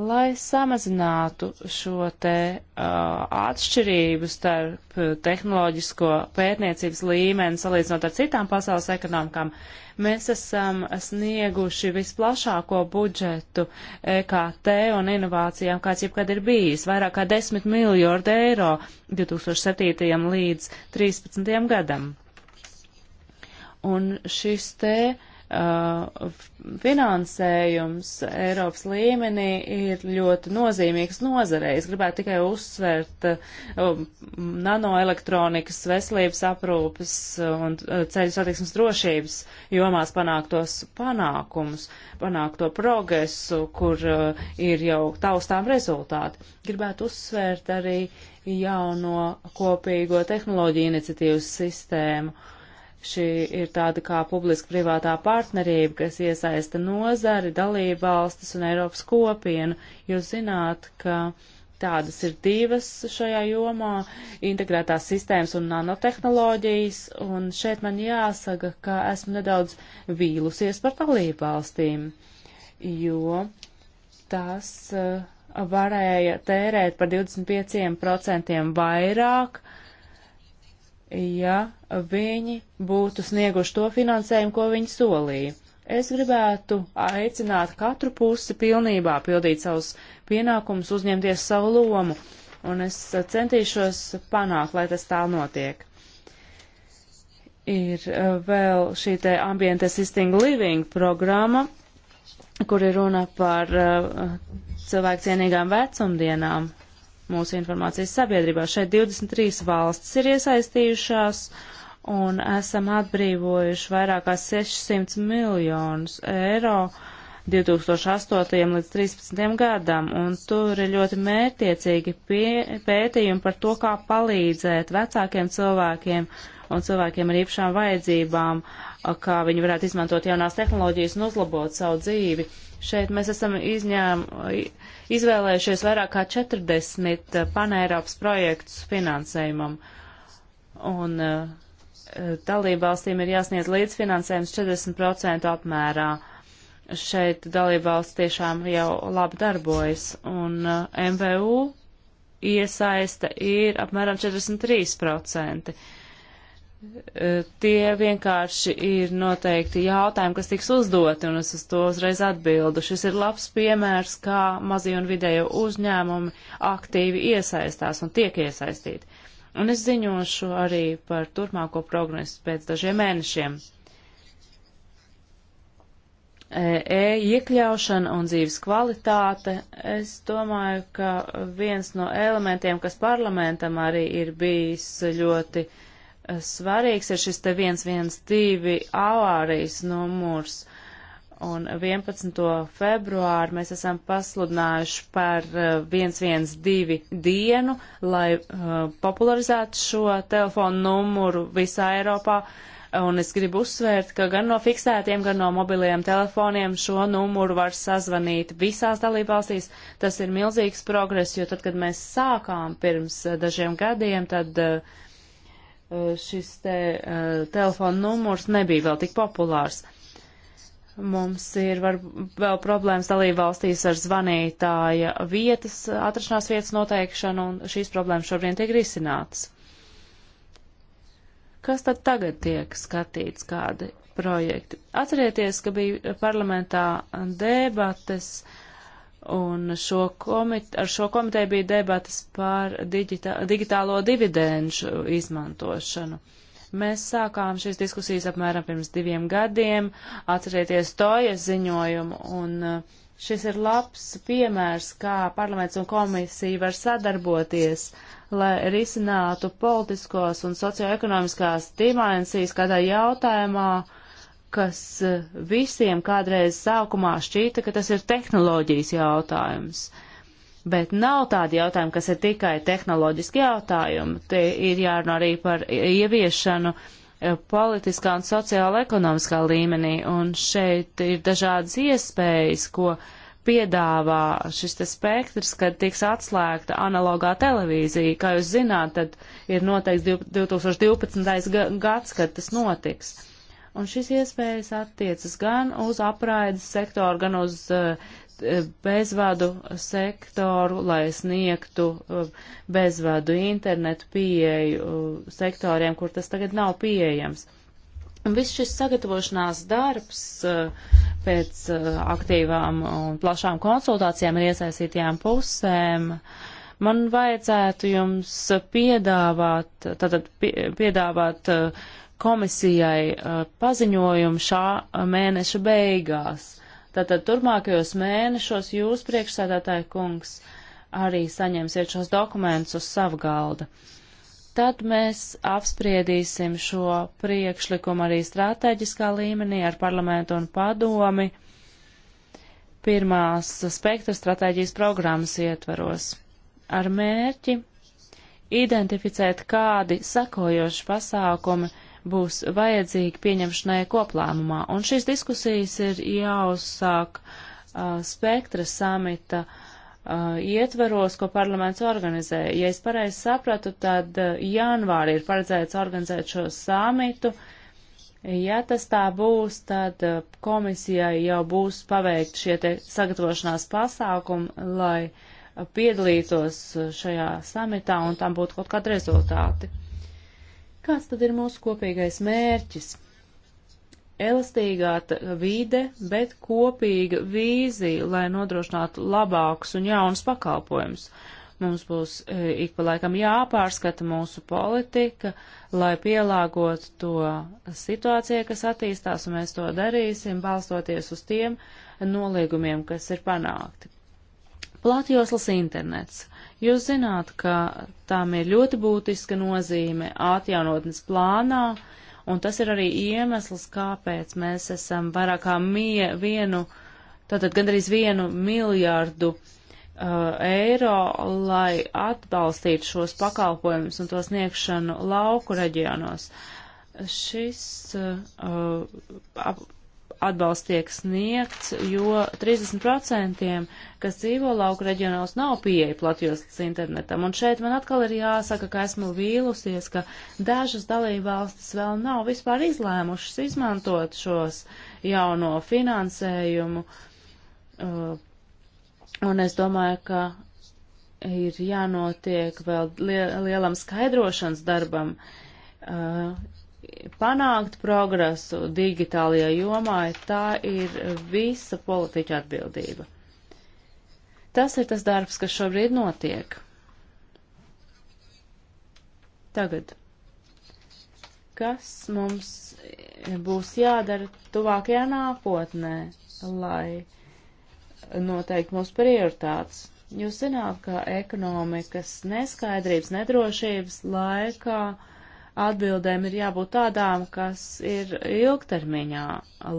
lai samazinātu šo te uh, atšķirību starp tehnoloģisko pētniecības līmeni salīdzinot ar citām pasaules ekonomikām, mēs esam snieguši visplašāko budžetu EKT un inovācijām, kāds jebkad ir bijis - vairāk kā 10 miljardu eiro 2007. līdz 2013. gadam. Un šis te uh, Uh, finansējums Eiropas līmenī ir ļoti nozīmīgs nozarei. Es gribētu tikai uzsvērt uh, um, nanoelektronikas, veselības aprūpas un uh, ceļu satiksmes drošības jomās panāktos panākumus, panākto progresu, kur ir jau taustām rezultāti. Gribētu uzsvērt arī jauno kopīgo tehnoloģiju iniciatīvas sistēmu Šī ir tāda kā publiski-privātā partnerība, kas iesaista nozari, dalību valstis un Eiropas kopienu. Jūs zināt, ka tādas ir divas šajā jomā - integrētās sistēmas un nanotehnoloģijas, un šeit man jāsaka, ka esmu nedaudz vīlusies par dalību valstīm, jo tas eh, varēja tērēt par 25% vairāk, uh, ja viņi būtu snieguši to finansējumu, ko viņi solīja. Es gribētu aicināt katru pusi pilnībā pildīt savus pienākumus, uzņemties savu lomu, un es centīšos panākt, lai tas tā notiek. Ir eh, vēl šī te Ambient Assisting Living programma, kur ir runa par eh, cilvēku cienīgām vecumdienām, mūsu informācijas sabiedrībā. Šeit 23 valstis ir iesaistījušās un esam atbrīvojuši vairāk kā 600 miljonus eiro 2008. līdz 2013. gadam, un tur ir ļoti mērtiecīgi pie, pētījumi par to, kā palīdzēt vecākiem cilvēkiem un cilvēkiem ar īpašām vajadzībām kā viņi varētu izmantot jaunās tehnoloģijas un uzlabot savu dzīvi. Šeit mēs esam izņēm, izvēlējušies vairāk kā 40 eh, paneiropas projektus finansējumam. Un eh, dalībvalstīm ir jāsniedz līdzfinansējums 40% apmērā. Šeit dalībvalsts tiešām jau labi darbojas, un eh, MVU iesaista ir apmēram 43%. E, tie vienkārši ir noteikti jautājumi, kas tiks uzdoti, un es uz to uzreiz atbildu. Šis ir labs piemērs, kā mazie un vidējo uzņēmumi aktīvi iesaistās un tiek iesaistīti. Un es ziņošu arī par turpmāko progresu pēc dažiem mēnešiem. E iekļaušana un dzīves kvalitāte, es domāju, ka viens no elementiem, kas parlamentam arī ir bijis ļoti uh, svarīgs ir šis te 112 avārijas numurs. Un 11. februāru mēs esam pasludinājuši par 112 eh, dienu, lai uh, popularizētu šo telefonu numuru visā Eiropā. Un es gribu uzsvērt, ka gan no fiksētiem, gan no mobiliem telefoniem šo numuru var sazvanīt visās dalībvalstīs. Tas ir milzīgs progress, jo tad, kad mēs sākām pirms eh, dažiem gadiem, tad uh, šis te eh, telefona numurs nebija vēl tik populārs. Mums ir var, vēl problēmas dalība valstīs ar zvanītāja vietas, atrašanās vietas noteikšanu, un šīs problēmas šobrīd tiek risinātas. Kas tad tagad tiek skatīts, kādi projekti? Atcerieties, ka bija parlamentā debates Un šo komite, ar šo komiteju bija debatas par digitā, digitālo dividendžu izmantošanu. Mēs sākām šīs diskusijas apmēram pirms diviem gadiem, atcerieties tojas ziņojumu, un uh, šis ir labs piemērs, kā parlaments un komisija var sadarboties, lai risinātu politiskos un socioekonomiskās dimensijas kādā jautājumā, uh, kas eh, visiem kādreiz sākumā šķīta, ka tas ir tehnoloģijas jautājums. Bet nav tādi jautājumi, kas ir tikai tehnoloģiski jautājumi. Te ir jārunā arī par ieviešanu eh, politiskā un sociāla ekonomiskā līmenī, un šeit ir dažādas iespējas, ko piedāvā šis te spektrs, kad tiks atslēgta analogā televīzija. Kā jūs zināt, tad ir noteikts 2012. gads, kad tas notiks. Un šis iespējas attiecas gan uz apraides sektoru, gan uz uh, bezvadu sektoru, lai sniegtu uh, bezvadu internetu pieeju uh, sektoriem, kur tas tagad nav pieejams. Un viss šis sagatavošanās darbs pēc aktīvām un plašām konsultācijām ar iesaistītajām pusēm man vajadzētu jums piedāvāt, tātad piedāvāt uh, komisijai uh, paziņojumu šā uh, mēneša beigās. Tātad turpmākajos mēnešos jūs, priekšsēdētāji kungs, arī saņemsiet šos dokumentus uz savu galda. Tad mēs apspriedīsim šo priekšlikumu arī strateģiskā līmenī ar parlamentu un padomi pirmās spektra stratēģijas programmas ietvaros ar mērķi identificēt kādi sakojoši pasākumi, būs vajadzīgi pieņemšanai koplēmumā. Un šīs diskusijas ir jāuzsāk uh, spektra samita uh, ietveros, ko parlaments organizē. Ja es pareizi sapratu, tad janvārī ir paredzēts organizēt šo samitu. Ja tas tā būs, tad komisijai jau būs paveikt šie te sagatavošanās pasākumi, lai piedalītos šajā samitā un tam būtu kaut kādi rezultāti. Kāds tad ir mūsu kopīgais mērķis? Elastīgāta vide, bet kopīga vīzija, lai nodrošinātu labākus un jaunus pakalpojumus. Mums būs e, ik pa laikam jāpārskata mūsu politika, lai pielāgotu to situācijai, kas attīstās, un mēs to darīsim, balstoties uz tiem nolīgumiem, kas ir panākti. Platjoslas internets. Jūs zināt, ka tām ir ļoti būtiska nozīme atjaunotnes plānā, un tas ir arī iemesls, kāpēc mēs esam vairāk kā mie, vienu, tātad gandrīz vienu miljārdu uh, eiro, lai atbalstītu šos pakalpojumus un to sniegšanu lauku reģionos. Šis uh, ap, atbalsts tiek sniegts, jo 30%, kas dzīvo lauku reģionos, nav pieeja platjostas internetam. Un šeit man atkal ir jāsaka, ka esmu vīlusies, ka dažas dalībvalstis vēl nav vispār izlēmušas izmantot šos jauno finansējumu. Uh, un es domāju, ka ir jānotiek vēl lielam skaidrošanas darbam. Uh, panākt progresu digitālajā jomā, tā ir visa politiķa atbildība. Tas ir tas darbs, kas šobrīd notiek. Tagad. Kas mums būs jādara tuvākajā nākotnē, lai noteikti mūsu prioritātes? Jūs zināt, ka ekonomikas neskaidrības, nedrošības laikā uh, atbildēm ir jābūt tādām, kas ir ilgtermiņā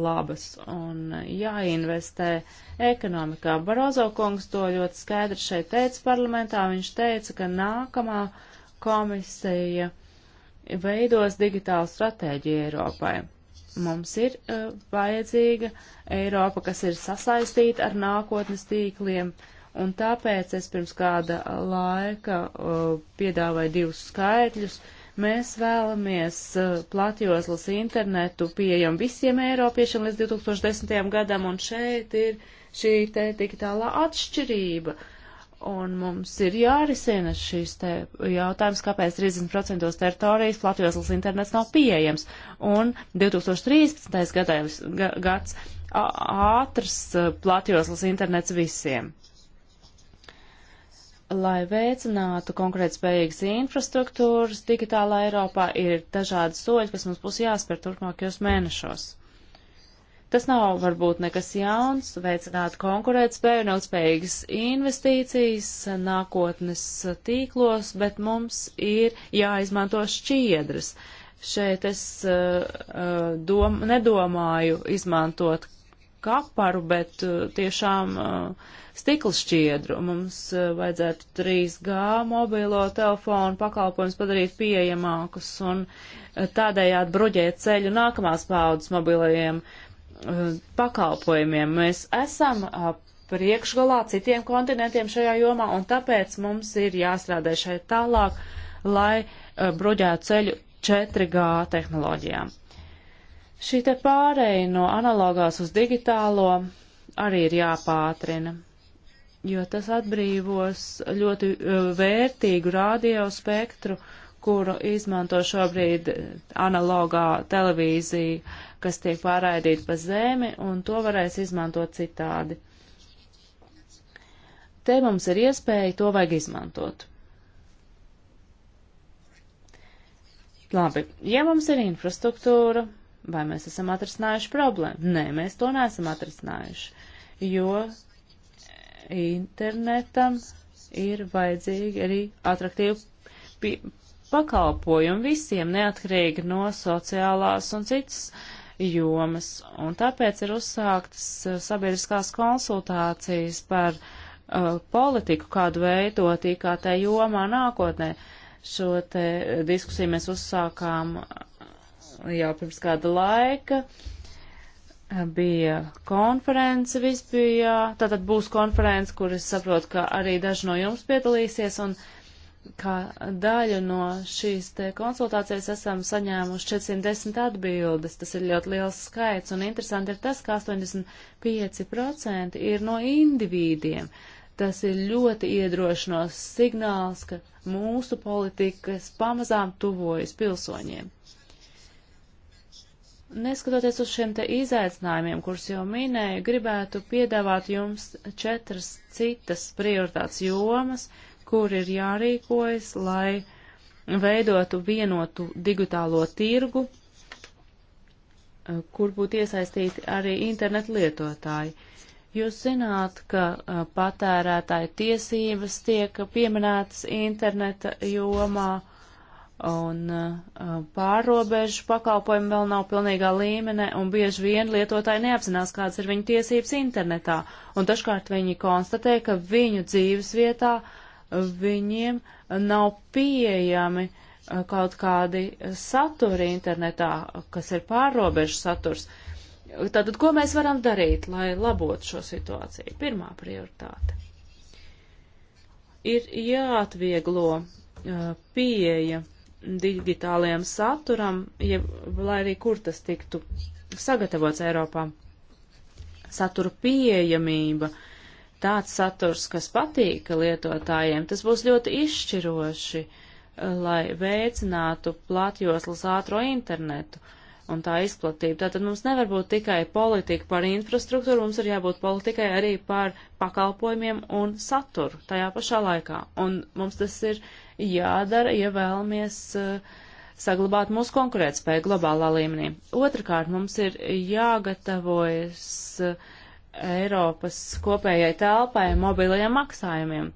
labas un jāinvestē ekonomikā. Barozo kungs to ļoti skaidri šeit teica parlamentā. Viņš teica, ka nākamā komisija veidos digitālu stratēģiju Eiropai. Mums ir uh, vajadzīga Eiropa, kas ir sasaistīta ar nākotnes tīkliem, un tāpēc es pirms kāda laika uh, piedāvāju divus skaitļus. Uh, Mēs vēlamies eh, platjoslas internetu pieejam visiem Eiropiešiem līdz 2010. gadam, un šeit ir šī te digitālā atšķirība. Un mums ir jārisina šīs te jautājums, kāpēc 30% teritorijas platjoslas internets nav pieejams. Un 2013. Gadājums, gads ātrs eh, platjoslas internets visiem lai veicinātu konkrēt spējīgas infrastruktūras digitālā Eiropā, ir dažādi soļi, kas mums būs jāspēr turpmākajos mēnešos. Tas nav varbūt nekas jauns, veicināt konkurētspēju, ilgspējīgas investīcijas nākotnes tīklos, bet mums ir jāizmanto šķiedras. Šeit es uh, uh dom, nedomāju izmantot kaparu, bet uh, tiešām uh, stikla šķiedru. Mums eh, vajadzētu 3G mobilo telefonu pakalpojumus padarīt pieejamākus un eh, tādējādi bruģēt ceļu nākamās paudzes mobilajiem eh, pakalpojumiem. Mēs esam priekšgalā citiem kontinentiem šajā jomā, un tāpēc mums ir jāstrādā šeit tālāk, lai bruģētu ceļu 4G tehnoloģijām. Šī te pārēja no analogās uz digitālo arī ir jāpātrina jo tas atbrīvos ļoti e, vērtīgu rādio spektru, kuru izmanto šobrīd analogā televīzija, kas tiek pārraidīta pa zemi, un to varēs izmantot citādi. Te mums ir iespēja, to vajag izmantot. Labi, ja mums ir infrastruktūra, vai mēs esam atrisinājuši problēmu? Nē, mēs to neesam atrisinājuši, jo internetam ir vajadzīgi arī atraktīvi pakalpojumi visiem, neatkarīgi no sociālās un citas jomas. Un tāpēc ir uzsāktas eh, sabiedriskās konsultācijas par uh, politiku, kādu veidot IKT jomā nākotnē. Šo te diskusiju mēs uzsākām eh, jau pirms kāda laika. Uh, bija konference vispār, tātad būs konference, kur es saprotu, ka arī daži no jums piedalīsies, un kā daļu no šīs te konsultācijas esam saņēmuši 410 atbildes, tas ir ļoti liels skaits, un interesanti ir tas, ka 85% ir no individiem. Tas ir ļoti iedrošinos signāls, ka mūsu politikas pamazām tuvojas pilsoņiem. Neskatoties uz šiem te izaicinājumiem, kurus jau minēju, gribētu piedāvāt jums četras citas prioritātes jomas, kur ir jārīkojas, lai veidotu vienotu digitālo tirgu, eh, kur būtu iesaistīti arī internetu lietotāji. Jūs zināt, ka eh, patērētāju tiesības tiek pieminētas interneta jomā un uh, uh, pārrobežu pakalpojumi vēl nav pilnīgā līmenē, un bieži vien lietotāji neapzinās, kādas ir viņu tiesības internetā, un dažkārt viņi konstatē, ka viņu dzīves vietā viņiem nav pieejami uh, kaut kādi saturi internetā, kas ir pārrobežu saturs. Tātad, ko mēs varam darīt, lai labotu šo situāciju? Pirmā prioritāte ir jāatvieglo uh, pieeja digitālajam saturam, jeb, lai arī kur tas tiktu sagatavots Eiropā. Satura pieejamība, tāds saturs, kas patīk lietotājiem, tas būs ļoti izšķiroši, lai veicinātu platjoslas ātro internetu un tā izplatību. Tātad mums nevar būt tikai politika par infrastruktūru, mums ir jābūt politikai arī par pakalpojumiem un saturu tajā pašā laikā. Un mums tas ir jādara, ja vēlamies eh, saglabāt mūsu konkurētspēju globālā līmenī. Otrakārt, mums ir jāgatavojas eh, Eiropas kopējai telpai mobilajiem maksājumiem.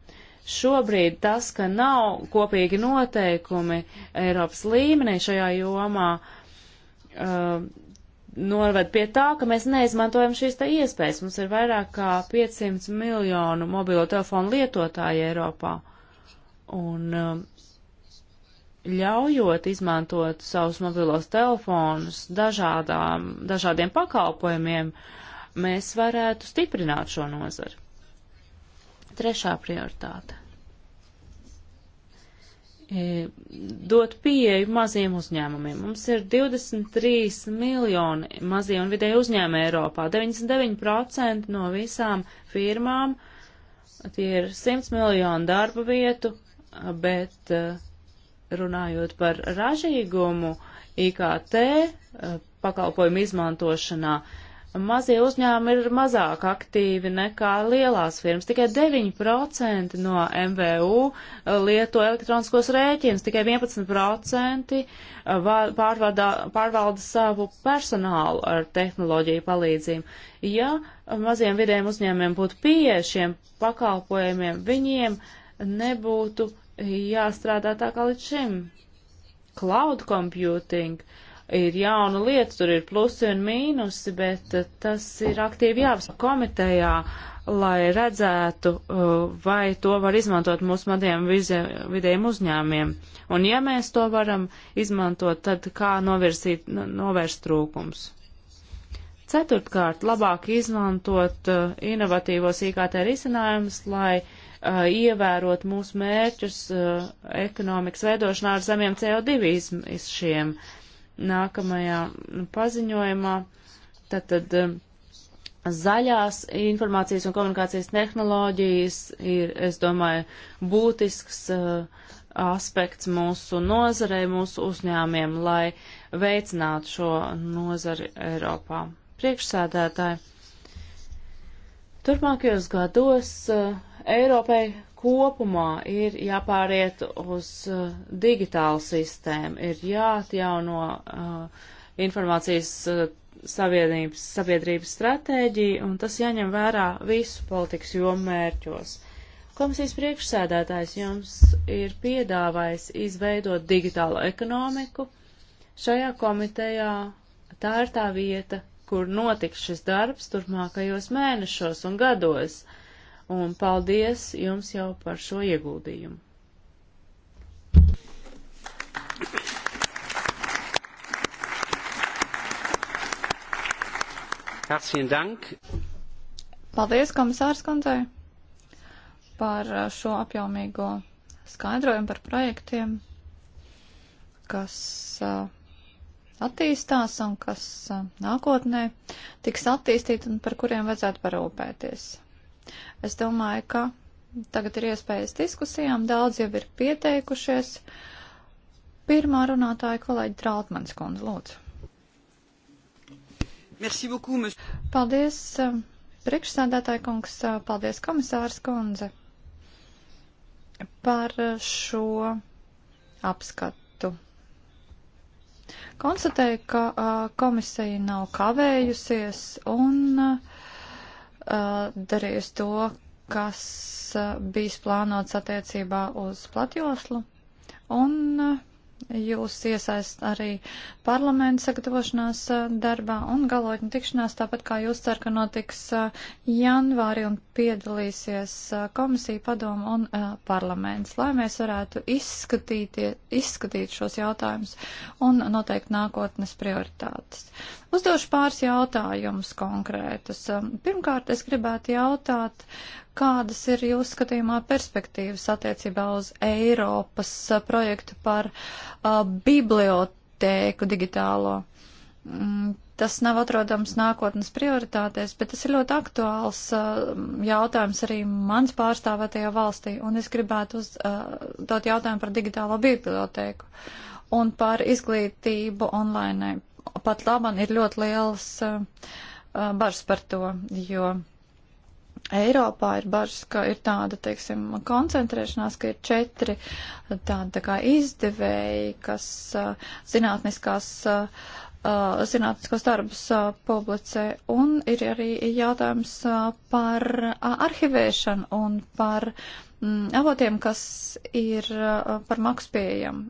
Šobrīd tas, ka nav kopīgi noteikumi Eiropas līmenī šajā jomā, uh, eh, norved pie tā, ka mēs neizmantojam šīs te iespējas. Mums ir vairāk kā 500 miljonu mobilo telefonu lietotāju Eiropā. Uh, Un um, ļaujot izmantot savus mobilos telefonus dažādām, dažādiem pakalpojumiem, mēs varētu stiprināt šo nozaru. Trešā prioritāte e, dot pieeju maziem uzņēmumiem. Mums ir 23 miljoni mazie un vidēji uzņēmumi Eiropā. 99% no visām firmām tie ir 100 miljonu darba vietu bet eh, runājot par ražīgumu IKT eh, pakalpojumu izmantošanā, mazie uzņēmumi ir mazāk aktīvi nekā lielās firmas. Tikai 9% no MVU eh, lieto elektroniskos rēķinus, tikai 11% pārvalda, pārvalda savu personālu ar tehnoloģiju palīdzību. Ja maziem vidējiem uzņēmumiem būtu pieejamiem pakalpojumiem, viņiem nebūtu jāstrādā tā kā līdz šim. Cloud computing ir jauna lieta, tur ir plusi un mīnusi, bet uh, tas ir aktīvi jāapsaka komitejā, lai redzētu, uh, vai to var izmantot mūsu madiem vidējiem uzņēmiem. Un ja mēs to varam izmantot, tad kā novirsīt, novērst trūkums. Ceturtkārt, labāk izmantot uh, inovatīvos IKT risinājumus, lai uh, Uh, ievērot mūsu mērķus uh, ekonomikas veidošanā ar zemiem CO2 izšiem. Nākamajā nu, paziņojumā tad, tad um, zaļās informācijas un komunikācijas tehnoloģijas ir, es domāju, būtisks uh, aspekts mūsu nozarei, mūsu uzņēmiem, lai veicinātu šo nozari Eiropā. Priekšsēdētāji, turpmākajos gados uh, Eiropai kopumā ir jāpāriet uz uh, digitālu sistēmu, ir jāatjauno uh, informācijas uh, savienības, sabiedrības stratēģija, un tas jāņem vērā visu politikas jomu mērķos. Komisijas priekšsēdētājs jums ir piedāvājis izveidot digitālo ekonomiku. Šajā komitejā tā ir tā vieta, kur notiks šis darbs turpmākajos mēnešos un gados. Uh, un paldies jums jau par šo ieguldījumu. Paldies komisārs kundzei par uh, šo apjomīgo skaidrojumu par projektiem, kas uh, attīstās un kas uh, nākotnē tiks attīstīti un par kuriem vajadzētu parūpēties. Es domāju, ka tagad ir iespējas diskusijām, daudz jau ir pieteikušies. Pirmā runātāja kolēģi Trautmans kundze, lūdzu. Merci beaucoup, monsieur. Paldies, um, priekšsādātāja kungs, uh, paldies, komisārs kundze, par uh, šo apskatu. Konstatēju, ka uh, komisija nav kavējusies un uh, Uh, darījusi to, kas uh, bijis plānots attiecībā uz platjoslu, un uh, jūs iesaist arī parlamentu sagatavošanās darbā un galotņu tikšanās, tāpat kā jūs cer, ka notiks janvāri un piedalīsies komisija, padoma un parlaments, lai mēs varētu izskatīt šos jautājumus un noteikt nākotnes prioritātes. Uzdošu pāris jautājumus konkrētus. Um, pirmkārt, es gribētu jautāt, kādas ir jūsu skatījumā perspektīvas attiecībā uz Eiropas uh, projektu par uh, bibliotēku digitālo. Mm, tas nav atrodams nākotnes prioritātēs, bet tas ir ļoti aktuāls uh, jautājums arī mans pārstāvētajā valstī, un es gribētu uzdot uh, jautājumu par digitālo bibliotēku un par izglītību online pat laban ir ļoti liels eh, bažas par to, jo Eiropā ir bažas, ka ir tāda, teiksim, koncentrēšanās, ka ir četri tādi tā kā izdevēji, kas eh, zinātniskās, eh, zinātniskos darbus publicē. Un ir arī jautājums par arhivēšanu un par mm, avotiem, kas ir par maksu pieejam.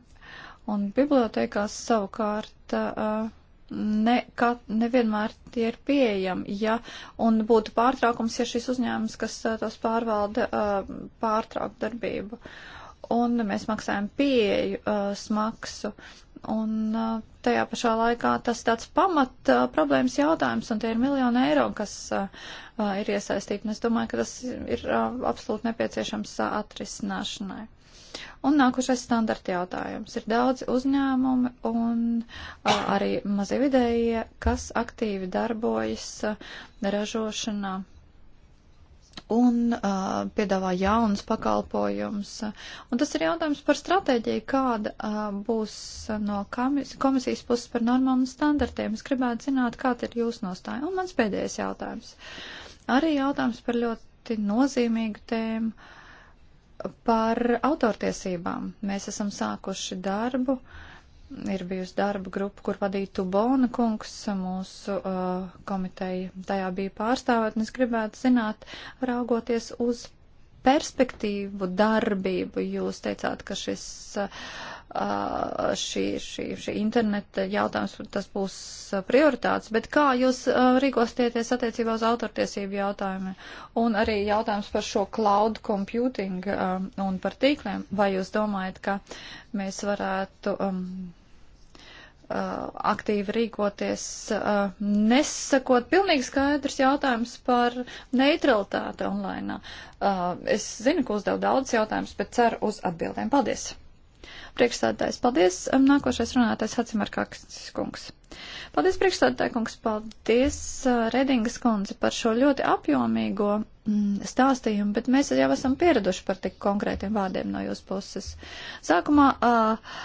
Un bibliotekās savukārt. Uh, ne, ka, nevienmēr tie ir pieejami. Ja, un būtu pārtraukums, ja šis uzņēmums, kas tos pārvalda, pārtraukt darbību. Un mēs maksājam pieeju smaksu. Un tajā pašā laikā tas tāds pamat problēmas jautājums, un tie ir miljoni eiro, kas ir iesaistīti. Un es domāju, ka tas ir absolūti nepieciešams atrisināšanai. Un nākošais standarta jautājums. Ir daudzi uzņēmumi un a, arī mazie vidējie, kas aktīvi darbojas a, ražošanā un a, piedāvā jaunus pakalpojumus. Un tas ir jautājums par stratēģiju, kāda a, būs no komisijas puses par normām un standartiem. Es gribētu zināt, kāda ir jūsu nostāja. Un mans pēdējais jautājums. Arī jautājums par ļoti nozīmīgu tēmu. Uh, Par autortiesībām mēs esam sākuši darbu. Ir bijusi darba grupa, kur vadīja Tubona kungs, mūsu uh, komiteja tajā bija pārstāvēt, un es gribētu zināt, raugoties uz perspektīvu darbību, jūs teicāt, ka šis uh, šī, šī, šī interneta jautājums, tas būs prioritāts, bet kā jūs rīkosieties attiecībā uz autortiesību jautājumiem un arī jautājums par šo cloud computing un par tīkliem, vai jūs domājat, ka mēs varētu um, aktīvi rīkoties, nesakot pilnīgi skaidrs jautājums par neutralitāti online. Es zinu, ka uzdevu daudz jautājumus, bet ceru uz atbildēm. Paldies! Priekšstādājs, paldies. Um, nākošais runātājs Hacimarkakis kungs. Paldies, priekšstādātāji kungs, paldies uh, Redingas kundze par šo ļoti apjomīgo mm, stāstījumu, bet mēs jau esam pieraduši par tik konkrētiem vārdiem no jūsu puses. Sākumā. Uh,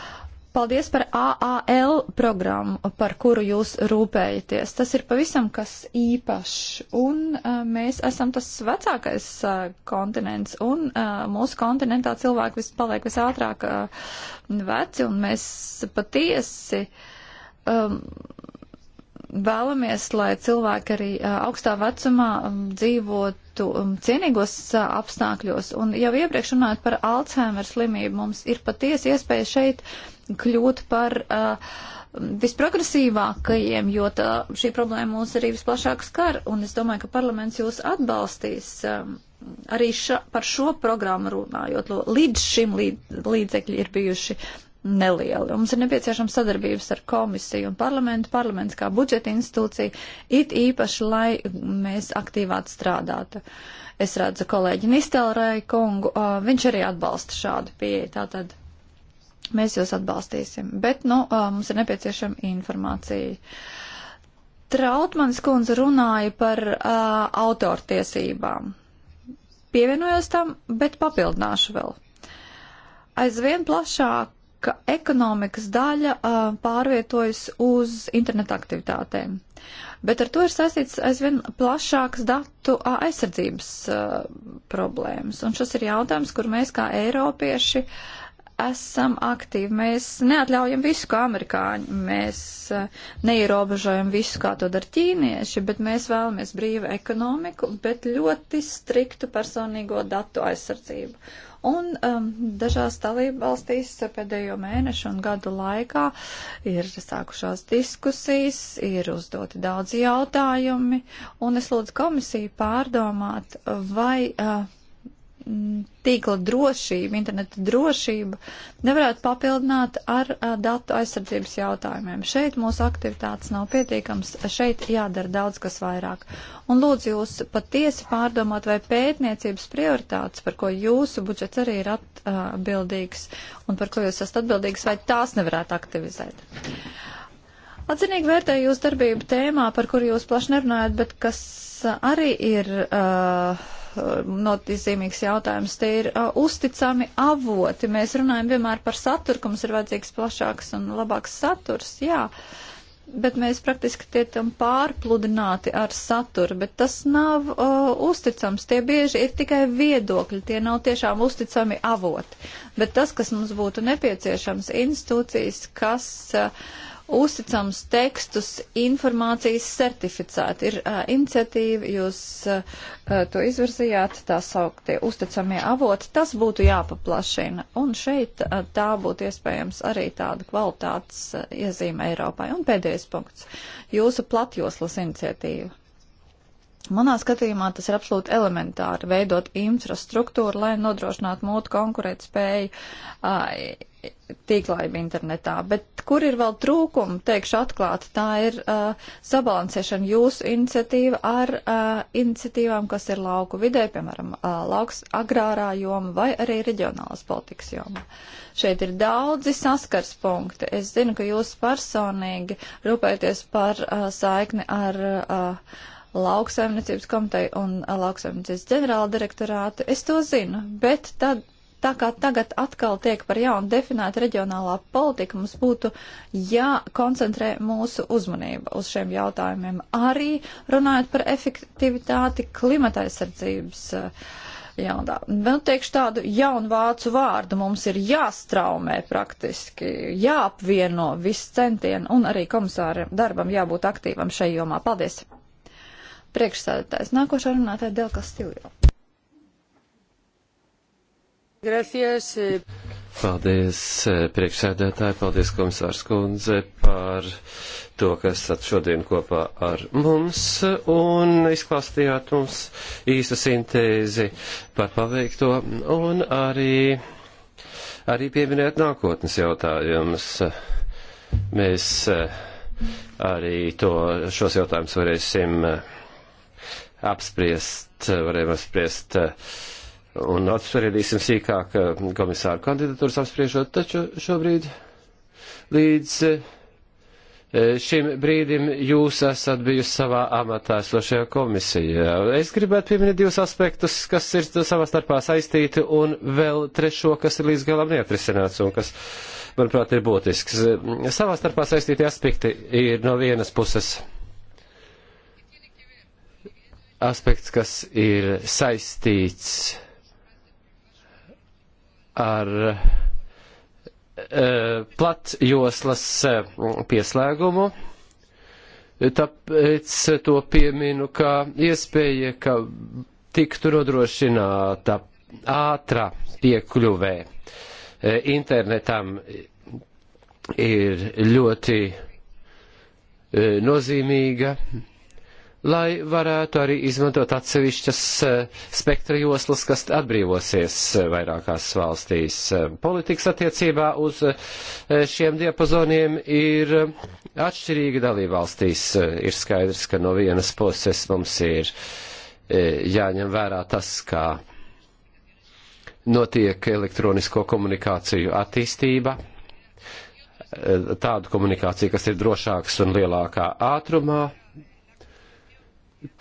Paldies par AAL programmu, par kuru jūs rūpējaties. Tas ir pavisam kas īpašs, un uh, mēs esam tas vecākais uh, kontinents, un uh, mūsu kontinentā cilvēki vis, paliek visātrāk uh, veci, un mēs patiesi um, vēlamies, lai cilvēki arī uh, augstā vecumā um, dzīvot būtu um, cienīgos uh, apstākļos. Un jau iepriekš runājot par Alzheimer slimību, mums ir patiesi iespēja šeit kļūt par uh, visprogresīvākajiem, jo tā, šī problēma mūs arī visplašāk skar, un es domāju, ka parlaments jūs atbalstīs. Um, Arī ša, par šo programmu runājot, līdz šim līd, līdzekļi ir bijuši nelieli. Mums ir nepieciešama sadarbības ar komisiju un parlamentu, parlaments kā budžeta institūcija, it īpaši, lai mēs aktīvāk strādātu. Es redzu kolēģi Nistelrai kungu, uh, viņš arī atbalsta šādu pieeju. Tātad Mēs jūs atbalstīsim, bet, nu, mums ir nepieciešama informācija. Trautmanis kundze runāja par uh, autortiesībām. Pievienojos tam, bet papildināšu vēl. Aizvien plašāk ka ekonomikas daļa uh, pārvietojas uz interneta aktivitātēm. Bet ar to ir saistīts aizvien plašāks datu uh, aizsardzības uh, problēmas. Un šis ir jautājums, kur mēs kā eiropieši uh, esam aktīvi. Mēs neatļaujam visu, kā amerikāņi. Mēs eh, neierobežojam visu, kā to dara ķīnieši, bet mēs vēlamies brīvu ekonomiku, bet ļoti striktu personīgo datu aizsardzību. Un um, dažās dalību valstīs pēdējo mēnešu un gadu laikā ir sākušās diskusijas, ir uzdoti daudzi jautājumi, un es lūdzu komisiju pārdomāt, vai. Uh, Mm, tīkla drošība, interneta drošība nevarētu papildināt ar a, datu aizsardzības jautājumiem. Šeit mūsu aktivitātes nav pietiekams, šeit jādara daudz kas vairāk. Un lūdzu jūs patiesi pārdomāt, vai pētniecības prioritātes, par ko jūsu budžets arī ir atbildīgs un par ko jūs esat atbildīgs, vai tās nevarētu aktivizēt. Atzinīgi vērtēju jūs darbību tēmā, par kuru jūs plaši nerunājat, bet kas arī ir. Uh, Uh, notizīmīgs jautājums. Tie ir uh, uzticami avoti. Mēs runājam vienmēr par saturu, ka mums ir vajadzīgs plašāks un labāks saturs, jā. Bet mēs praktiski tiekam pārpludināti ar saturu, bet tas nav uh, uzticams. Tie bieži ir tikai viedokļi, tie nav tiešām uzticami avoti. Bet tas, kas mums būtu nepieciešams, institūcijas, kas. Uh, uzticams tekstus informācijas certificēt. Ir uh, iniciatīva, jūs uh, to izvirzījāt, tā sauktie uzticamie avoti, tas būtu jāpaplašina. Un šeit uh, tā būtu iespējams arī tāda kvalitātes uh, iezīme Eiropai. Un pēdējais punkts - jūsu platjoslas iniciatīva. Manā skatījumā tas ir absolūti elementāri veidot infrastruktūru, lai nodrošinātu mūtu konkurētspēju tīklaību internetā. Bet kur ir vēl trūkumi, teikšu atklāti, tā ir uh, sabalansēšana jūsu iniciatīva ar uh, iniciatīvām, kas ir lauku vidē, piemēram, uh, lauks agrārā joma vai arī reģionālas politikas joma. Šeit ir daudzi saskars punkti. Es zinu, ka jūs personīgi rūpēties par uh, saikni ar. Uh, lauksaimniecības komiteju un lauksaimniecības ģenerāla direktorātu. Es to zinu, bet tad, tā kā tagad atkal tiek par jaunu definēta reģionālā politika, mums būtu jākoncentrē mūsu uzmanība uz šiem jautājumiem. Arī runājot par efektivitāti klimata aizsardzības. Eh, jaunā. Vēl teikšu tādu jaunu vācu vārdu. Mums ir jāstraumē praktiski, jāapvieno viss centieni un arī komisāra darbam jābūt aktīvam šai jomā. Paldies! Priekšsēdētājs. Nākošā runātāja Delka Stiljo. Gracias. Eh. Paldies, eh, priekšsēdētāji, paldies, komisārs Kundze, par to, ka esat šodien kopā ar mums un izklāstījāt mums īsu sintēzi par paveikto un arī, arī pieminēt nākotnes jautājumus. Mēs eh, arī to, šos jautājumus varēsim apspriest, varējām apspriest un apspriedīsim sīkāk eh, komisāru kandidatūras apspriežot, taču šobrīd līdz eh, šim brīdim jūs esat bijusi savā amatā esošajā komisijā. Es gribētu pieminēt divus aspektus, kas ir savā starpā saistīti, un vēl trešo, kas ir līdz galam neatrisināts un kas, manuprāt, ir būtisks. Savā starpā saistītie aspekti ir no vienas puses aspekts, kas ir saistīts ar eh, platjoslas eh, pieslēgumu. Tāpēc to pieminu, kā iespēja, ka tiktu nodrošināta ātrā piekļuvē eh, internetam ir ļoti nozīmīga lai varētu arī izmantot atsevišķas eh, spektra joslas, kas atbrīvosies eh, vairākās valstīs. Eh, politikas attiecībā uz šiem diapazoniem ir atšķirīga dalībvalstīs. Ir skaidrs, ka no vienas puses mums ir jāņem vērā tas, kā notiek elektronisko komunikāciju attīstība tādu komunikāciju, kas ir drošāks un lielākā ātrumā,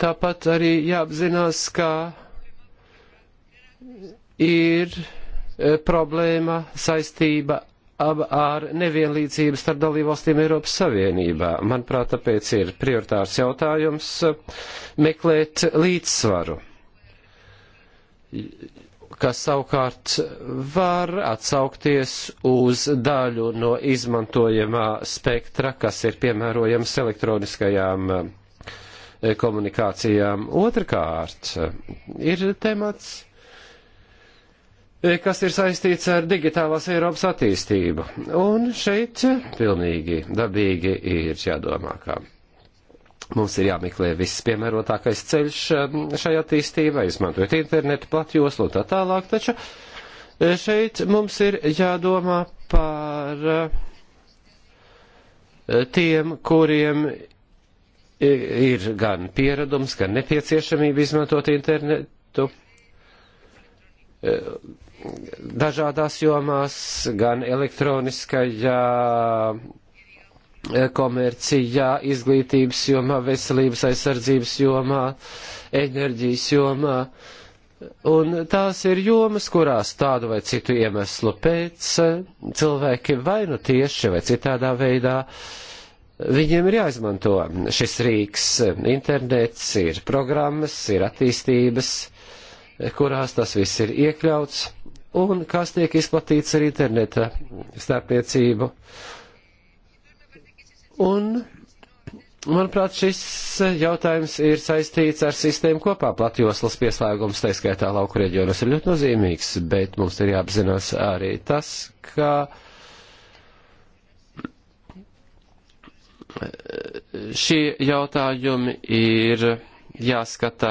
Tāpat arī jāapzinās, ka ir e, problēma saistība ar nevienlīdzību starp dalībvalstīm Eiropas Savienībā. Manuprāt, tāpēc ir prioritārs jautājums e, meklēt līdzsvaru, kas savukārt var atsaukties uz daļu no izmantojamā spektra, kas ir piemērojams elektroniskajām e, komunikācijām. Otrkārt, ir temats, e, kas ir saistīts ar digitālās Eiropas attīstību. Un šeit pilnīgi dabīgi ir jādomā, kā mums ir jāmeklē viss piemērotākais ceļš um, šai attīstībai, izmantojot internetu, platjoslu un tā tālāk. Taču e, šeit mums ir jādomā par e, tiem, kuriem ir gan pieredums, gan nepieciešamība izmantot internetu e, dažādās jomās, gan elektroniskajā e, komercijā, izglītības jomā, veselības aizsardzības jomā, enerģijas jomā. Un tās ir jomas, kurās tādu vai citu iemeslu pēc e, cilvēki vai nu tieši vai citādā veidā uh, Viņiem ir jāizmanto šis rīks, internets, ir programmas, ir attīstības, kurās tas viss ir iekļauts, un kas tiek izplatīts ar interneta starpniecību. Un, manuprāt, šis jautājums ir saistīts ar sistēmu kopā. Platjoslas pieslēgums, taiskaitā lauku reģionos, ir ļoti nozīmīgs, bet mums ir jāapzinās arī tas, ka. Kā šie jautājumi ir jāskatā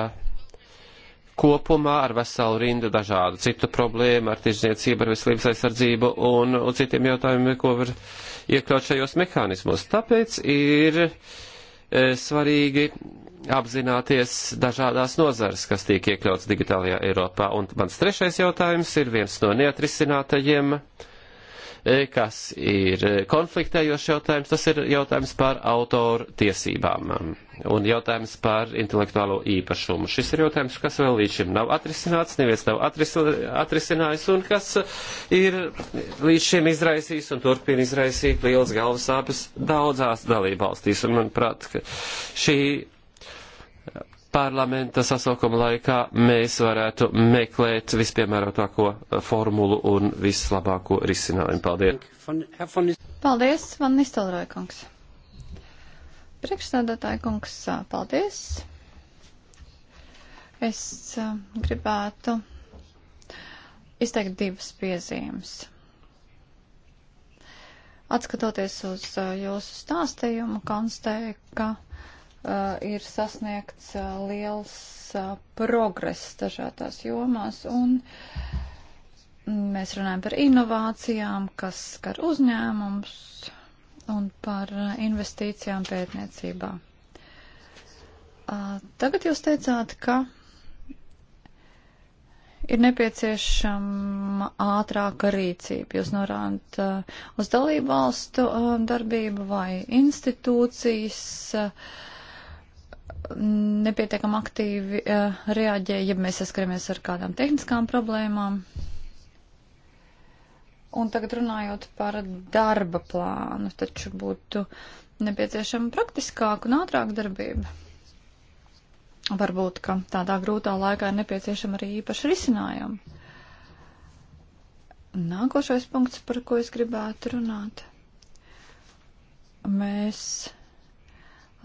kopumā ar veselu rindu dažādu citu problēmu, ar tirzniecību, ar veselības aizsardzību un, un citiem jautājumiem, ko var iekļaut šajos mehānismos. Tāpēc ir e, svarīgi apzināties dažādās nozares, kas tiek iekļauts digitālajā Eiropā. Un mans trešais jautājums ir viens no neatrisinātajiem. E, E, kas ir konfliktējošs jautājums, tas ir jautājums par autoru tiesībām un jautājums par intelektuālo īpašumu. Šis ir jautājums, kas vēl līdz šim nav atrisināts, neviens nav atris, atrisinājis un kas ir līdz šim izraisījis un turpina izraisīt liels galvas sāpes daudzās dalībvalstīs. Un, manuprāt, šī parlamenta sasaukuma laikā mēs varētu meklēt vispiemērotāko eh, formulu un vislabāko risinājumu. Paldies! Paldies, Van Nistelroja kungs! Priekšstādātāja kungs, eh, paldies! Es eh, gribētu izteikt divas piezīmes. Atskatoties uz jūsu stāstījumu, konstatēju, ka Uh, ir sasniegts uh, liels uh, progress dažādās jomās, un mēs runājam par inovācijām, kas skar uzņēmums un par investīcijām pētniecībā. Tagad jūs teicāt, ka ir nepieciešama ātrāka rīcība. Jūs norādat uh, uz dalību valstu uh, darbību vai institūcijas. Uh, nepietiekam aktīvi uh, reaģē, ja mēs saskaramies ar kādām tehniskām problēmām. Un tagad runājot par darba plānu, taču būtu nepieciešama praktiskāka un ātrāka darbība. Varbūt, ka tādā grūtā laikā ir nepieciešama arī īpaša risinājuma. Nākošais punkts, par ko es gribētu runāt. Mēs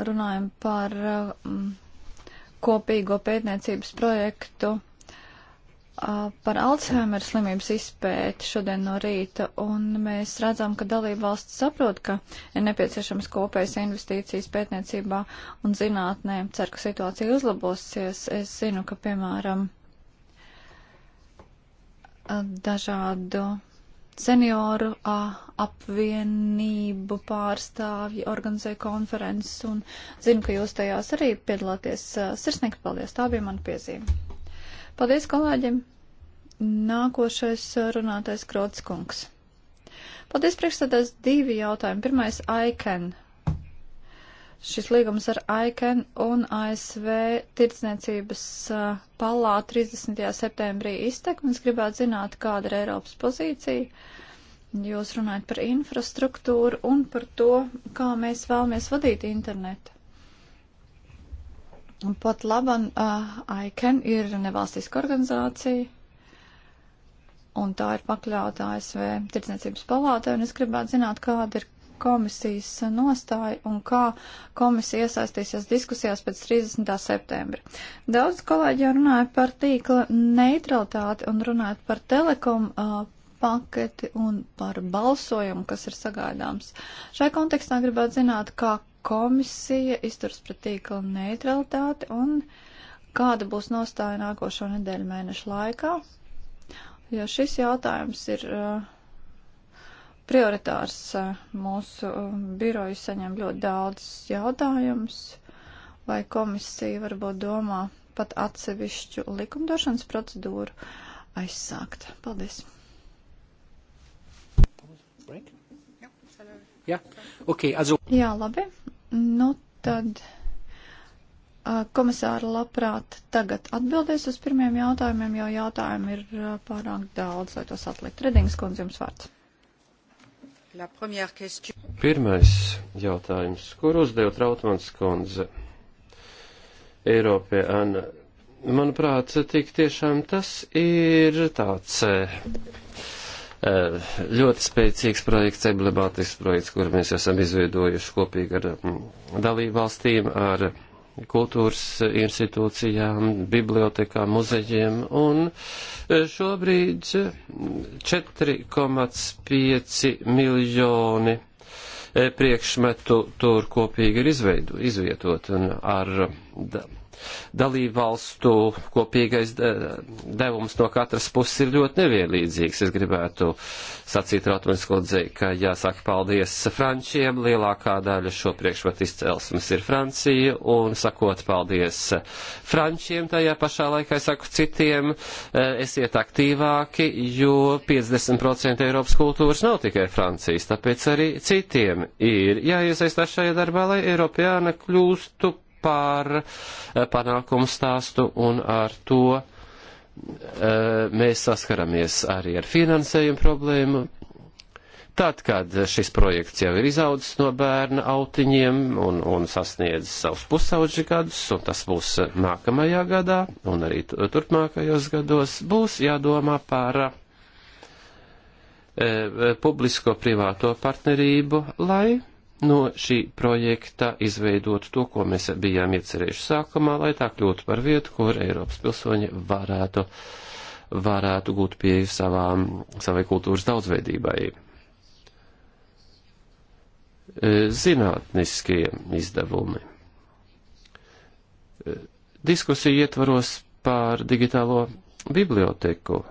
runājam par um, kopīgo pētniecības projektu uh, par Alzheimer slimības izpēti šodien no rīta, un mēs redzam, ka dalība valsts saprot, ka ir nepieciešams kopējas investīcijas pētniecībā un zinātnē. Ceru, ka situācija uzlabosies. Es zinu, ka, piemēram, dažādu senioru uh, apvienību pārstāvji organizē konferences un zinu, ka jūs tajās arī piedalāties. Uh, sirsnīgi paldies, tā bija mana piezīme. Paldies kolēģim. Nākošais runātais Krots kungs. Paldies priekšstādās divi jautājumi. Pirmais - ICAN Šis līgums ar ICAN un ASV tirdzniecības palātu 30. septembrī iztek, un es gribētu zināt, kāda ir Eiropas pozīcija. Jūs runājat par infrastruktūru un par to, kā mēs vēlamies vadīt internetu. Un pat laban uh, ICAN ir nevalstiska organizācija, un tā ir pakļauta ASV tirdzniecības palātē, un es gribētu zināt, kāda ir komisijas nostāja un kā komisija iesaistīsies diskusijās pēc 30. septembra. Daudz kolēģi jau runāja par tīkla neutralitāti un runājot par telekom uh, paketi un par balsojumu, kas ir sagaidāms. Šai kontekstā gribētu zināt, kā komisija izturs pret tīkla neutralitāti un kāda būs nostāja nākošo nedēļu mēnešu laikā, jo šis jautājums ir. Uh, prioritārs. Eh, mūsu eh, biroji saņem ļoti daudz jautājumus, vai komisija varbūt domā pat atsevišķu likumdošanas procedūru aizsākt. Paldies! Jā, okay, also... Jā labi. Nu tad eh, komisāra labprāt tagad atbildēs uz pirmiem jautājumiem, jo jautājumu ir pārāk daudz, lai tos atlikt. Redings kundze jums vārds. Pirmais jautājums, kur uzdev Trautmans kundze Eiropē, Anna? Manuprāt, tik tiešām tas ir tāds eh, eh, ļoti spēcīgs projekts, emblemātisks projekts, kur mēs esam izveidojuši kopīgi ar mm, dalībvalstīm, ar kultūras institūcijām, bibliotekām, muzejiem, un e, šobrīd 4,5 miljoni e, priekšmetu tur kopīgi ir izveidu, izvietot un ar dalībvalstu kopīgais eh, devums no katras puses ir ļoti nevienlīdzīgs. Es gribētu sacīt Rotmanskundzei, ka jāsaka paldies Frančiem, lielākā daļa šo priekšmetu izcelsmes ir Francija, un sakot paldies Frančiem, tajā pašā laikā saku citiem, eh, esiet aktīvāki, jo 50% Eiropas kultūras nav tikai Francijas, tāpēc arī citiem ir jāiesaistās šajā darbā, lai Eiropāna kļūstu par eh, panākumu stāstu un ar to eh, mēs saskaramies arī ar finansējumu problēmu. Tad, kad šis projekts jau ir izaudzis no bērna autiņiem un, un sasniedz savus pusauģi gadus, un tas būs nākamajā gadā un arī turpmākajos gados, būs jādomā par e, publisko privāto partnerību, lai no šī projekta izveidot to, ko mēs bijām iecerējuši sākumā, lai tā kļūtu par vietu, kur Eiropas pilsoņi varētu, varētu gūt pieeju savām, savai kultūras daudzveidībai. E, zinātniskie izdevumi. E, diskusija ietvaros pār digitālo biblioteku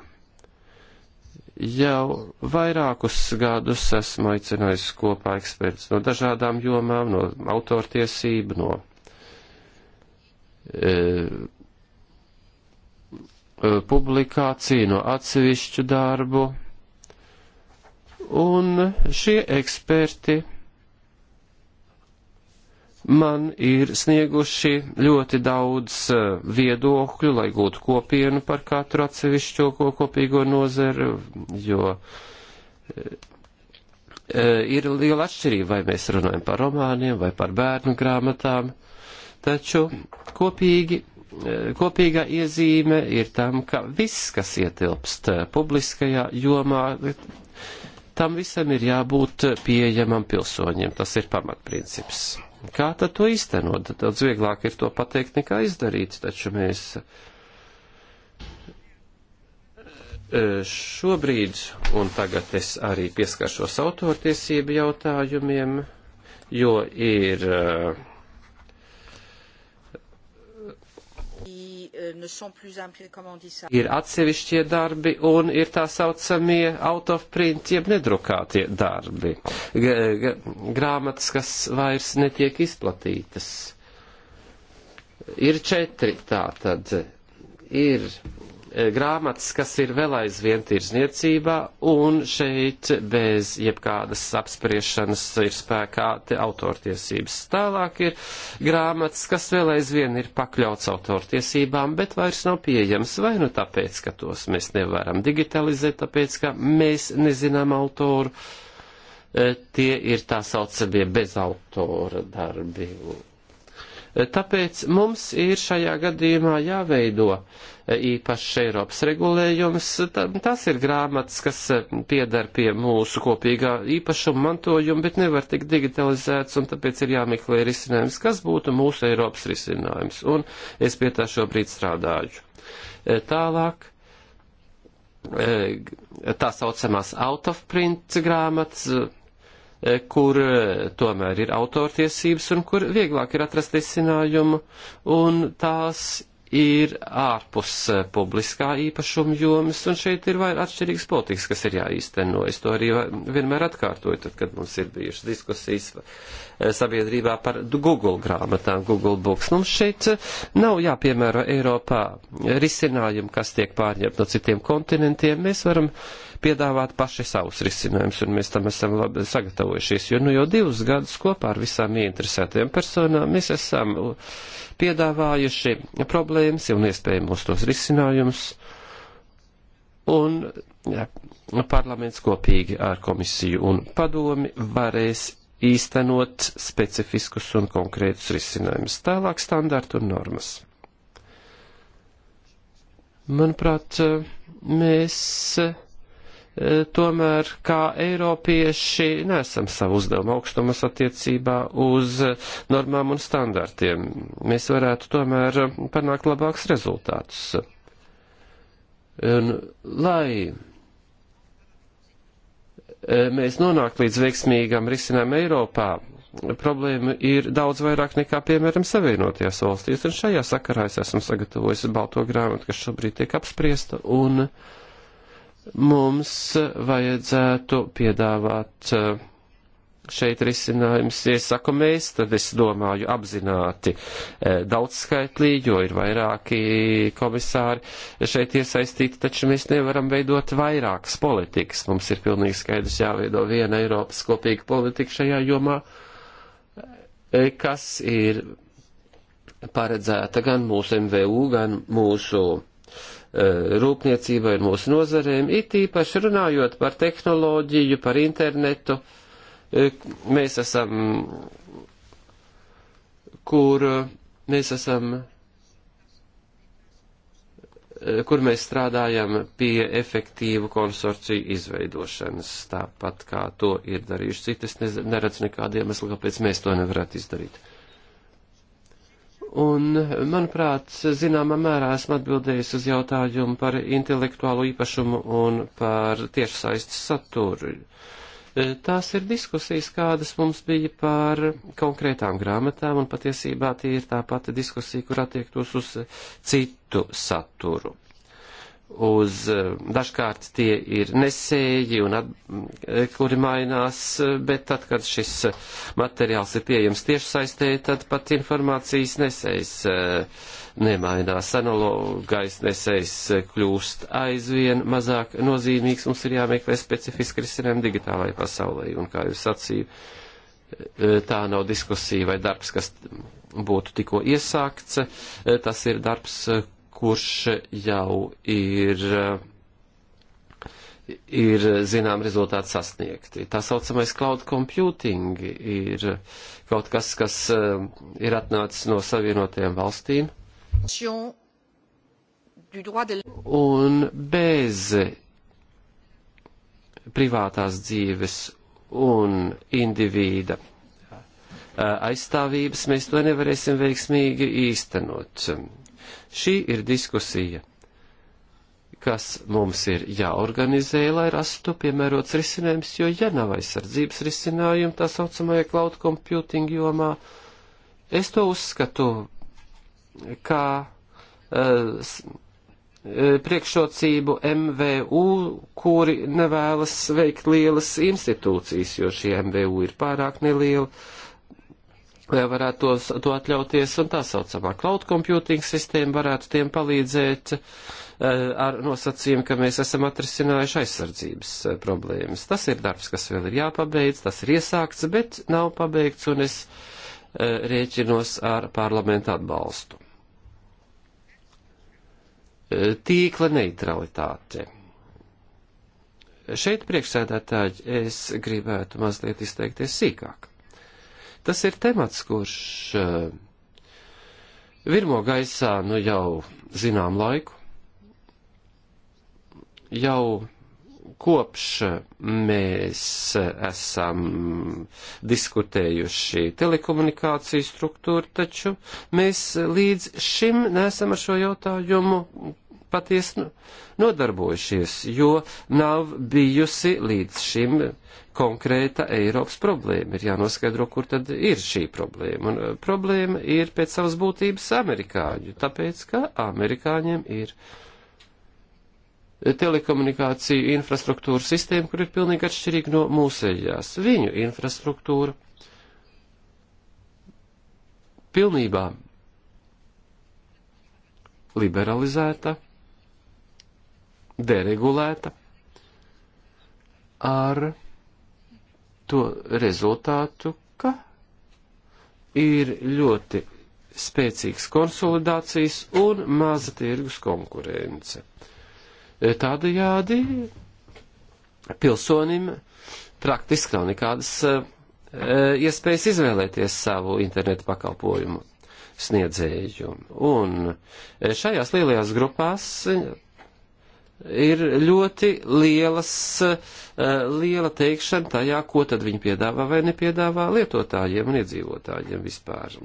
Jau vairākus gadus esmu aicinājis kopā eksperts no dažādām jomām, no autortiesību, no e, e publikāciju, no atsevišķu darbu. Un šie eksperti man ir snieguši ļoti daudz eh, viedokļu, lai gūtu kopienu par katru atsevišķo kopīgo nozeru, jo eh, eh, ir liela atšķirība, vai mēs runājam par romāniem vai par bērnu grāmatām, taču kopīgi kopīgā iezīme ir tam, ka viss, kas ietilpst publiskajā jomā, Tam visam ir jābūt pieejamam pilsoņiem. Tas ir pamatprincips. Kā tad to īstenot? Daudz vieglāk ir to pateikt nekā izdarīt, taču mēs e, šobrīd, un tagad es arī pieskaršos autortiesību jautājumiem, jo ir uh, Eh, ir atsevišķie darbi un ir tā saucamie out of print, jeb nedrukātie darbi. G grāmatas, kas vairs netiek izplatītas. Ir četri tā tad. Ir Eh, grāmatas, kas ir vēl aizvien tirzniecībā, un šeit bez jebkādas apspriešanas ir spēkā autortiesības. Tālāk ir grāmatas, kas vēl aizvien ir pakļauts autortiesībām, bet vairs nav pieejams, vai nu tāpēc, ka tos mēs nevaram digitalizēt, tāpēc, ka mēs nezinām autoru eh, tie ir tā saucamie bezautora darbi. Tāpēc mums ir šajā gadījumā jāveido īpašs Eiropas regulējums. Tas ir grāmatas, kas piedar pie mūsu kopīgā īpašuma mantojuma, bet nevar tikt digitalizēts, un tāpēc ir jāmeklē risinājums, kas būtu mūsu Eiropas risinājums. Un es pie tā šobrīd strādāju. Tālāk tā saucamās out of print grāmatas kur eh, tomēr ir autortiesības un kur vieglāk ir atrast risinājumu, un tās ir ārpus eh, publiskā īpašuma jomas, un šeit ir vairāk atšķirīgas politikas, kas ir jāīsteno. Es to arī vienmēr atkārtoju, tad, kad mums ir bijušas diskusijas eh, sabiedrībā par Google grāmatām, Google Books. Mums šeit eh, nav jāpiemēro Eiropā risinājumi, kas tiek pārņemt no citiem kontinentiem. Mēs varam piedāvāt paši savus risinājumus, un mēs tam esam labi sagatavojušies, jo nu jau divus gadus kopā ar visām interesētajām personām mēs esam. Uh, piedāvājuši problēmas un iespējamos tos risinājumus. Un jā, parlaments kopīgi ar komisiju un padomi varēs īstenot specifiskus un konkrētus risinājumus, tālāk standartu un normas. Manuprāt, mēs E, tomēr kā eiropieši nesam savu uzdevumu augstumas attiecībā uz normām un standartiem. Mēs varētu tomēr panākt labāks rezultātus. Un, lai e, mēs nonāktu līdz veiksmīgam risinājumam Eiropā, problēma ir daudz vairāk nekā, piemēram, Savienotajās valstīs. Un šajā sakarā es esmu sagatavojis balto grāmatu, kas šobrīd tiek apspriesta. Un, uh, mums vajadzētu piedāvāt eh, šeit risinājums. Iesaku mēs, tad es domāju apzināti eh, daudzskaitlīgi, jo ir vairāki komisāri šeit iesaistīti, taču mēs nevaram veidot vairākas politikas. Mums ir pilnīgi skaidrs jāveido viena Eiropas kopīga politika šajā jomā, eh, kas ir paredzēta gan mūsu MVU, gan mūsu Eh, rūpniecībai un mūsu nozarēm, it īpaši runājot par tehnoloģiju, par internetu. Eh, mēs esam, kur eh, mēs esam, kur mēs strādājam pie efektīvu konsorciju izveidošanas, tāpat kā to ir darījuši citas, neredz nekādu iemeslu, kāpēc mēs to nevarētu izdarīt. Un, manuprāt, zināmā mērā esmu atbildējis uz jautājumu par intelektuālo īpašumu un par tiešsaistes saturu. E, tās ir diskusijas, kādas mums bija par konkrētām grāmatām, un patiesībā tie ir tā pati diskusija, kur attiektos uz citu saturu uz eh, dažkārt tie ir nesēji, un at, eh, kuri mainās, eh, bet tad, kad šis materiāls ir pieejams tiešsaistē, tad pat informācijas nesējs nemainās. Analogais nesējs kļūst aizvien mazāk nozīmīgs, mums ir jāmeklē specifiski risinājumi digitālajai pasaulē, un kā jūs sacīju, tā nav diskusija vai darbs, kas būtu tikko iesākts, tas ir darbs, kurš jau ir, ir zinām rezultāti sasniegti. Tā saucamais cloud computing ir kaut kas, kas eh, ir atnācis no savienotajām valstīm. Un bez privātās dzīves un indivīda eh, aizstāvības mēs to nevarēsim veiksmīgi īstenot. Šī ir diskusija, kas mums ir jāorganizē, lai rastu piemērots risinājums, jo ja nav aizsardzības risinājumu tā saucamajā cloud computing jomā, es to uzskatu kā uh, priekšrocību MVU, kuri nevēlas veikt lielas institūcijas, jo šie MVU ir pārāk nelieli. Uh, lai varētu tos, to atļauties, un tā saucamā cloud computing sistēma varētu tiem palīdzēt uh, ar nosacījumu, ka mēs esam atrisinājuši aizsardzības eh, problēmas. Tas ir darbs, kas vēl ir jāpabeidz, tas ir iesākts, bet nav pabeigts, un es uh, rēķinos ar parlamentu atbalstu. Uh, tīkla neutralitāte. Šeit priekšsēdētāji es gribētu mazliet izteikties sīkāk. Tas ir temats, kurš eh, virmo gaisā nu jau zinām laiku. Jau kopš mēs esam diskutējuši telekomunikāciju struktūru, taču mēs līdz šim nesam ar šo jautājumu patiesi nu, nodarbojušies, jo nav bijusi līdz šim konkrēta Eiropas problēma. Ir jānoskaidro, kur tad ir šī problēma. Un eh, problēma ir pēc savas būtības amerikāņu, tāpēc, ka amerikāņiem ir telekomunikāciju infrastruktūra sistēma, kur ir pilnīgi atšķirīga no mūsējās. Viņu infrastruktūra pilnībā liberalizēta, deregulēta ar to rezultātu, ka ir ļoti spēcīgas konsolidācijas un maza tirgus konkurence. Tādējādi pilsonim praktiski nav nekādas e, iespējas izvēlēties savu internetu pakalpojumu sniedzēju. Un šajās lielajās grupās ir ļoti lielas, eh, liela teikšana tajā, ko tad viņi piedāvā vai nepiedāvā lietotājiem un iedzīvotājiem vispār.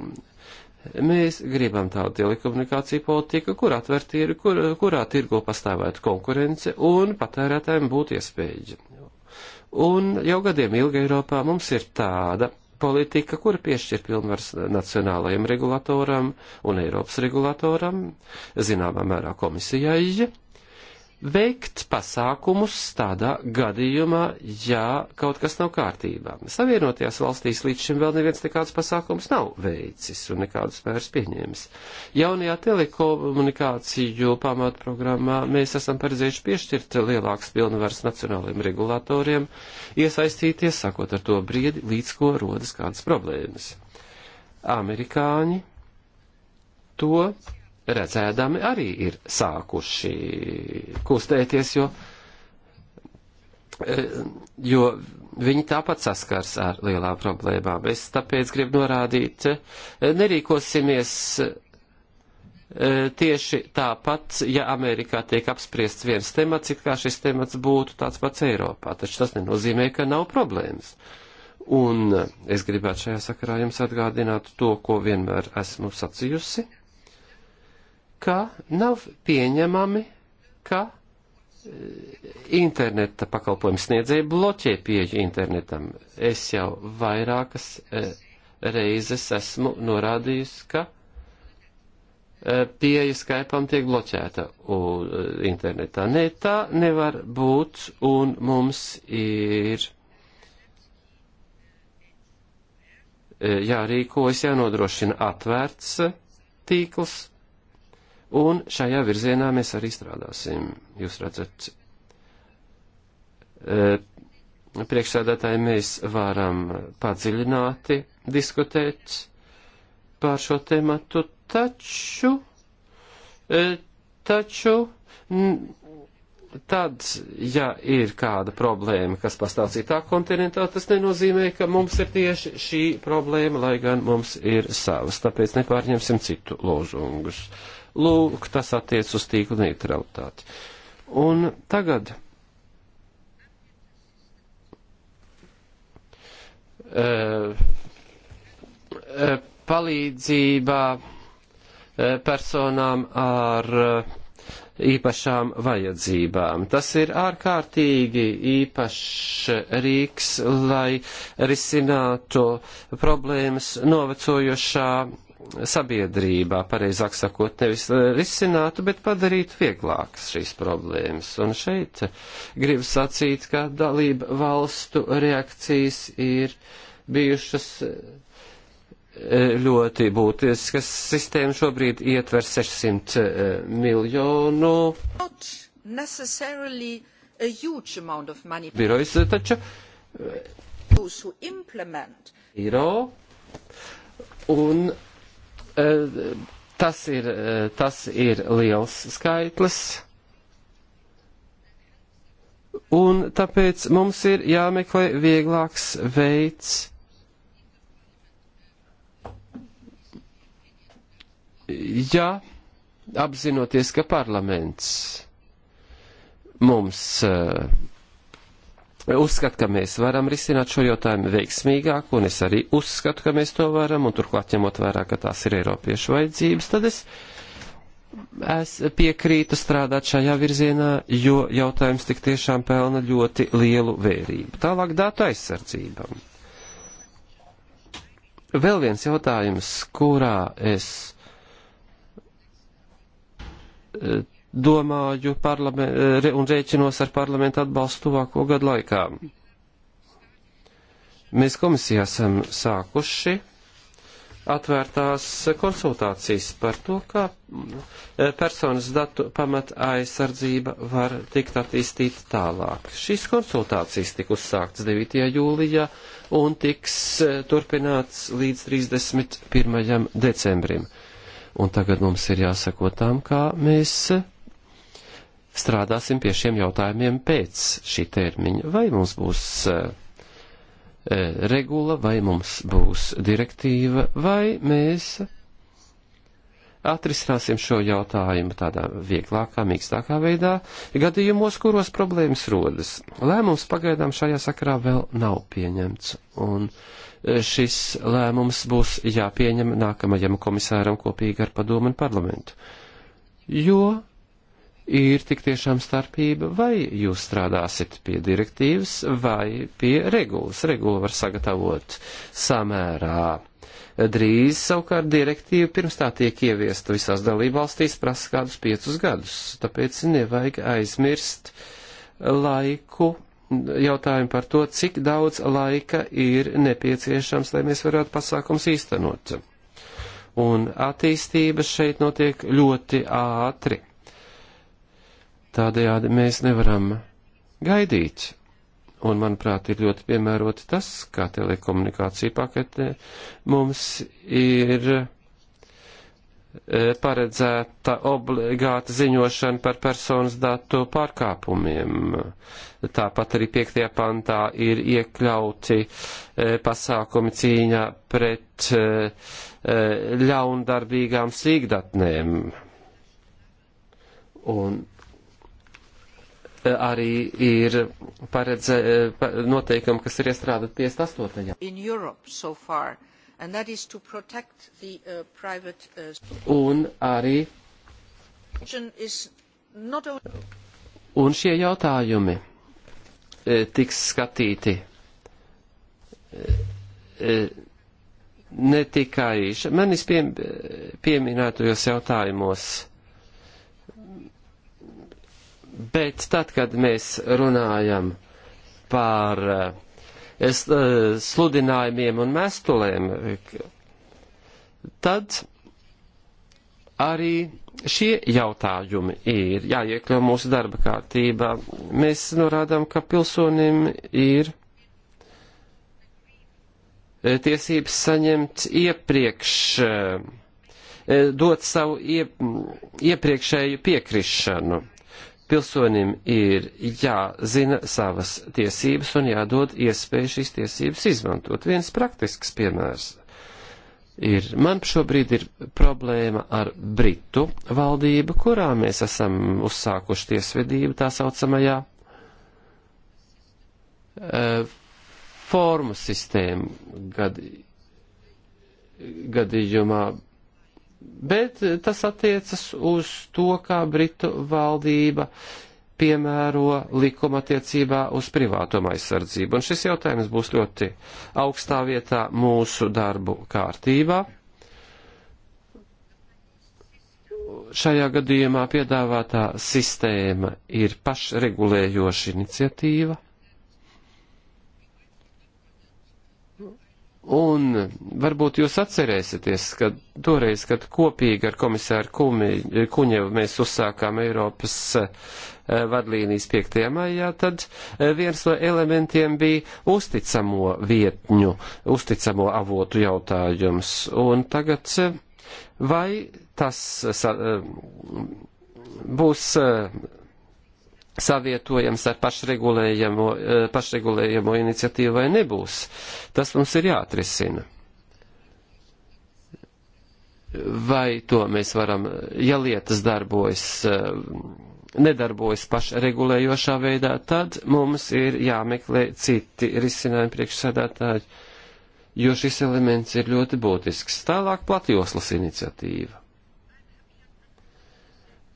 Mēs gribam tādu telekomunikāciju politiku, kur atver tīri, kur, kurā tirgo pastāvētu konkurence un patērētājiem būtu iespēja. Un jau gadiem ilgi Eiropā mums ir tāda politika, kura piešķir pilnvars nacionālajiem regulatoram un Eiropas regulatoram, zināmā mērā komisijai veikt pasākumus tādā gadījumā, ja kaut kas nav kārtībā. Savienotajās valstīs līdz šim vēl neviens nekāds pasākums nav veicis un nekādus mērs pieņēmis. Jaunajā telekomunikāciju pamatprogrammā mēs esam paredzējuši piešķirt lielāks pilnvars nacionāliem regulatoriem, iesaistīties, sakot ar to brīdi, līdz ko rodas kādas problēmas. Amerikāņi to redzēdami arī ir sākuši kustēties, jo, eh, jo viņi tāpat saskars ar lielām problēmām. Es tāpēc gribu norādīt, eh, nerīkosimies eh, tieši tāpat, ja Amerikā tiek apspriests viens temats, it kā šis temats būtu tāds pats Eiropā, taču tas nenozīmē, ka nav problēmas. Un es gribētu šajā sakarā jums atgādināt to, ko vienmēr esmu sacījusi ka nav pieņemami, ka e, interneta pakalpojumu sniedzēji bloķē pieeju internetam. Es jau vairākas e, reizes esmu norādījusi, ka e, pieeja Skype'am tiek bloķēta internetā. Nē, ne, tā nevar būt, un mums ir jārīkojas, jānodrošina atvērts tīkls Un šajā virzienā mēs arī strādāsim. Jūs redzat, e, priekšsēdētāji mēs varam padziļināti diskutēt pār šo tēmatu, taču, e, taču tad, ja ir kāda problēma, kas pastāv citā kontinentā, tas nenozīmē, ka mums ir tieši šī problēma, lai gan mums ir savas, tāpēc nepārņemsim citu lozungus. Uh, Lūk, tas attiec uz tīklu neutralitāti. Un tagad. Uh, e, uh, e, palīdzībā uh, e, personām ar īpašām vajadzībām. Tas ir ārkārtīgi īpašs rīks, lai risinātu problēmas novecojošā sabiedrībā, pareizāk sakot, nevis eh, risinātu, bet padarītu vieglākas šīs problēmas. Un šeit eh, gribu sacīt, ka dalība valstu reakcijas ir bijušas eh, ļoti būtiskas. Sistēma šobrīd ietver 600 miljonu. Birojas taču. Those who implement. Biro, un Eh, tas ir, eh, tas ir liels skaitlis. Un tāpēc mums ir jāmeklē vieglāks veids, ja apzinoties, ka parlaments mums uh, uzskatu, ka mēs varam risināt šo jautājumu veiksmīgāk, un es arī uzskatu, ka mēs to varam, un turklāt ņemot vērā, ka tās ir Eiropiešu vajadzības, tad es, es piekrītu strādāt šajā virzienā, jo jautājums tik tiešām pelna ļoti lielu vērību. Tālāk datu aizsardzībam. Vēl viens jautājums, kurā es eh, domāju un rēķinos ar parlamentu atbalstu tuvāko gadu laikā. Mēs komisijā esam sākuši atvērtās konsultācijas par to, kā e, personas datu pamata aizsardzība var tikt attīstīta tālāk. Šīs konsultācijas tika uzsāktas 9. jūlijā un tiks e, turpināts līdz 31. decembrim. Un tagad mums ir jāsako tām, kā mēs strādāsim pie šiem jautājumiem pēc šī termiņa. Vai mums būs eh, eh, regula, vai mums būs direktīva, vai mēs atrisināsim šo jautājumu tādā vieglākā, mīkstākā veidā, gadījumos, kuros problēmas rodas. Lēmums pagaidām šajā sakarā vēl nav pieņemts, un eh, šis lēmums būs jāpieņem nākamajam komisāram kopīgi ar padomu un parlamentu. Jo ir tik tiešām starpība, vai jūs strādāsit pie direktīvas vai pie regulas. Regula var sagatavot samērā. Drīz savukārt direktīva pirms tā tiek ieviesta visās dalībvalstīs prasa kādus piecus gadus, tāpēc nevajag aizmirst laiku jautājumu par to, cik daudz laika ir nepieciešams, lai mēs varētu pasākums īstenot. Un attīstība šeit notiek ļoti ātri Tādējādi mēs nevaram gaidīt. Un, manuprāt, ir ļoti piemēroti tas, kā telekomunikācija paketē mums ir e, paredzēta obligāta ziņošana par personas datu pārkāpumiem. Tāpat arī 5. pantā ir iekļauti e, pasākumi cīņā pret e, ļaundarbīgām sīkdatnēm. Un arī ir paredze, noteikumi, kas ir iestrādāti 58. So far, the, uh, private, uh... Un arī. Un šie jautājumi e, tiks skatīti e, e, ne tikai manis pie, pieminētojos jautājumos Bet tad, kad mēs runājam par eh, es, eh, sludinājumiem un mēstulēm, tad arī šie jautājumi ir jāiekļau mūsu darba kārtībā. Mēs norādām, ka pilsonim ir eh, tiesības saņemt iepriekš, dot savu ie, iepriekšēju piekrišanu. Pilsonim ir jāzina savas tiesības un jādod iespēju šīs tiesības izmantot. Viens praktisks piemērs ir, man šobrīd ir problēma ar Britu valdību, kurā mēs esam uzsākuši tiesvedību tā saucamajā uh, formu sistēmu gadi, gadījumā bet eh, tas attiecas uz to, kā Britu valdība piemēro likuma attiecībā uz privātuma aizsardzību. Un šis jautājums būs ļoti augstā vietā mūsu darbu kārtībā. Šajā gadījumā piedāvātā sistēma ir pašregulējoša iniciatīva Un varbūt jūs atcerēsieties, ka toreiz, kad kopīgi ar komisāru Kumi, Kuņevu mēs uzsākām Eiropas eh, vadlīnijas 5. maijā, tad eh, viens no elementiem bija uzticamo vietņu, uzticamo avotu jautājums. Un tagad eh, vai tas būs savietojams ar pašregulējamo, e, pašregulējamo iniciatīvu vai nebūs. Tas mums ir jāatrisina. Vai to mēs varam, ja lietas darbojas, e, nedarbojas pašregulējošā veidā, tad mums ir jāmeklē citi risinājumi priekšsēdētāji, jo šis elements ir ļoti būtisks. Tālāk platjoslas iniciatīva.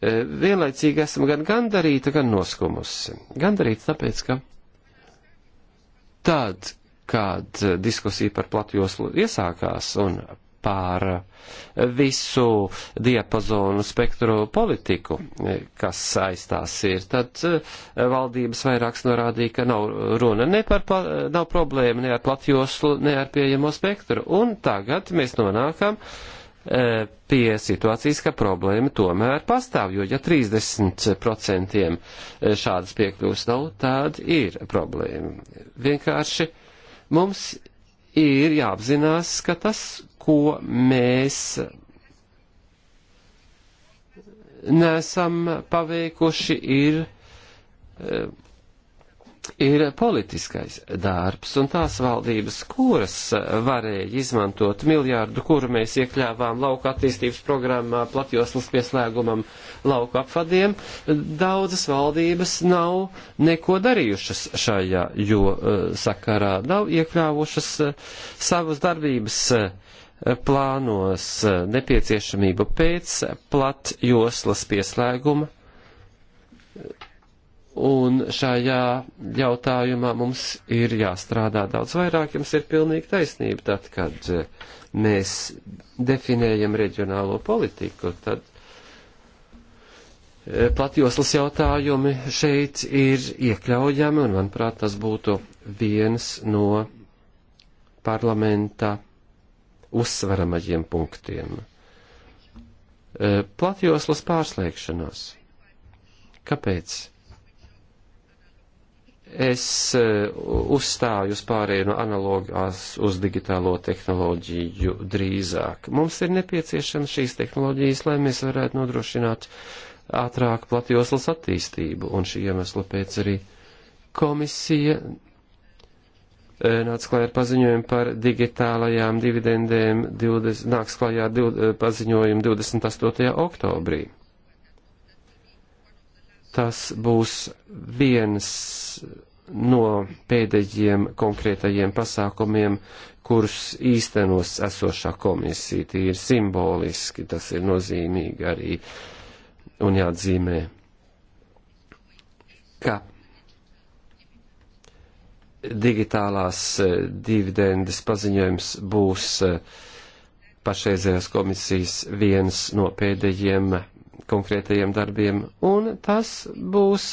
E, vienlaicīgi esam gan gandarīti, gan noskumusi. Gandarīti tāpēc, ka tad, kad diskusija par platjoslu iesākās un par visu diapazonu spektru politiku, e, kas saistās ir, tad e, valdības vairāks norādīja, ka nav runa ne par, nav problēma ne ar platjoslu, ne ar pieejamo spektru. Un tagad mēs nonākam uh, E, pie situācijas, ka problēma tomēr pastāv, jo ja 30% e, šādas piekļuvas nav, tad ir problēma. Vienkārši mums ir jāapzinās, ka tas, ko mēs nesam paveikuši, ir e, ir politiskais darbs un tās valdības, kuras varēja izmantot miljārdu, kuru mēs iekļāvām lauka attīstības programmā, platjoslas pieslēgumam, lauka apvadiem, daudzas valdības nav neko darījušas šajā jo eh, sakarā, nav iekļāvušas eh, savus darbības eh, plānos nepieciešamību pēc platjoslas pieslēguma Un šajā jautājumā mums ir jāstrādā daudz vairāk, jums ir pilnīgi taisnība. Tad, kad eh, mēs definējam reģionālo politiku, tad eh, platjoslas jautājumi šeit ir iekļaujami, un manuprāt, tas būtu viens no parlamenta uzsveramajiem punktiem. Eh, platjoslas pārslēgšanās. Kāpēc? es eh, uzstāju uz pārēju no analogās uz digitālo tehnoloģiju drīzāk. Mums ir nepieciešama šīs tehnoloģijas, lai mēs varētu nodrošināt ātrāk platjoslas attīstību, un šī iemesla pēc arī komisija eh, nāca klājā ar paziņojumu par digitālajām dividendēm, 20, nāks klājā ar eh, paziņojumu 28. oktobrī. Tas būs viens no pēdējiem konkrētajiem pasākumiem, kurus īstenos esošā komisija. Tie ir simboliski, tas ir nozīmīgi arī un jāatzīmē, ka digitālās dividendes paziņojums būs pašreizējās komisijas viens no pēdējiem konkrētajiem darbiem, un tas būs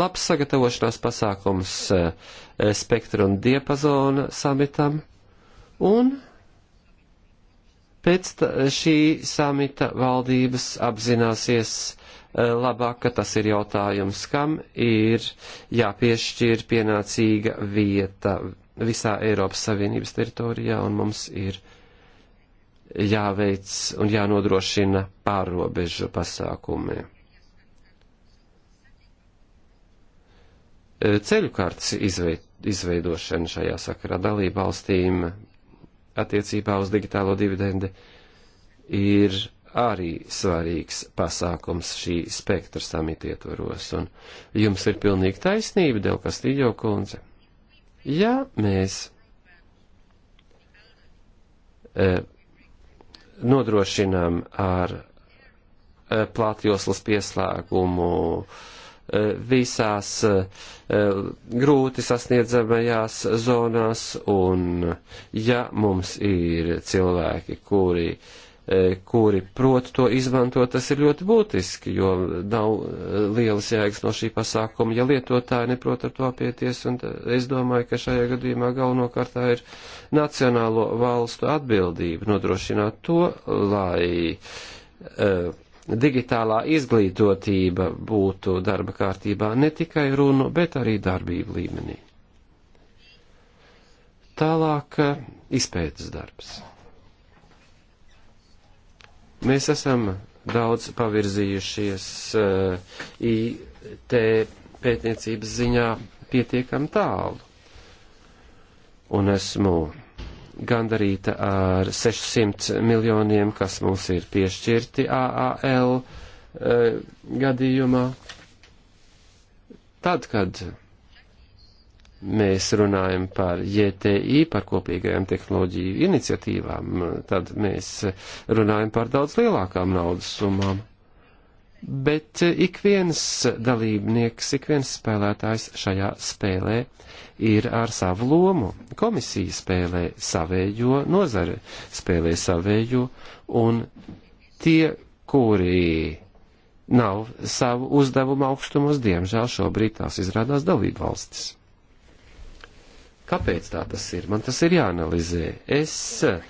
labs sagatavošanās pasākums eh, spektra un diapazona samitam, un pēc šī samita valdības apzināsies eh, labāk, ka tas ir jautājums, kam ir jāpiešķir pienācīga vieta visā Eiropas Savienības teritorijā, un mums ir jāveic un jānodrošina pārobežu pasākumi. E, ceļu kārtas izveidošana šajā sakarā dalību valstīm attiecībā uz digitālo dividendi ir arī svarīgs pasākums šī spektra samita ietvaros, un jums ir pilnīgi taisnība, Del Kastīļo kundze. Ja mēs e, nodrošinām ar eh, plātjoslas pieslēgumu eh, visās eh, grūti sasniedzamajās zonās, un ja mums ir cilvēki, kuri uh, E, kuri prot to izmantot, tas ir ļoti būtiski, jo nav e, lielas jēgas no šī pasākuma, ja lietotāji neprot ar to apieties, un es domāju, ka šajā gadījumā galvenokārtā ir nacionālo valstu atbildība nodrošināt to, lai uh, digitālā izglītotība būtu darba kārtībā ne tikai runu, bet arī darbību līmenī. Tālāk izpētes darbs. Mēs esam daudz pavirzījušies eh, IT pētniecības ziņā pietiekam tālu. Un esmu gandarīta ar 600 miljoniem, kas mums ir piešķirti AAL eh, gadījumā. Tad, kad mēs runājam par JTI, par kopīgajām tehnoloģiju iniciatīvām, tad mēs runājam par daudz lielākām naudas summām. Bet ik viens dalībnieks, ik viens spēlētājs šajā spēlē ir ar savu lomu. Komisija spēlē savējo, nozare spēlē savējo, un tie, kuri nav savu uzdevumu augstumos, diemžēl šobrīd tās izrādās dalību valstis. Kāpēc tā tas ir? Man tas ir jāanalizē. Es eh,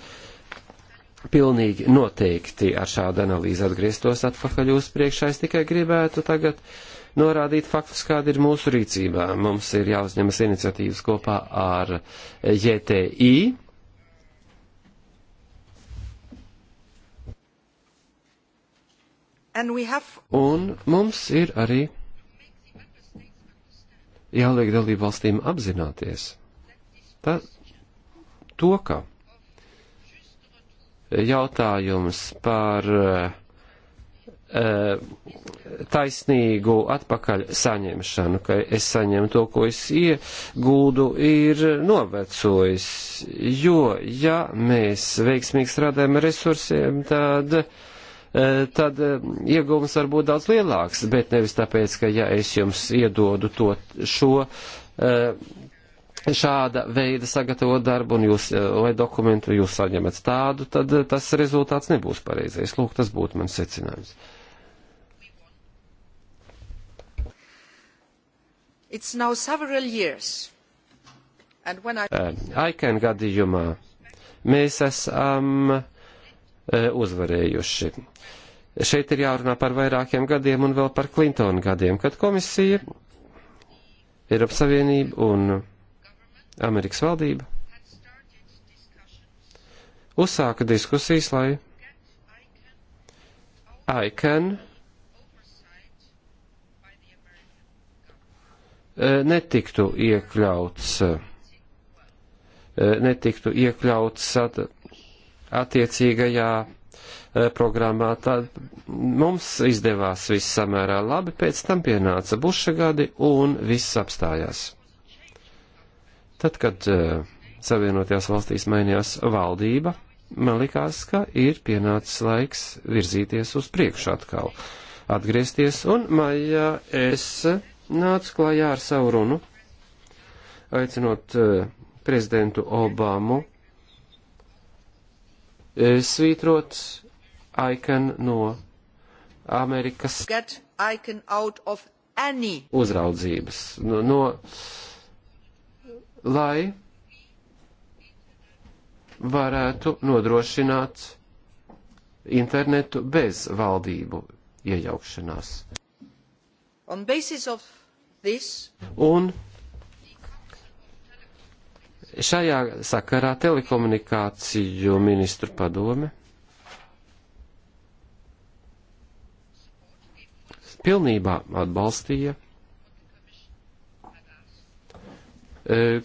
pilnīgi noteikti ar šādu analīzi atgrieztos atpakaļ uz priekšā. Es tikai gribētu tagad norādīt faktus, kāda ir mūsu rīcībā. Mums ir jāuzņemas iniciatīvas kopā ar eh, JTI. Have... Un mums ir arī jāliek dalību valstīm apzināties par to, ka jautājums par eh, eh, taisnīgu atpakaļ saņemšanu, ka es saņemu to, ko es iegūdu, ir novecojis, jo, ja mēs veiksmīgi strādājam ar resursiem, tad eh, tad ieguvums var būt daudz lielāks, bet nevis tāpēc, ka ja es jums iedodu to, šo šāda veida sagatavot darbu un jūs, vai eh, dokumentu jūs saņemat tādu, tad eh, tas rezultāts nebūs pareizais. Lūk, tas būtu mans secinājums. It's now several years. And when I... Eh, Aiken gadījumā mēs esam uzvarējuši. Šeit ir jārunā par vairākiem gadiem un vēl par Klintona gadiem, kad komisija, Eiropas Savienība un Amerikas valdība uzsāka diskusijas, lai ICAN eh, netiktu iekļauts, eh, netiktu iekļauts at, attiecīgajā eh, programmā. Tā, mums izdevās viss samērā labi, pēc tam pienāca buša gadi un viss apstājās. Tad, kad e, Savienotajās valstīs mainījās valdība, man likās, ka ir pienācis laiks virzīties uz priekšu atkal, atgriezties, un maijā es nācu klajā ar savu runu, aicinot e, prezidentu Obamu e, svītrot aikonu no Amerikas uzraudzības, no, no lai varētu nodrošināt internetu bez valdību iejaukšanās. This... Un šajā sakarā telekomunikāciju ministru padome pilnībā atbalstīja e,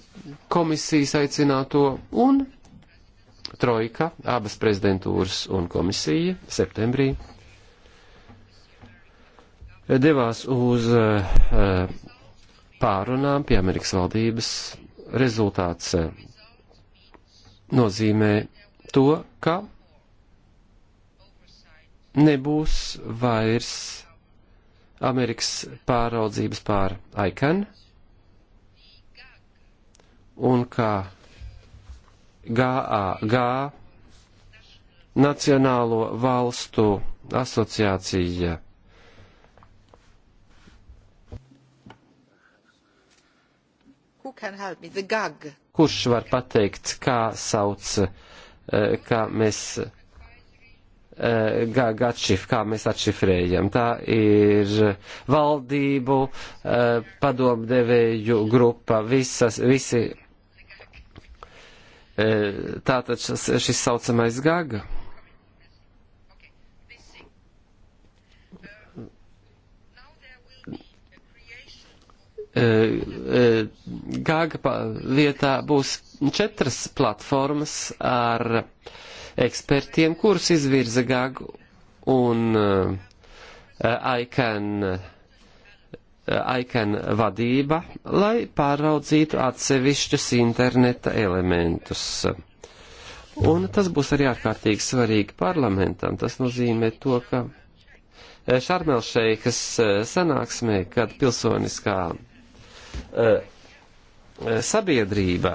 komisijas aicināto un trojka, abas prezidentūras un komisija septembrī devās uz eh, pārunām pie Amerikas valdības. Rezultāts eh, nozīmē to, ka nebūs vairs Amerikas pāraudzības pār ICANN un kā GAG Nacionālo valstu asociācija. Kurš var pateikt, kā sauc, eh, kā mēs eh, atšif, kā mēs atšifrējam. Tā ir valdību, eh, padomdevēju grupa, visas, visi E, tātad šis, šis saucamais gaga. E, e, gaga vietā būs četras platformas ar ekspertiem, kurus izvirza Gaga un uh, ICANN Eh, ICAN vadība, lai pāraudzītu atsevišķus interneta elementus. Un tas būs arī ārkārtīgi svarīgi parlamentam. Tas nozīmē to, ka eh, Šarmelšeikas eh, sanāksmē, kad pilsoniskā sabiedrība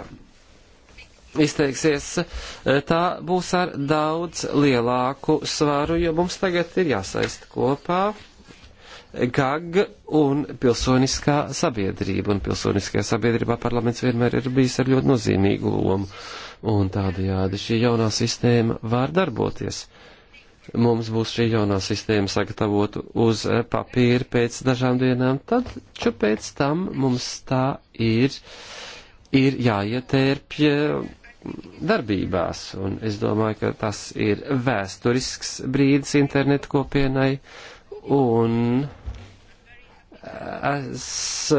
izteiksies, tā būs ar daudz lielāku svaru, jo mums tagad ir jāsaist kopā GAG un pilsoniskā sabiedrība. Un pilsoniskajā sabiedrībā parlaments vienmēr ir bijis ar ļoti nozīmīgu lomu. Un tādajādi šī jaunā sistēma var darboties. Mums būs šī jaunā sistēma sagatavota uz eh, papīra pēc dažām dienām, tad ču pēc tam mums tā ir, ir jāietērpj darbībās. Un es domāju, ka tas ir vēsturisks brīdis internetu kopienai un es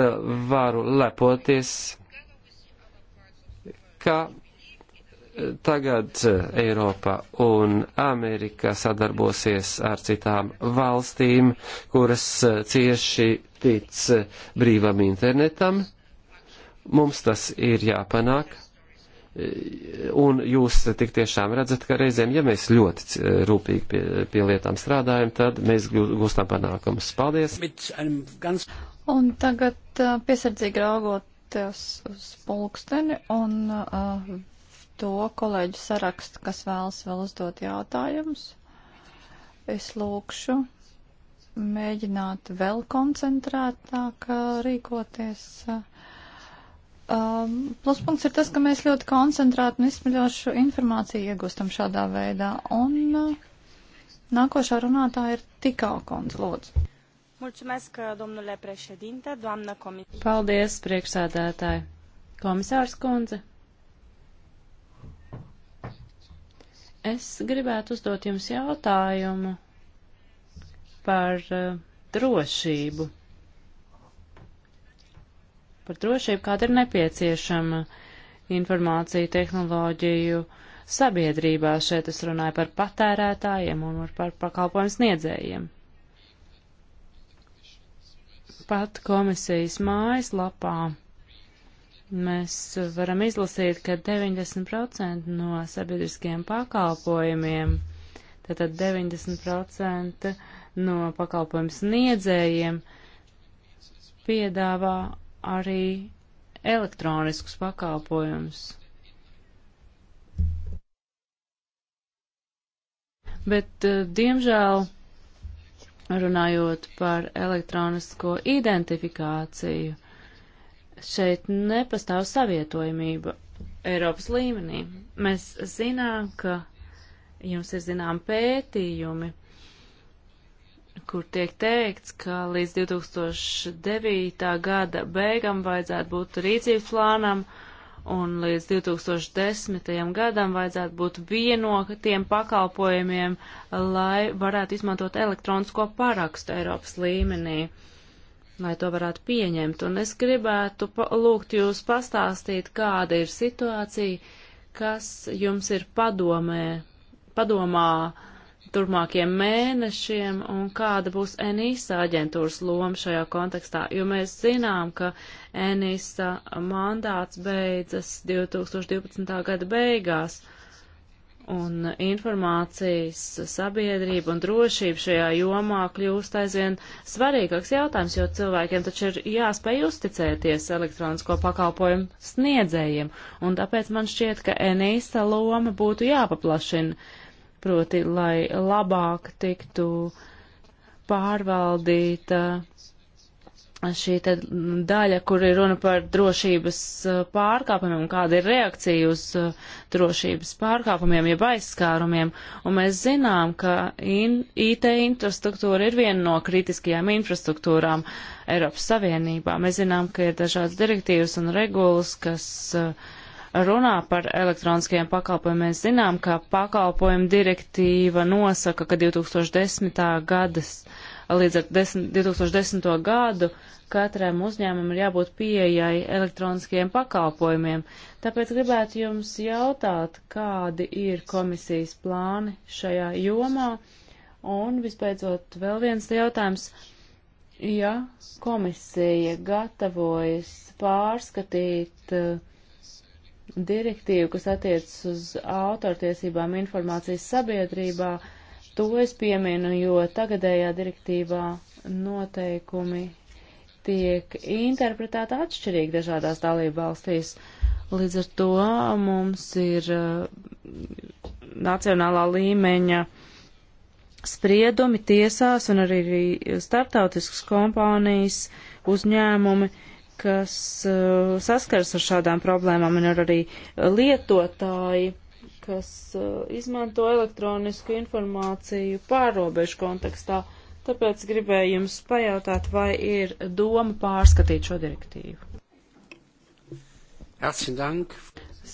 varu lepoties, ka tagad Eiropa un Amerika sadarbosies ar citām valstīm, kuras cieši tic brīvam internetam. Mums tas ir jāpanāk Un jūs tik tiešām redzat, ka reizēm, ja mēs ļoti rūpīgi pie, pie lietām strādājam, tad mēs gūstam panākumus. Paldies! Un tagad uh, piesardzīgi raugoties uz pulksteni un uh, to kolēģu sarakstu, kas vēlas vēl uzdot jautājumus, es lūkšu mēģināt vēl koncentrētāk uh, rīkoties. Uh, Um, pluspunkts ir tas, ka mēs ļoti koncentrētu un izsmeļošu informāciju iegūstam šādā veidā. Un uh, nākošā runātāja ir tikā kundze, lūdzu. Mulțumesc, domnule președinte, doamnă comisar. Paldies, priekšsēdētāji. Komisārs kundze. Es gribētu uzdot jums jautājumu par uh, drošību par drošību, kāda ir nepieciešama informācija tehnoloģiju sabiedrībā. Šeit es runāju par patērētājiem un par pakalpojumu sniedzējiem. Pat komisijas mājas lapā mēs varam izlasīt, ka 90% no sabiedriskajiem pakalpojumiem, tātad 90% no pakalpojumu sniedzējiem piedāvā arī elektroniskus pakalpojumus. Bet, eh, diemžēl, runājot par elektronisko identifikāciju, šeit nepastāv savietojamība Eiropas līmenī. Mēs zinām, ka jums ir zinām pētījumi kur tiek teikts, ka līdz 2009. gada beigam vajadzētu būt rīcības plānam un līdz 2010. gadam vajadzētu būt vienotiem pakalpojumiem, lai varētu izmantot elektronisko parakstu Eiropas līmenī, lai to varētu pieņemt. Un es gribētu lūgt jūs pastāstīt, kāda ir situācija, kas jums ir padomē, padomā, padomā turpmākiem mēnešiem un kāda būs ENISA aģentūras loma šajā kontekstā, jo mēs zinām, ka ENISA mandāts beidzas 2012. gada beigās un informācijas sabiedrība un drošība šajā jomā kļūst aizvien svarīgāks jautājums, jo cilvēkiem taču ir jāspēj uzticēties elektronisko pakalpojumu sniedzējiem, un tāpēc man šķiet, ka ENISA loma būtu jāpaplašina proti, lai labāk tiktu pārvaldīta šī daļa, kur ir runa par drošības eh, pārkāpumiem un kāda ir reakcija uz eh, drošības pārkāpumiem, jeb aizskārumiem. Un mēs zinām, ka in, IT infrastruktūra ir viena no kritiskajām infrastruktūrām Eiropas Savienībā. Mēs zinām, ka ir dažādas direktīvas un regulas, kas uh, runā par elektroniskajiem pakalpojumiem, mēs zinām, ka pakalpojuma direktīva nosaka, ka 2010. gadas līdz ar 10, 2010. gadu katram uzņēmumam ir jābūt pieejai elektroniskajiem pakalpojumiem. Tāpēc gribētu jums jautāt, kādi ir komisijas plāni šajā jomā. Un vispēcot vēl viens jautājums. Ja komisija gatavojas pārskatīt uh, direktīvu, kas attiecas uz autortiesībām informācijas sabiedrībā, to es pieminu, jo tagadējā direktīvā noteikumi tiek interpretēti atšķirīgi dažādās dalību valstīs. Līdz ar to mums ir uh, nacionālā līmeņa spriedumi tiesās un arī starptautiskas kompānijas uzņēmumi uh, kas uh, eh, saskaras ar šādām problēmām, un ir arī lietotāji, kas uh, izmanto elektronisku informāciju pārobežu kontekstā. Tāpēc gribēju jums pajautāt, vai ir doma pārskatīt šo direktīvu. Herzlichen Dank.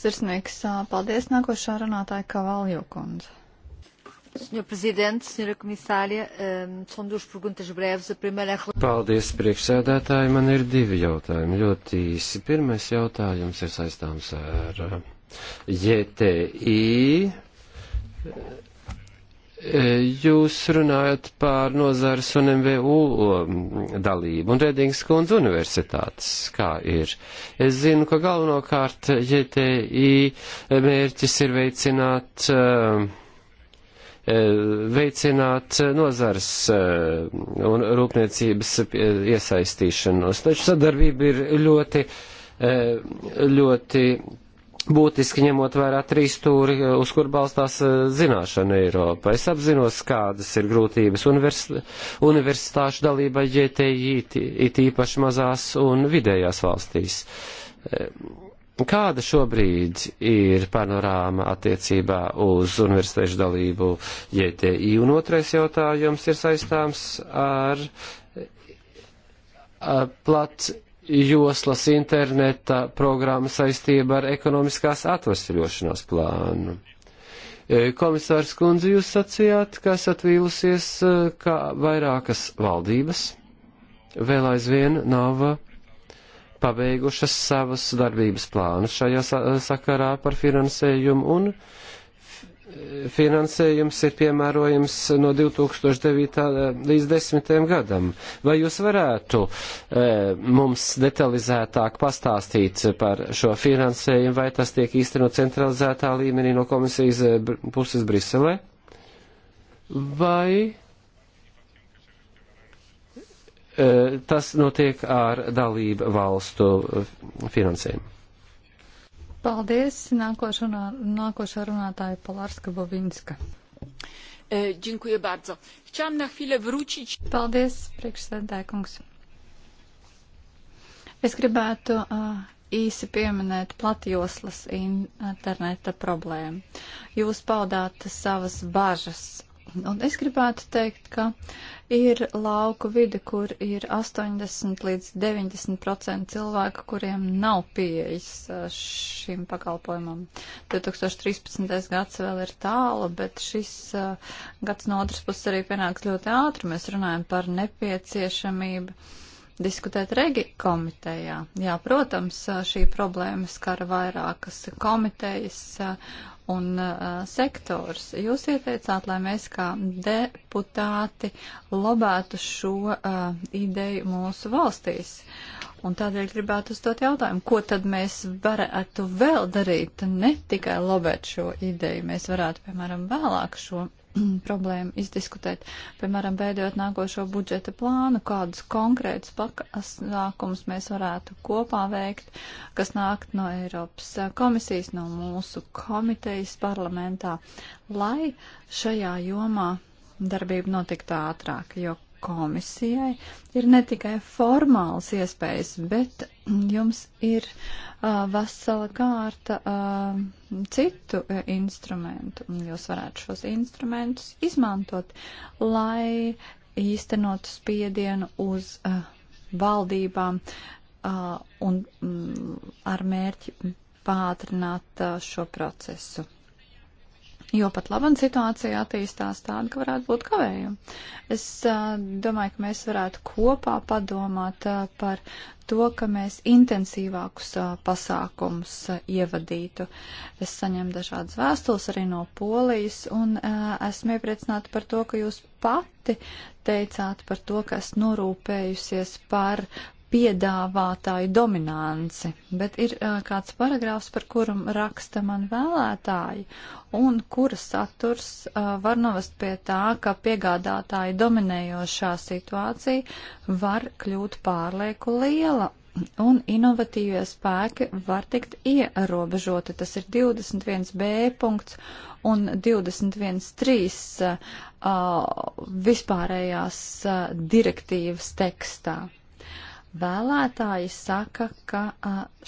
Sirsnīgs paldies nākošā runātāja Kavaljo kundze. Sr. Presidente, Sra. Komisārija, ehm, são duas perguntas breves. A primeira é... Paldies, priekšsēdētāji. Man ir divi jautājumi. Ļoti īsi. Pirmais jautājums ir saistāms ar eh, JTI. Eh, jūs runājat par nozares un MVU um, dalību un Redings kundze universitātes, kā ir. Es zinu, ka galvenokārt JTI mērķis ir veicināt uh, E, veicināt nozars e, un rūpniecības e, iesaistīšanos. Taču sadarbība ir ļoti, ļoti būtiski ņemot vērā trīs stūri, uz kur balstās zināšana Eiropā. Es apzinos, kādas ir grūtības univers, universitāšu dalībai JTI, it īpaši mazās un vidējās valstīs. Kāda šobrīd ir panorāma attiecībā uz universitāšu dalību JTI? Un otrais jautājums ir saistāms ar plat joslas interneta programmu saistība ar ekonomiskās atvesļošanās plānu. E, komisārs Kundze, jūs sacījāt, ka esat vīlusies, e, ka vairākas valdības vēl aizvien nav pabeigušas savas darbības plānus šajā sakarā par finansējumu, un finansējums ir piemērojams no 2009. Eh, līdz 2010. gadam. Vai jūs varētu eh, mums detalizētāk pastāstīt par šo finansējumu, vai tas tiek īstenot centralizētā līmenī no komisijas eh, puses Briselē? Vai E, tas notiek ar dalību valstu finansējumu. Paldies. Nākošā, runā, nākošā runātāja Palārska Bovinska. E, dziękuję bardzo. Chciałam na chwilę wrócić. Paldies, priekšsēdētāj kungs. Es gribētu uh, īsi pieminēt platjoslas interneta problēmu. Jūs paudāt savas bažas Un es gribētu teikt, ka ir lauku vide, kur ir 80 līdz 90% cilvēku, kuriem nav pieejas šim pakalpojumam. 2013. gads vēl ir tālu, bet šis gads no otras puses arī pienāks ļoti ātri. Mēs runājam par nepieciešamību diskutēt regi komitejā. Jā, protams, šī problēma skara vairākas komitejas un uh, sektors. Jūs ieteicāt, lai mēs kā deputāti lobētu šo uh, ideju mūsu valstīs. Un tādēļ gribētu uzdot jautājumu, ko tad mēs varētu vēl darīt, ne tikai lobēt šo ideju. Mēs varētu, piemēram, vēlāk šo *clears throat* problēmu izdiskutēt. Piemēram, veidot nākošo budžeta plānu, kādus konkrētus pasākumus mēs varētu kopā veikt, kas nākt no Eiropas komisijas, no mūsu komitejas parlamentā, lai šajā jomā darbība notiktu ātrāk, jo komisijai ir ne tikai formāls iespējas, bet jums ir uh, vesela kārta uh, citu uh, instrumentu. Jūs varētu šos instrumentus izmantot, lai īstenotu spiedienu uz uh, valdībām uh, un mm, ar mērķi pātrināt uh, šo procesu. Jo pat labam situācija attīstās tāda, ka varētu būt kavējumi. Es uh, domāju, ka mēs varētu kopā padomāt uh, par to, ka mēs intensīvākus uh, pasākumus uh, ievadītu. Es saņemu dažādas vēstules arī no Polijas un uh, esmu iepriecināta par to, ka jūs pati teicāt par to, ka esmu norūpējusies par piedāvātāju dominanci, bet ir uh, kāds paragrāfs, par kuru raksta man vēlētāji, un kura saturs uh, var novest pie tā, ka piegādātāju dominējošā situācija var kļūt pārlieku liela. Un inovatīvie spēki var tikt ierobežoti. Tas ir 21b punkts un 21.3 uh, vispārējās uh, direktīvas tekstā. Vēlētāji saka, ka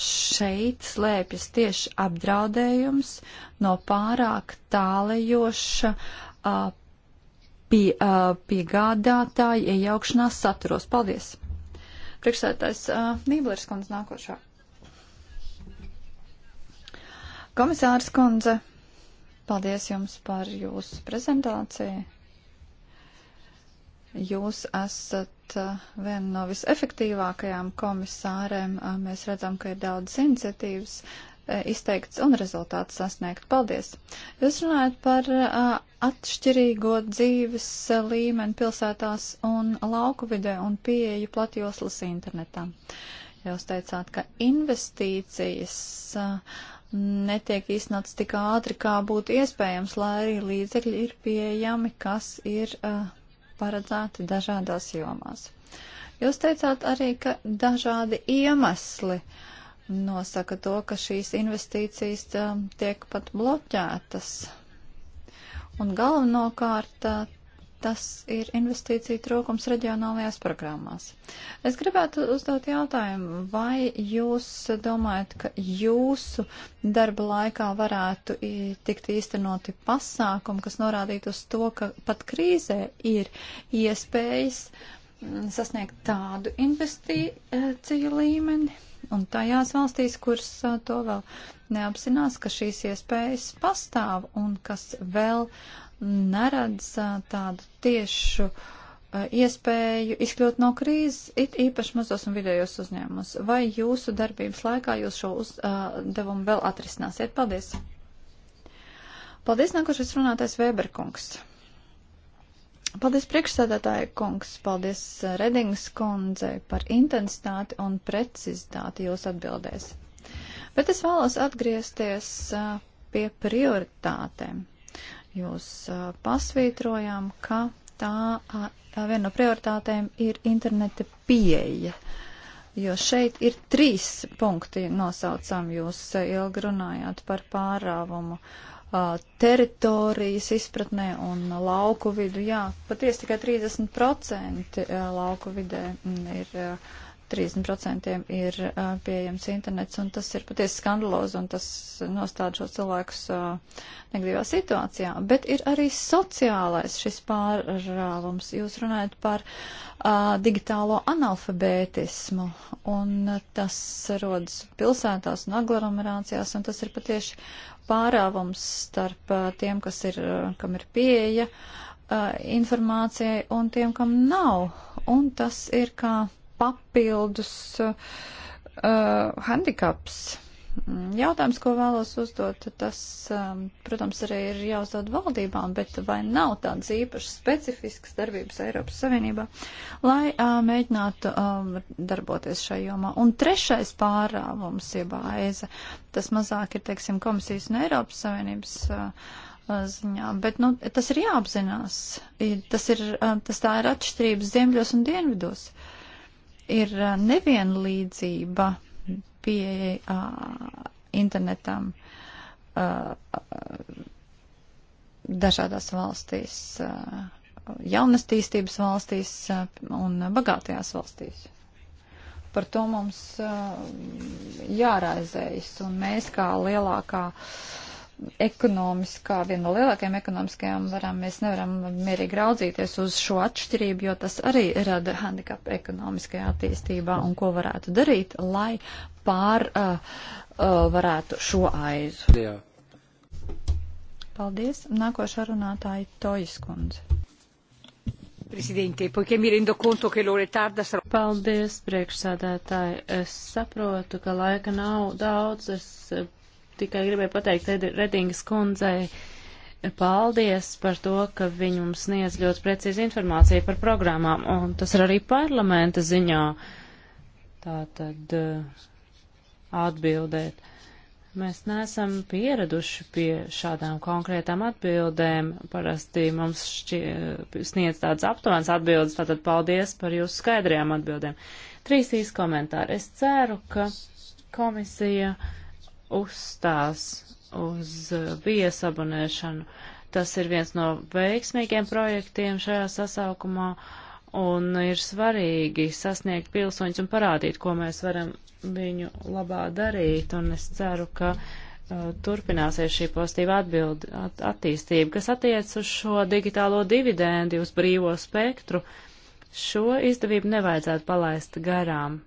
šeit slēpjas tieši apdraudējums no pārāk tālajoša pie, piegādātāja iejaukšanās saturos. Paldies! Priekšsētājs Nīblers kundze nākošā. Komisārs kundze, paldies jums par jūsu prezentāciju. Jūs esat eh, viena no visefektīvākajām komisārēm. Eh, mēs redzam, ka ir daudz iniciatīvas eh, izteikts un rezultāts sasniegt. Paldies! Jūs runājat par atšķirīgo dzīves līmeni pilsētās un lauku vidē un pieeju platjoslas internetam. Jūs teicāt, ka investīcijas netiek īstenots tik ātri, kā būtu iespējams, lai arī līdzekļi ir pieejami, kas ir uh, paredzēti dažādās jomās. Jūs teicāt arī, ka dažādi iemesli nosaka to, ka šīs investīcijas um, tiek pat bloķētas. Un galvenokārt uh, tas ir investīcija trūkums reģionālajās programmās. Es gribētu uzdot jautājumu, vai jūs domājat, ka jūsu darba laikā varētu tikt īstenoti pasākumi, kas norādītu uz to, ka pat krīzē ir iespējas mm, sasniegt tādu investīciju līmeni, un tajās valstīs, kuras to vēl neapzinās, ka šīs iespējas pastāv un kas vēl uh, neredz tādu tiešu iespēju izkļūt no krīzes, it īpaši mazos un vidējos uzņēmumos. Vai jūsu darbības laikā jūs šo uzdevumu vēl atrisināsiet? Paldies! Paldies, nākošais runātais Vēberkungs. Paldies priekšsēdētāja kungs, paldies Redings kundze par intensitāti un precizitāti jūs atbildēs. Bet es vēlos atgriezties pie prioritātēm. Jūs pasvītrojām, ka tā viena no prioritātēm ir interneta pieeja. Jo šeit ir trīs punkti nosaucam, jūs ilgi runājāt par pārāvumu teritorijas izpratnē un lauku vidu. Jā, patiesi tikai 30% lauku vidē ir uh, 30% ir pieejams internets, un tas ir patiesi skandalozi, un tas nostāda šos cilvēkus negatīvā situācijā. Bet ir arī sociālais šis pārrāvums. Jūs runājat par a, digitālo analfabētismu, un tas rodas pilsētās un aglomerācijās, un tas ir patieši pārāvums starp tiem, kas ir, kam ir pieeja informācijai un tiem, kam nav. Un tas ir kā papildus uh, handikaps. Jautājums, ko vēlos uzdot, tas, um, protams, arī ir jāuzdod valdībām, bet vai nav tādas īpašas specifiskas darbības Eiropas Savienībā, lai uh, mēģinātu um, darboties šai jomā? Un trešais pārāvums, jeb aiza, tas mazāk ir, teiksim, komisijas un Eiropas Savienības. Uh, uh ziņā, bet nu, tas ir jāapzinās. Tas, ir, uh, tas tā ir atšķirības ziemeļos un dienvidos. Uh, ir nevienlīdzība pieeja internetam dažādās valstīs, jaunastīstības valstīs un bagātajās valstīs par to mums uh, jāraizējas. Un mēs kā lielākā uh, ekonomiskā, viena no lielākajām ekonomiskajām varām, mēs nevaram mierīgi raudzīties uz šo atšķirību, jo tas arī rada handikapu ekonomiskajā attīstībā un ko varētu darīt, lai pār uh, uh, varētu šo aizu. Jā. Paldies. Nākošā runātāja Tojas kundze. Presidente, poiché mi rendo conto che l'ora è tarda sarò... Paldies, priekšsādātāji. Es saprotu, ka laika nav daudz. Es tikai gribēju pateikt Redingas kundzei paldies par to, ka viņi mums sniedz ļoti precīzi informāciju par programmām, un tas ir arī parlamenta ziņā. Tā tad uh, atbildēt. Mēs neesam pieraduši pie šādām konkrētām atbildēm. Parasti mums šķi, uh, sniedz tādas aptuvenas atbildes, tātad paldies par jūsu skaidrajām atbildēm. Trīs īsti komentāri. Es ceru, ka komisija uh, uzstās uz viesabonēšanu. Tas ir viens no veiksmīgiem projektiem šajā sasaukumā un ir svarīgi sasniegt pilsoņus un parādīt, ko mēs varam viņu labā darīt. Un es ceru, ka uh, turpināsies šī pozitīva atbildi, at, attīstība, kas attiec uz šo digitālo dividendi, uz brīvo spektru. Šo izdevību nevajadzētu palaist garām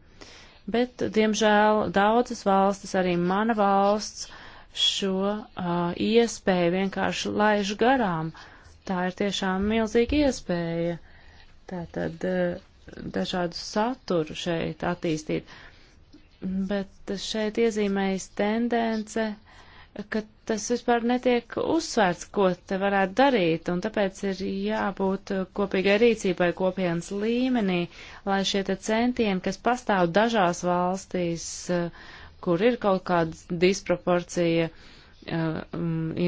bet, diemžēl, daudzas valstis, arī mana valsts, šo uh, iespēju vienkārši laiž garām. Tā ir tiešām milzīga iespēja. Tātad uh, dažādu saturu šeit attīstīt. Bet šeit iezīmējas tendence, ka tas vispār netiek uzsvērts, ko te varētu darīt, un tāpēc ir jābūt kopīgai rīcībai kopienas līmenī, lai šie te centieni, kas pastāv dažās valstīs, eh, kur ir kaut kāda disproporcija eh,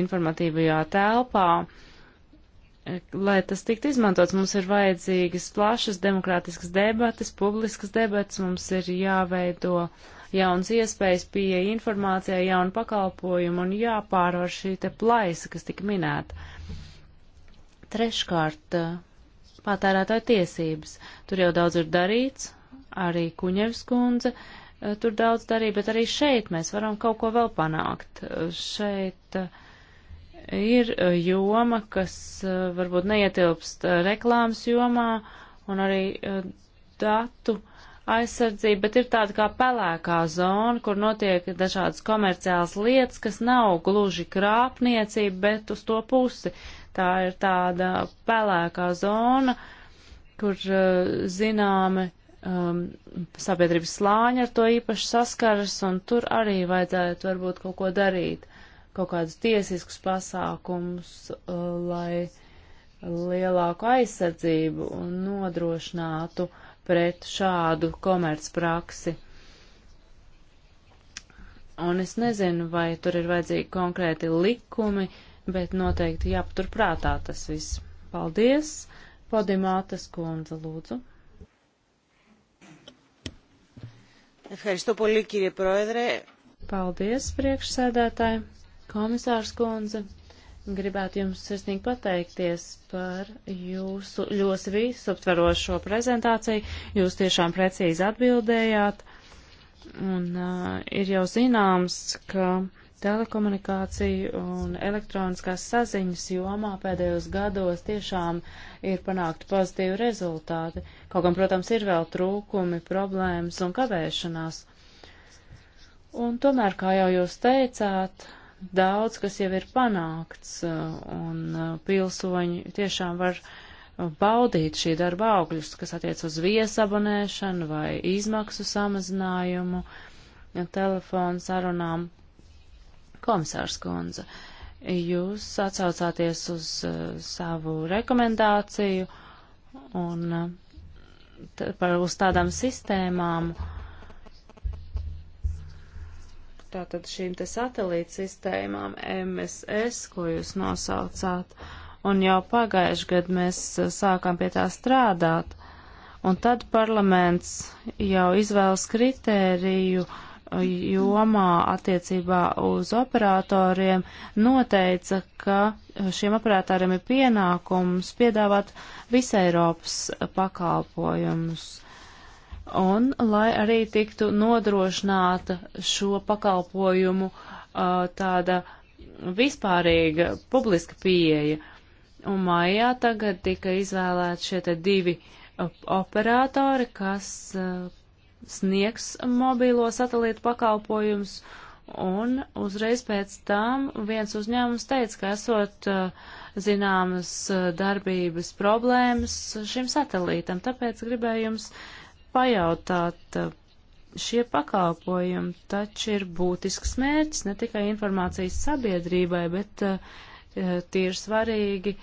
informatīvajā telpā, eh, lai tas tiktu izmantots, mums ir vajadzīgas plašas demokrātiskas debatas, publiskas debatas, mums ir jāveido uh, jauns iespējas, pieeja informācijai, jaunu pakalpojumu un jāpārvar šī te plaisa, kas tika minēta. Treškārt, eh, patērētāju tiesības. Tur jau daudz ir darīts, arī Kuņevs kundze eh, tur daudz darīja, bet arī šeit mēs varam kaut ko vēl panākt. Eh, šeit ir joma, kas varbūt neietilpst reklāmas jomā un arī datu aizsardzība, bet ir tāda kā pelēkā zona, kur notiek dažādas komerciālas lietas, kas nav gluži krāpniecība, bet uz to pusi. Tā ir tāda pelēkā zona, kur eh, zināmi um, sabiedrības slāņi ar to īpaši saskaras, un tur arī vajadzētu varbūt kaut ko darīt, kaut kādus tiesiskus pasākumus, eh, lai lielāku aizsardzību nodrošinātu uh, pret šādu komercpraksi. Un es nezinu, vai tur ir vajadzīgi konkrēti likumi, bet noteikti jāpaturprātā tas viss. Paldies! Podimātas kundze, lūdzu. Paldies, priekšsēdētāji, komisārs kundze. Gribētu jums sirsnīgi pateikties par jūsu ļoti visaptverošo prezentāciju. Jūs tiešām precīzi atbildējāt. Un uh, ir jau zināms, ka telekomunikāciju un elektroniskās saziņas jomā pēdējos gados tiešām ir panākti pozitīvi rezultāti. Kaut gan, protams, ir vēl trūkumi, problēmas un kavēšanās. Un tomēr, kā jau jūs teicāt, daudz, kas jau ir panākts, uh, un uh, pilsoņi tiešām var uh, baudīt šī darba augļus, kas attiec uz viesabonēšanu vai izmaksu samazinājumu, telefonu sarunām. Komisārs Kunze, jūs atsaucāties uz savu rekomendāciju un par, uz tādām sistēmām, uh, tātad šīm te satelīt sistēmām MSS, ko jūs nosaucāt, un jau pagājuši gadu mēs uh, sākām pie tā strādāt, un tad parlaments jau izvēlas kritēriju uh, jomā attiecībā uz operatoriem noteica, ka uh, šiem operatoriem ir pienākums piedāvāt visai Eiropas pakalpojumus un lai arī tiktu nodrošināta šo pakalpojumu tāda vispārīga publiska pieeja. Un maijā tagad tika izvēlēti šie te divi operatori, kas sniegs mobīlo satelītu pakalpojumus, un uzreiz pēc tam viens uzņēmums teica, ka esot zināmas darbības problēmas šim satelītam, tāpēc gribēju jums uh, pajautāt, eh, šie pakalpojumi taču ir būtisks mērķis ne tikai informācijas sabiedrībai, bet uh, tie ir svarīgi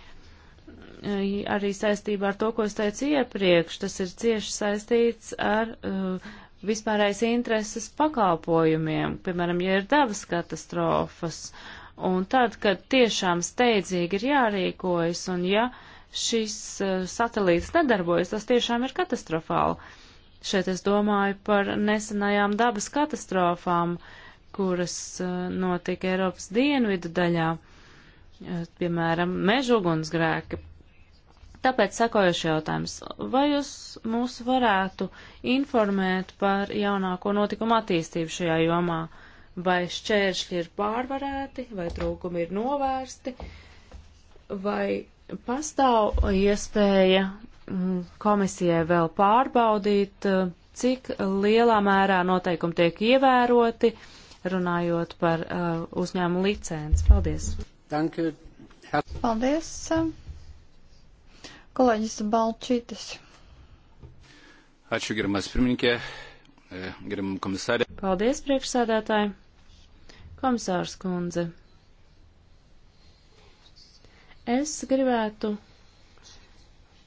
arī saistībā ar to, ko es teicu iepriekš. Tas ir cieši saistīts ar uh, vispārējais intereses pakalpojumiem, piemēram, ja ir dabas katastrofas. Un tad, kad tiešām steidzīgi ir jārīkojas, un ja šis uh, satelīts nedarbojas, tas tiešām ir katastrofāli. Uh, Šeit es domāju par nesenajām dabas katastrofām, kuras uh, notika Eiropas dienvidu daļā, uh, piemēram, mežu ugunsgrēki. Tāpēc sakojuši jautājums, vai jūs mūs varētu informēt par jaunāko notikumu attīstību šajā jomā? vai šķēršļi ir pārvarēti, vai trūkumi ir novērsti, vai pastāv iespēja Mm, komisijai vēl pārbaudīt, eh, cik lielā mērā noteikumi tiek ievēroti, runājot par uh, uzņēmumu licenci. Paldies! Danke. Paldies! Kolēģis Balčītis. Ačiū, gerbiamas pirmininkė, e, gerbiam komisarė. Paldies, priekšsēdētāji. Komisārs kundze. Es gribētu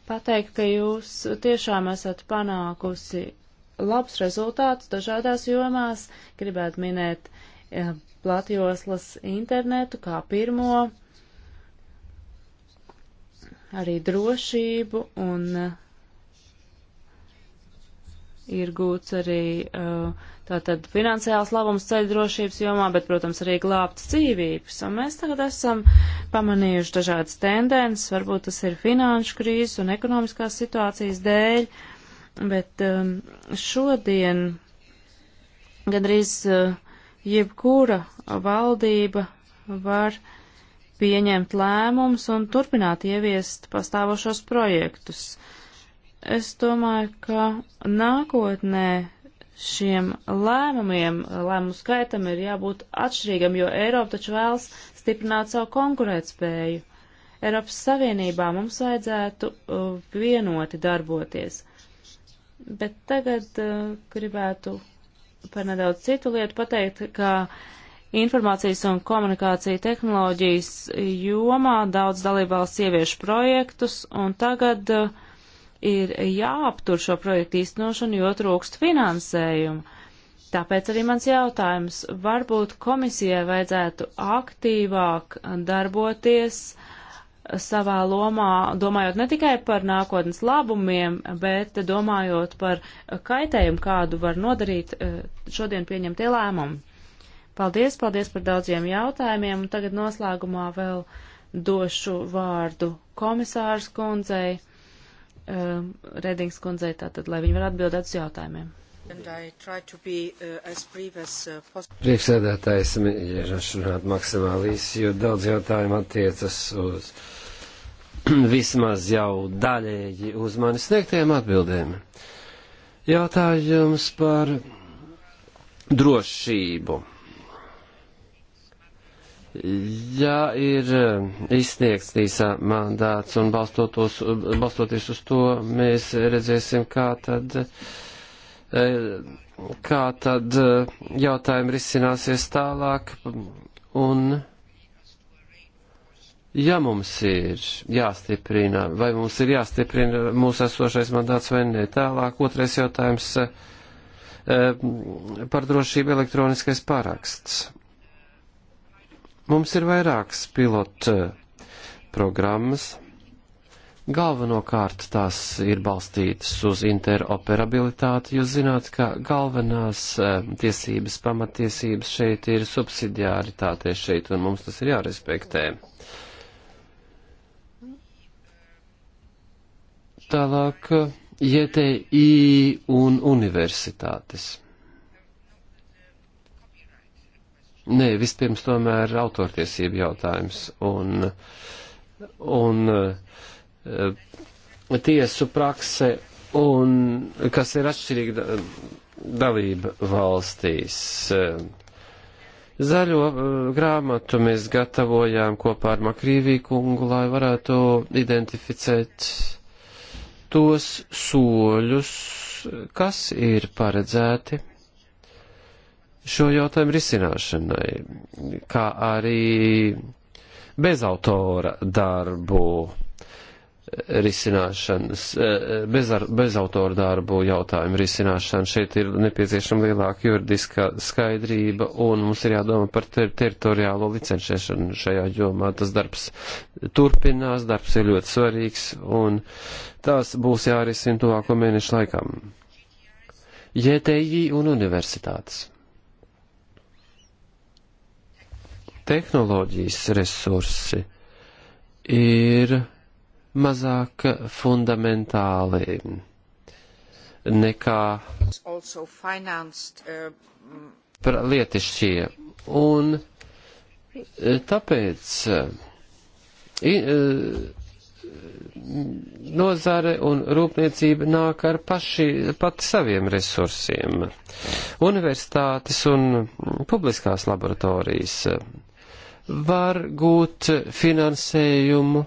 pateikt, ka jūs tiešām esat panākusi labs rezultāts dažādās jomās. Gribētu minēt ja, platjoslas internetu kā pirmo, arī drošību un uh, ir gūts arī uh, tātad finansiāls labums ceļu drošības jomā, bet, protams, arī glābtas dzīvības. Un mēs tagad esam pamanījuši dažādas tendences, varbūt tas ir finanšu krīzes un ekonomiskās situācijas dēļ, bet um, šodien gandrīz uh, jebkura valdība var pieņemt lēmumus un turpināt ieviest pastāvošos projektus. Uh, Es domāju, ka nākotnē šiem lēmumiem, lēmumu skaitam ir jābūt atšķirīgam, jo Eiropa taču vēlas stiprināt savu konkurētspēju. Eiropas Savienībā mums vajadzētu uh, vienoti darboties. Bet tagad uh, gribētu par nedaudz citu lietu pateikt, ka informācijas un komunikācija tehnoloģijas jomā daudz dalībvalsts ievieš projektus, un tagad uh, ir jāaptur šo projektu īstenošanu, jo trūkst finansējumu. Tāpēc arī mans jautājums, varbūt komisijai vajadzētu aktīvāk darboties savā lomā, domājot ne tikai par nākotnes labumiem, bet domājot par kaitējumu, kādu var nodarīt eh, šodien pieņemtie lēmumi. Paldies, paldies par daudziem jautājumiem, un tagad noslēgumā vēl došu vārdu komisārs kundzei, um, Redings kundzei, tātad, lai viņi var atbildēt uz jautājumiem. Uh, uh, Priekšsēdētājs mēģināšu runāt maksimāli īsi, jo daudz jautājumu attiecas uz *clears throat* vismaz jau daļēji uz manis sniegtiem atbildēm. Jautājums par drošību Ja ir eh, izsniegts tīsā mandāts un balstotos, balstoties uz to, mēs redzēsim, kā tad, eh, kā tad eh, jautājumi risināsies tālāk. Un ja mums ir jāstiprina, vai mums ir jāstiprina mūsu esošais mandāts vai ne, tālāk otrais jautājums par drošību elektroniskais paraksts Mums ir vairākas pilota eh, programmas. Galvenokārt tās ir balstītas uz interoperabilitāti. Jūs zināt, ka galvenās eh, tiesības, pamatiesības šeit ir subsidiāritāte šeit, un mums tas ir jārespektē. Tālāk eh, JTI un universitātes. Nē, vispirms tomēr autortiesību jautājums un, un eh, tiesu prakse, un, kas ir atšķirīga dalība valstīs. Zaļo eh, grāmatu mēs gatavojām kopā ar Makrīvī kungu, lai varētu identificēt tos soļus, kas ir paredzēti šo jautājumu risināšanai, kā arī bezautora darbu risināšanas, eh, bez, bezautora darbu jautājumu risināšana. Šeit ir nepieciešama lielāka juridiska skaidrība un mums ir jādomā par ter teritoriālo licenšēšanu šajā jomā. Tas darbs turpinās, darbs ir ļoti svarīgs un tās būs jārisina tuvāko mēnešu laikam. JTI un universitātes. tehnoloģijas resursi ir mazāk fundamentāli nekā uh, lietišķie. Un uh, tāpēc uh, nozare un rūpniecība nāk ar paši, pat saviem resursiem. Universitātes un publiskās laboratorijas var gūt finansējumu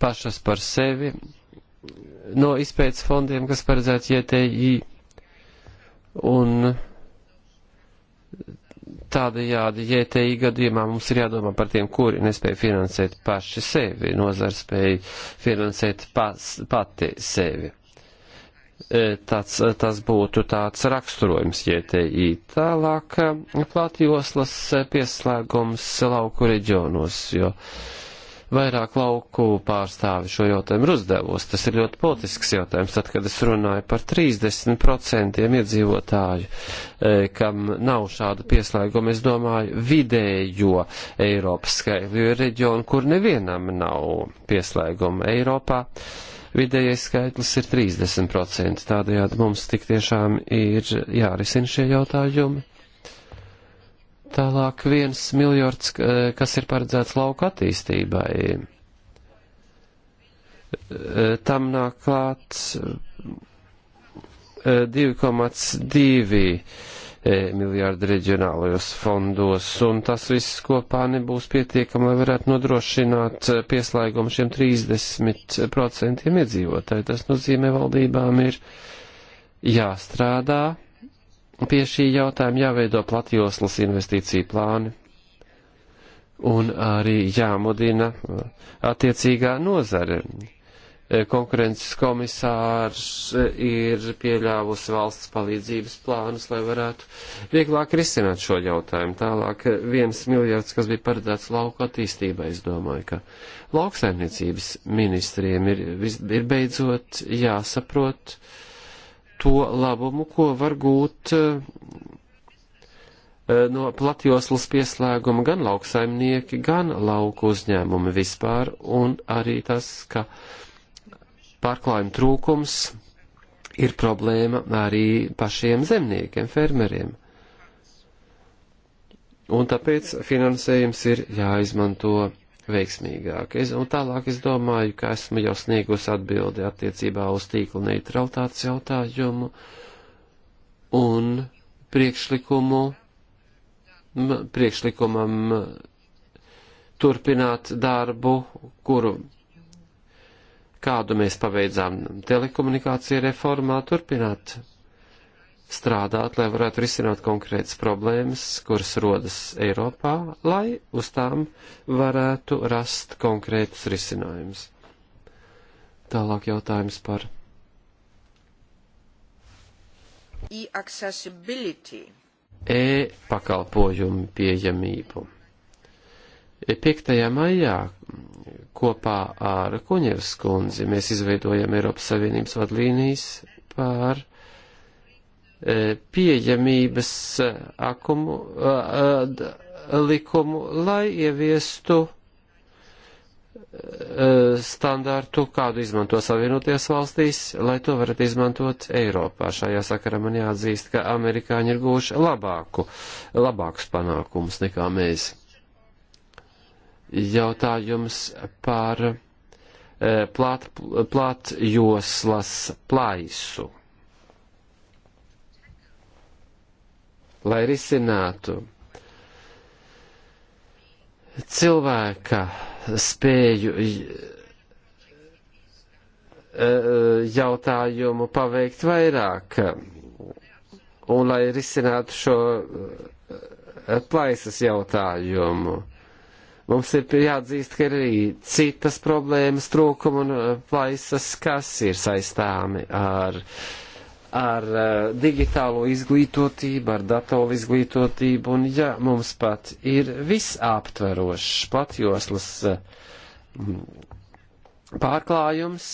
pašas par sevi no izpētes fondiem, kas paredzēts JTI. Un tādējādi JTI gadījumā mums ir jādomā par tiem, kuri nespēja finansēt paši sevi, nozars spēja finansēt pas, pati sevi. E, tāds, e, tas būtu tāds raksturojums JTI. Tālāk e, platjoslas pieslēgums lauku reģionos, jo vairāk lauku pārstāvi šo jautājumu ir uzdevos. Tas ir ļoti politisks jautājums, tad, kad es runāju par 30% iedzīvotāju, kam nav šādu pieslēgumu, es domāju, vidējo Eiropas skaitļu ir reģionu, kur nevienam nav pieslēguma Eiropā. Uh, vidējais skaitlis ir 30%. Tādējādi mums tik tiešām ir jārisina šie jautājumi. Tālāk viens miljards, kas ir paredzēts lauka attīstībai. E, tam nāk klāt 2,2 e, E, miljārdi reģionālajos fondos, un tas viss kopā nebūs pietiekami, lai varētu nodrošināt pieslēgumu šiem 30% iedzīvotāju. Tas nozīmē valdībām ir jāstrādā pie šī jautājuma, jāveido platjoslas investīciju plāni un arī jāmudina attiecīgā nozare Eh, konkurences komisārs eh, ir pieļāvusi valsts palīdzības plānus, lai varētu vieglāk risināt šo jautājumu. Tālāk eh, viens miljards, kas bija paredzēts lauku attīstībai, es domāju, ka lauksaimniecības ministriem ir, ir beidzot jāsaprot to labumu, ko var gūt no platjoslas pieslēguma gan lauksaimnieki, gan lauku uzņēmumi vispār, un arī tas, ka uh, pārklājuma trūkums ir problēma arī pašiem zemniekiem, fermeriem. Un tāpēc finansējums ir jāizmanto veiksmīgāk. Es, un tālāk es domāju, ka esmu jau sniegus atbildi attiecībā uz tīkla neutralitātes jautājumu un priekšlikumu, priekšlikumam turpināt darbu, kuru kādu mēs pabeidzām telekomunikācija reformā, turpināt strādāt, lai varētu risināt konkrētas problēmas, kuras rodas Eiropā, lai uz tām varētu rast konkrētus risinājumus. Tālāk jautājums par. E-pakalpojumu pieejamību. 5. maijā kopā ar Kuņevs kundzi mēs izveidojam Eiropas Savienības vadlīnijas pār e, pieejamības akumu, likumu, lai ieviestu e, standārtu, kādu izmanto Savienoties valstīs, lai to varat izmantot Eiropā. Šajā sakarā man jāatzīst, ka amerikāņi ir gūši labāku, labākus panākumus nekā mēs jautājums par eh, plāt, plātjoslas plaisu. Lai risinātu cilvēka spēju eh, eh, jautājumu paveikt vairāk un lai risinātu šo plaisas jautājumu. Mums ir jāatzīst, ka ir arī citas problēmas, trūkumi un uh, plaisas, kas ir saistāmi ar, ar uh, digitālo izglītotību, ar datoru izglītotību, un ja mums pat ir visaptverošs platjoslas uh, pārklājums,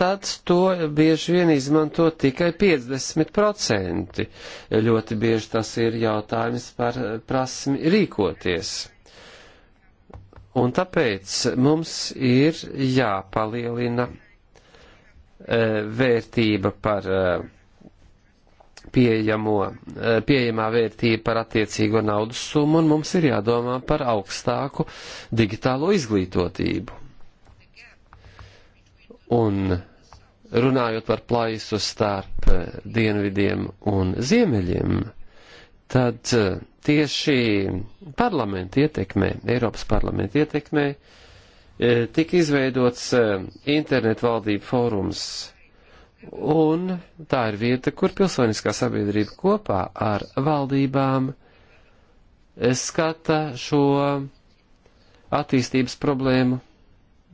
tad to bieži vien izmanto tikai 50%. Ļoti bieži tas ir jautājums par prasmi rīkoties. Un tāpēc mums ir jāpalielina e, vērtība par e, pieejamo, e, pieejamā vērtība par attiecīgo naudas summu, un mums ir jādomā par augstāku digitālo izglītotību. Un runājot par plaisu starp dienvidiem un ziemeļiem, tad uh, tieši parlamenta ietekmē, Eiropas parlamenta ietekmē, e, tika izveidots e, internetu valdību fórums. Un tā ir vieta, kur pilsoniskā sabiedrība kopā ar valdībām e, skata šo attīstības problēmu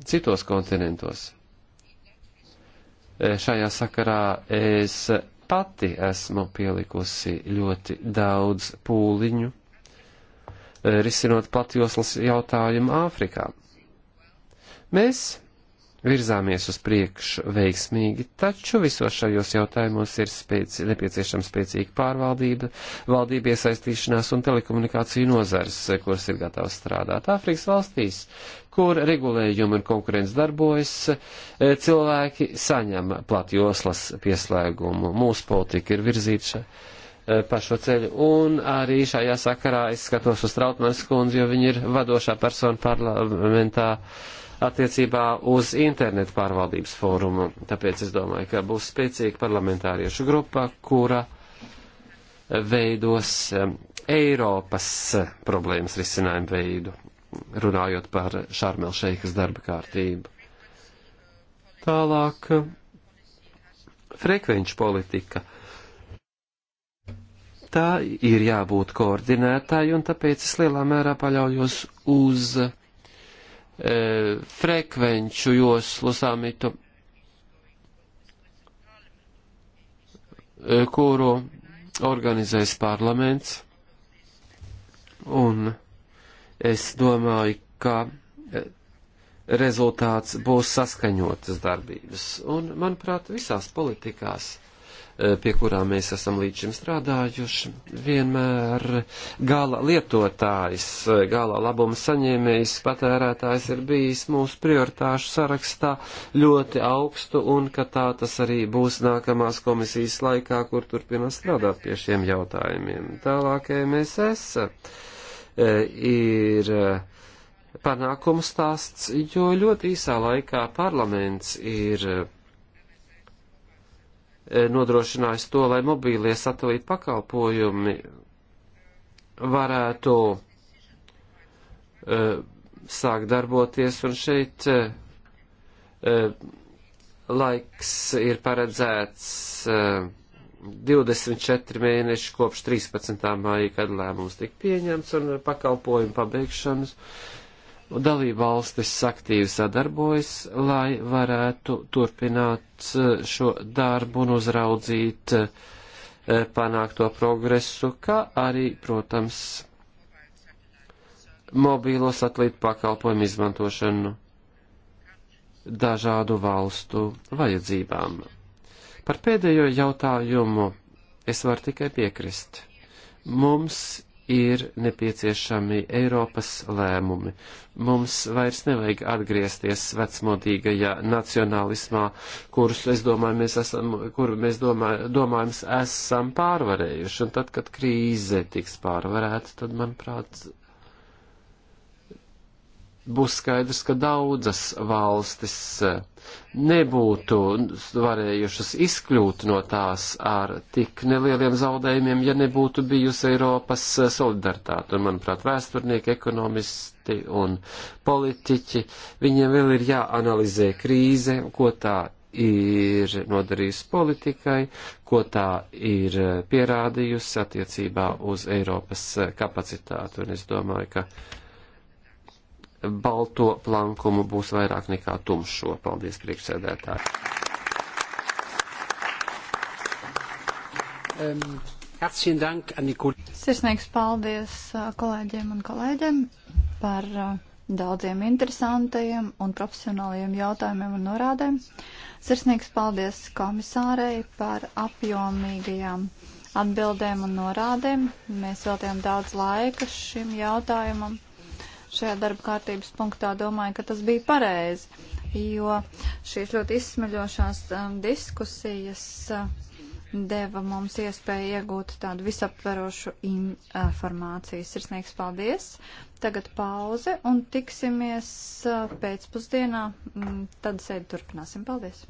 citos kontinentos. Šajā sakarā es pati esmu pielikusi ļoti daudz pūliņu, eh, risinot platjoslas jautājumu Āfrikā. Mēs virzāmies uz priekšu veiksmīgi, taču visos šajos jautājumos ir spēc, nepieciešama spēcīga pārvaldība, valdība iesaistīšanās un telekomunikāciju nozars, kuras ir gatavas strādāt. Āfrikas valstīs, kur regulējumi un konkurence darbojas, eh, cilvēki saņem platjoslas pieslēgumu. Mūsu politika ir virzīta eh, pa šo ceļu. Un arī šajā sakarā es skatos uz Trautmanas kundzi, jo viņa ir vadošā persona parlamentā. Uh, attiecībā uz internetu pārvaldības fórumu. Tāpēc es domāju, ka būs spēcīga parlamentāriešu grupa, kura veidos um, Eiropas uh, problēmas risinājumu veidu, runājot par Šarmel Šeikas darba kārtību. Tālāk, uh, frekvenču politika tā ir jābūt koordinētāji, un tāpēc es lielā mērā paļaujos uz E, frekvenču joslu samitu, e, kuru organizēs parlaments. Un es domāju, ka e, rezultāts būs saskaņotas darbības. Un, manuprāt, visās politikās Eh, pie kurām mēs esam līdz šim strādājuši, vienmēr gala lietotājs, eh, gala labuma saņēmējs, patērētājs ir bijis mūsu prioritāšu sarakstā ļoti augstu un ka tā tas arī būs nākamās komisijas laikā, kur turpinā strādāt pie šiem jautājumiem. Tālāk e MSS eh, ir panākumu stāsts, jo ļoti īsā laikā parlaments ir E, nodrošinājis to, lai mobīlie satelīta pakalpojumi varētu uh, sākt darboties, un šeit uh, laiks ir paredzēts uh, 24 mēneši kopš 13. māja, kad lēmums tika pieņemts un pakalpojumu pabeigšanas. Uh, dalība valstis aktīvi sadarbojas, lai varētu turpināt eh, šo darbu un uzraudzīt eh, panākto progresu, kā arī, protams, mobīlo satelītu pakalpojumu izmantošanu dažādu valstu vajadzībām. Par pēdējo jautājumu es varu tikai piekrist. Mums ir nepieciešami Eiropas lēmumi. Mums vairs nevajag atgriezties vecmodīgajā nacionālismā, kurus, es domāju, mēs esam, kur mēs domā, domājam, esam pārvarējuši. Un tad, kad krīze tiks pārvarēta, tad, manuprāt, būs skaidrs, ka daudzas valstis eh, nebūtu varējušas izkļūt no tās ar tik nelieliem zaudējumiem, ja nebūtu bijusi Eiropas eh, solidaritāte. Un, manuprāt, vēsturnieki, ekonomisti un politiķi, viņiem vēl ir jāanalizē krīze, ko tā ir nodarījusi politikai, ko tā ir eh, pierādījusi attiecībā uz Eiropas kapacitātu. Un es domāju, ka balto plankumu būs vairāk nekā tumšo. Paldies, priekšsēdētāji! Um, Sirsnīgs paldies kolēģiem un kolēģiem par daudziem interesantajiem un profesionāliem jautājumiem un norādēm. Sirsnīgs paldies komisārei par apjomīgajām atbildēm un norādēm. Mēs veltījām daudz laika šim jautājumam šajā darba kārtības punktā, domāju, ka tas bija pareizi, jo šīs ļoti izsmeļošās um, diskusijas uh, deva mums iespēju iegūt tādu visaptverošu informāciju. Uh, Sirsnīgs paldies! Tagad pauze un tiksimies uh, pēcpusdienā, mm, tad sēdi turpināsim. Paldies!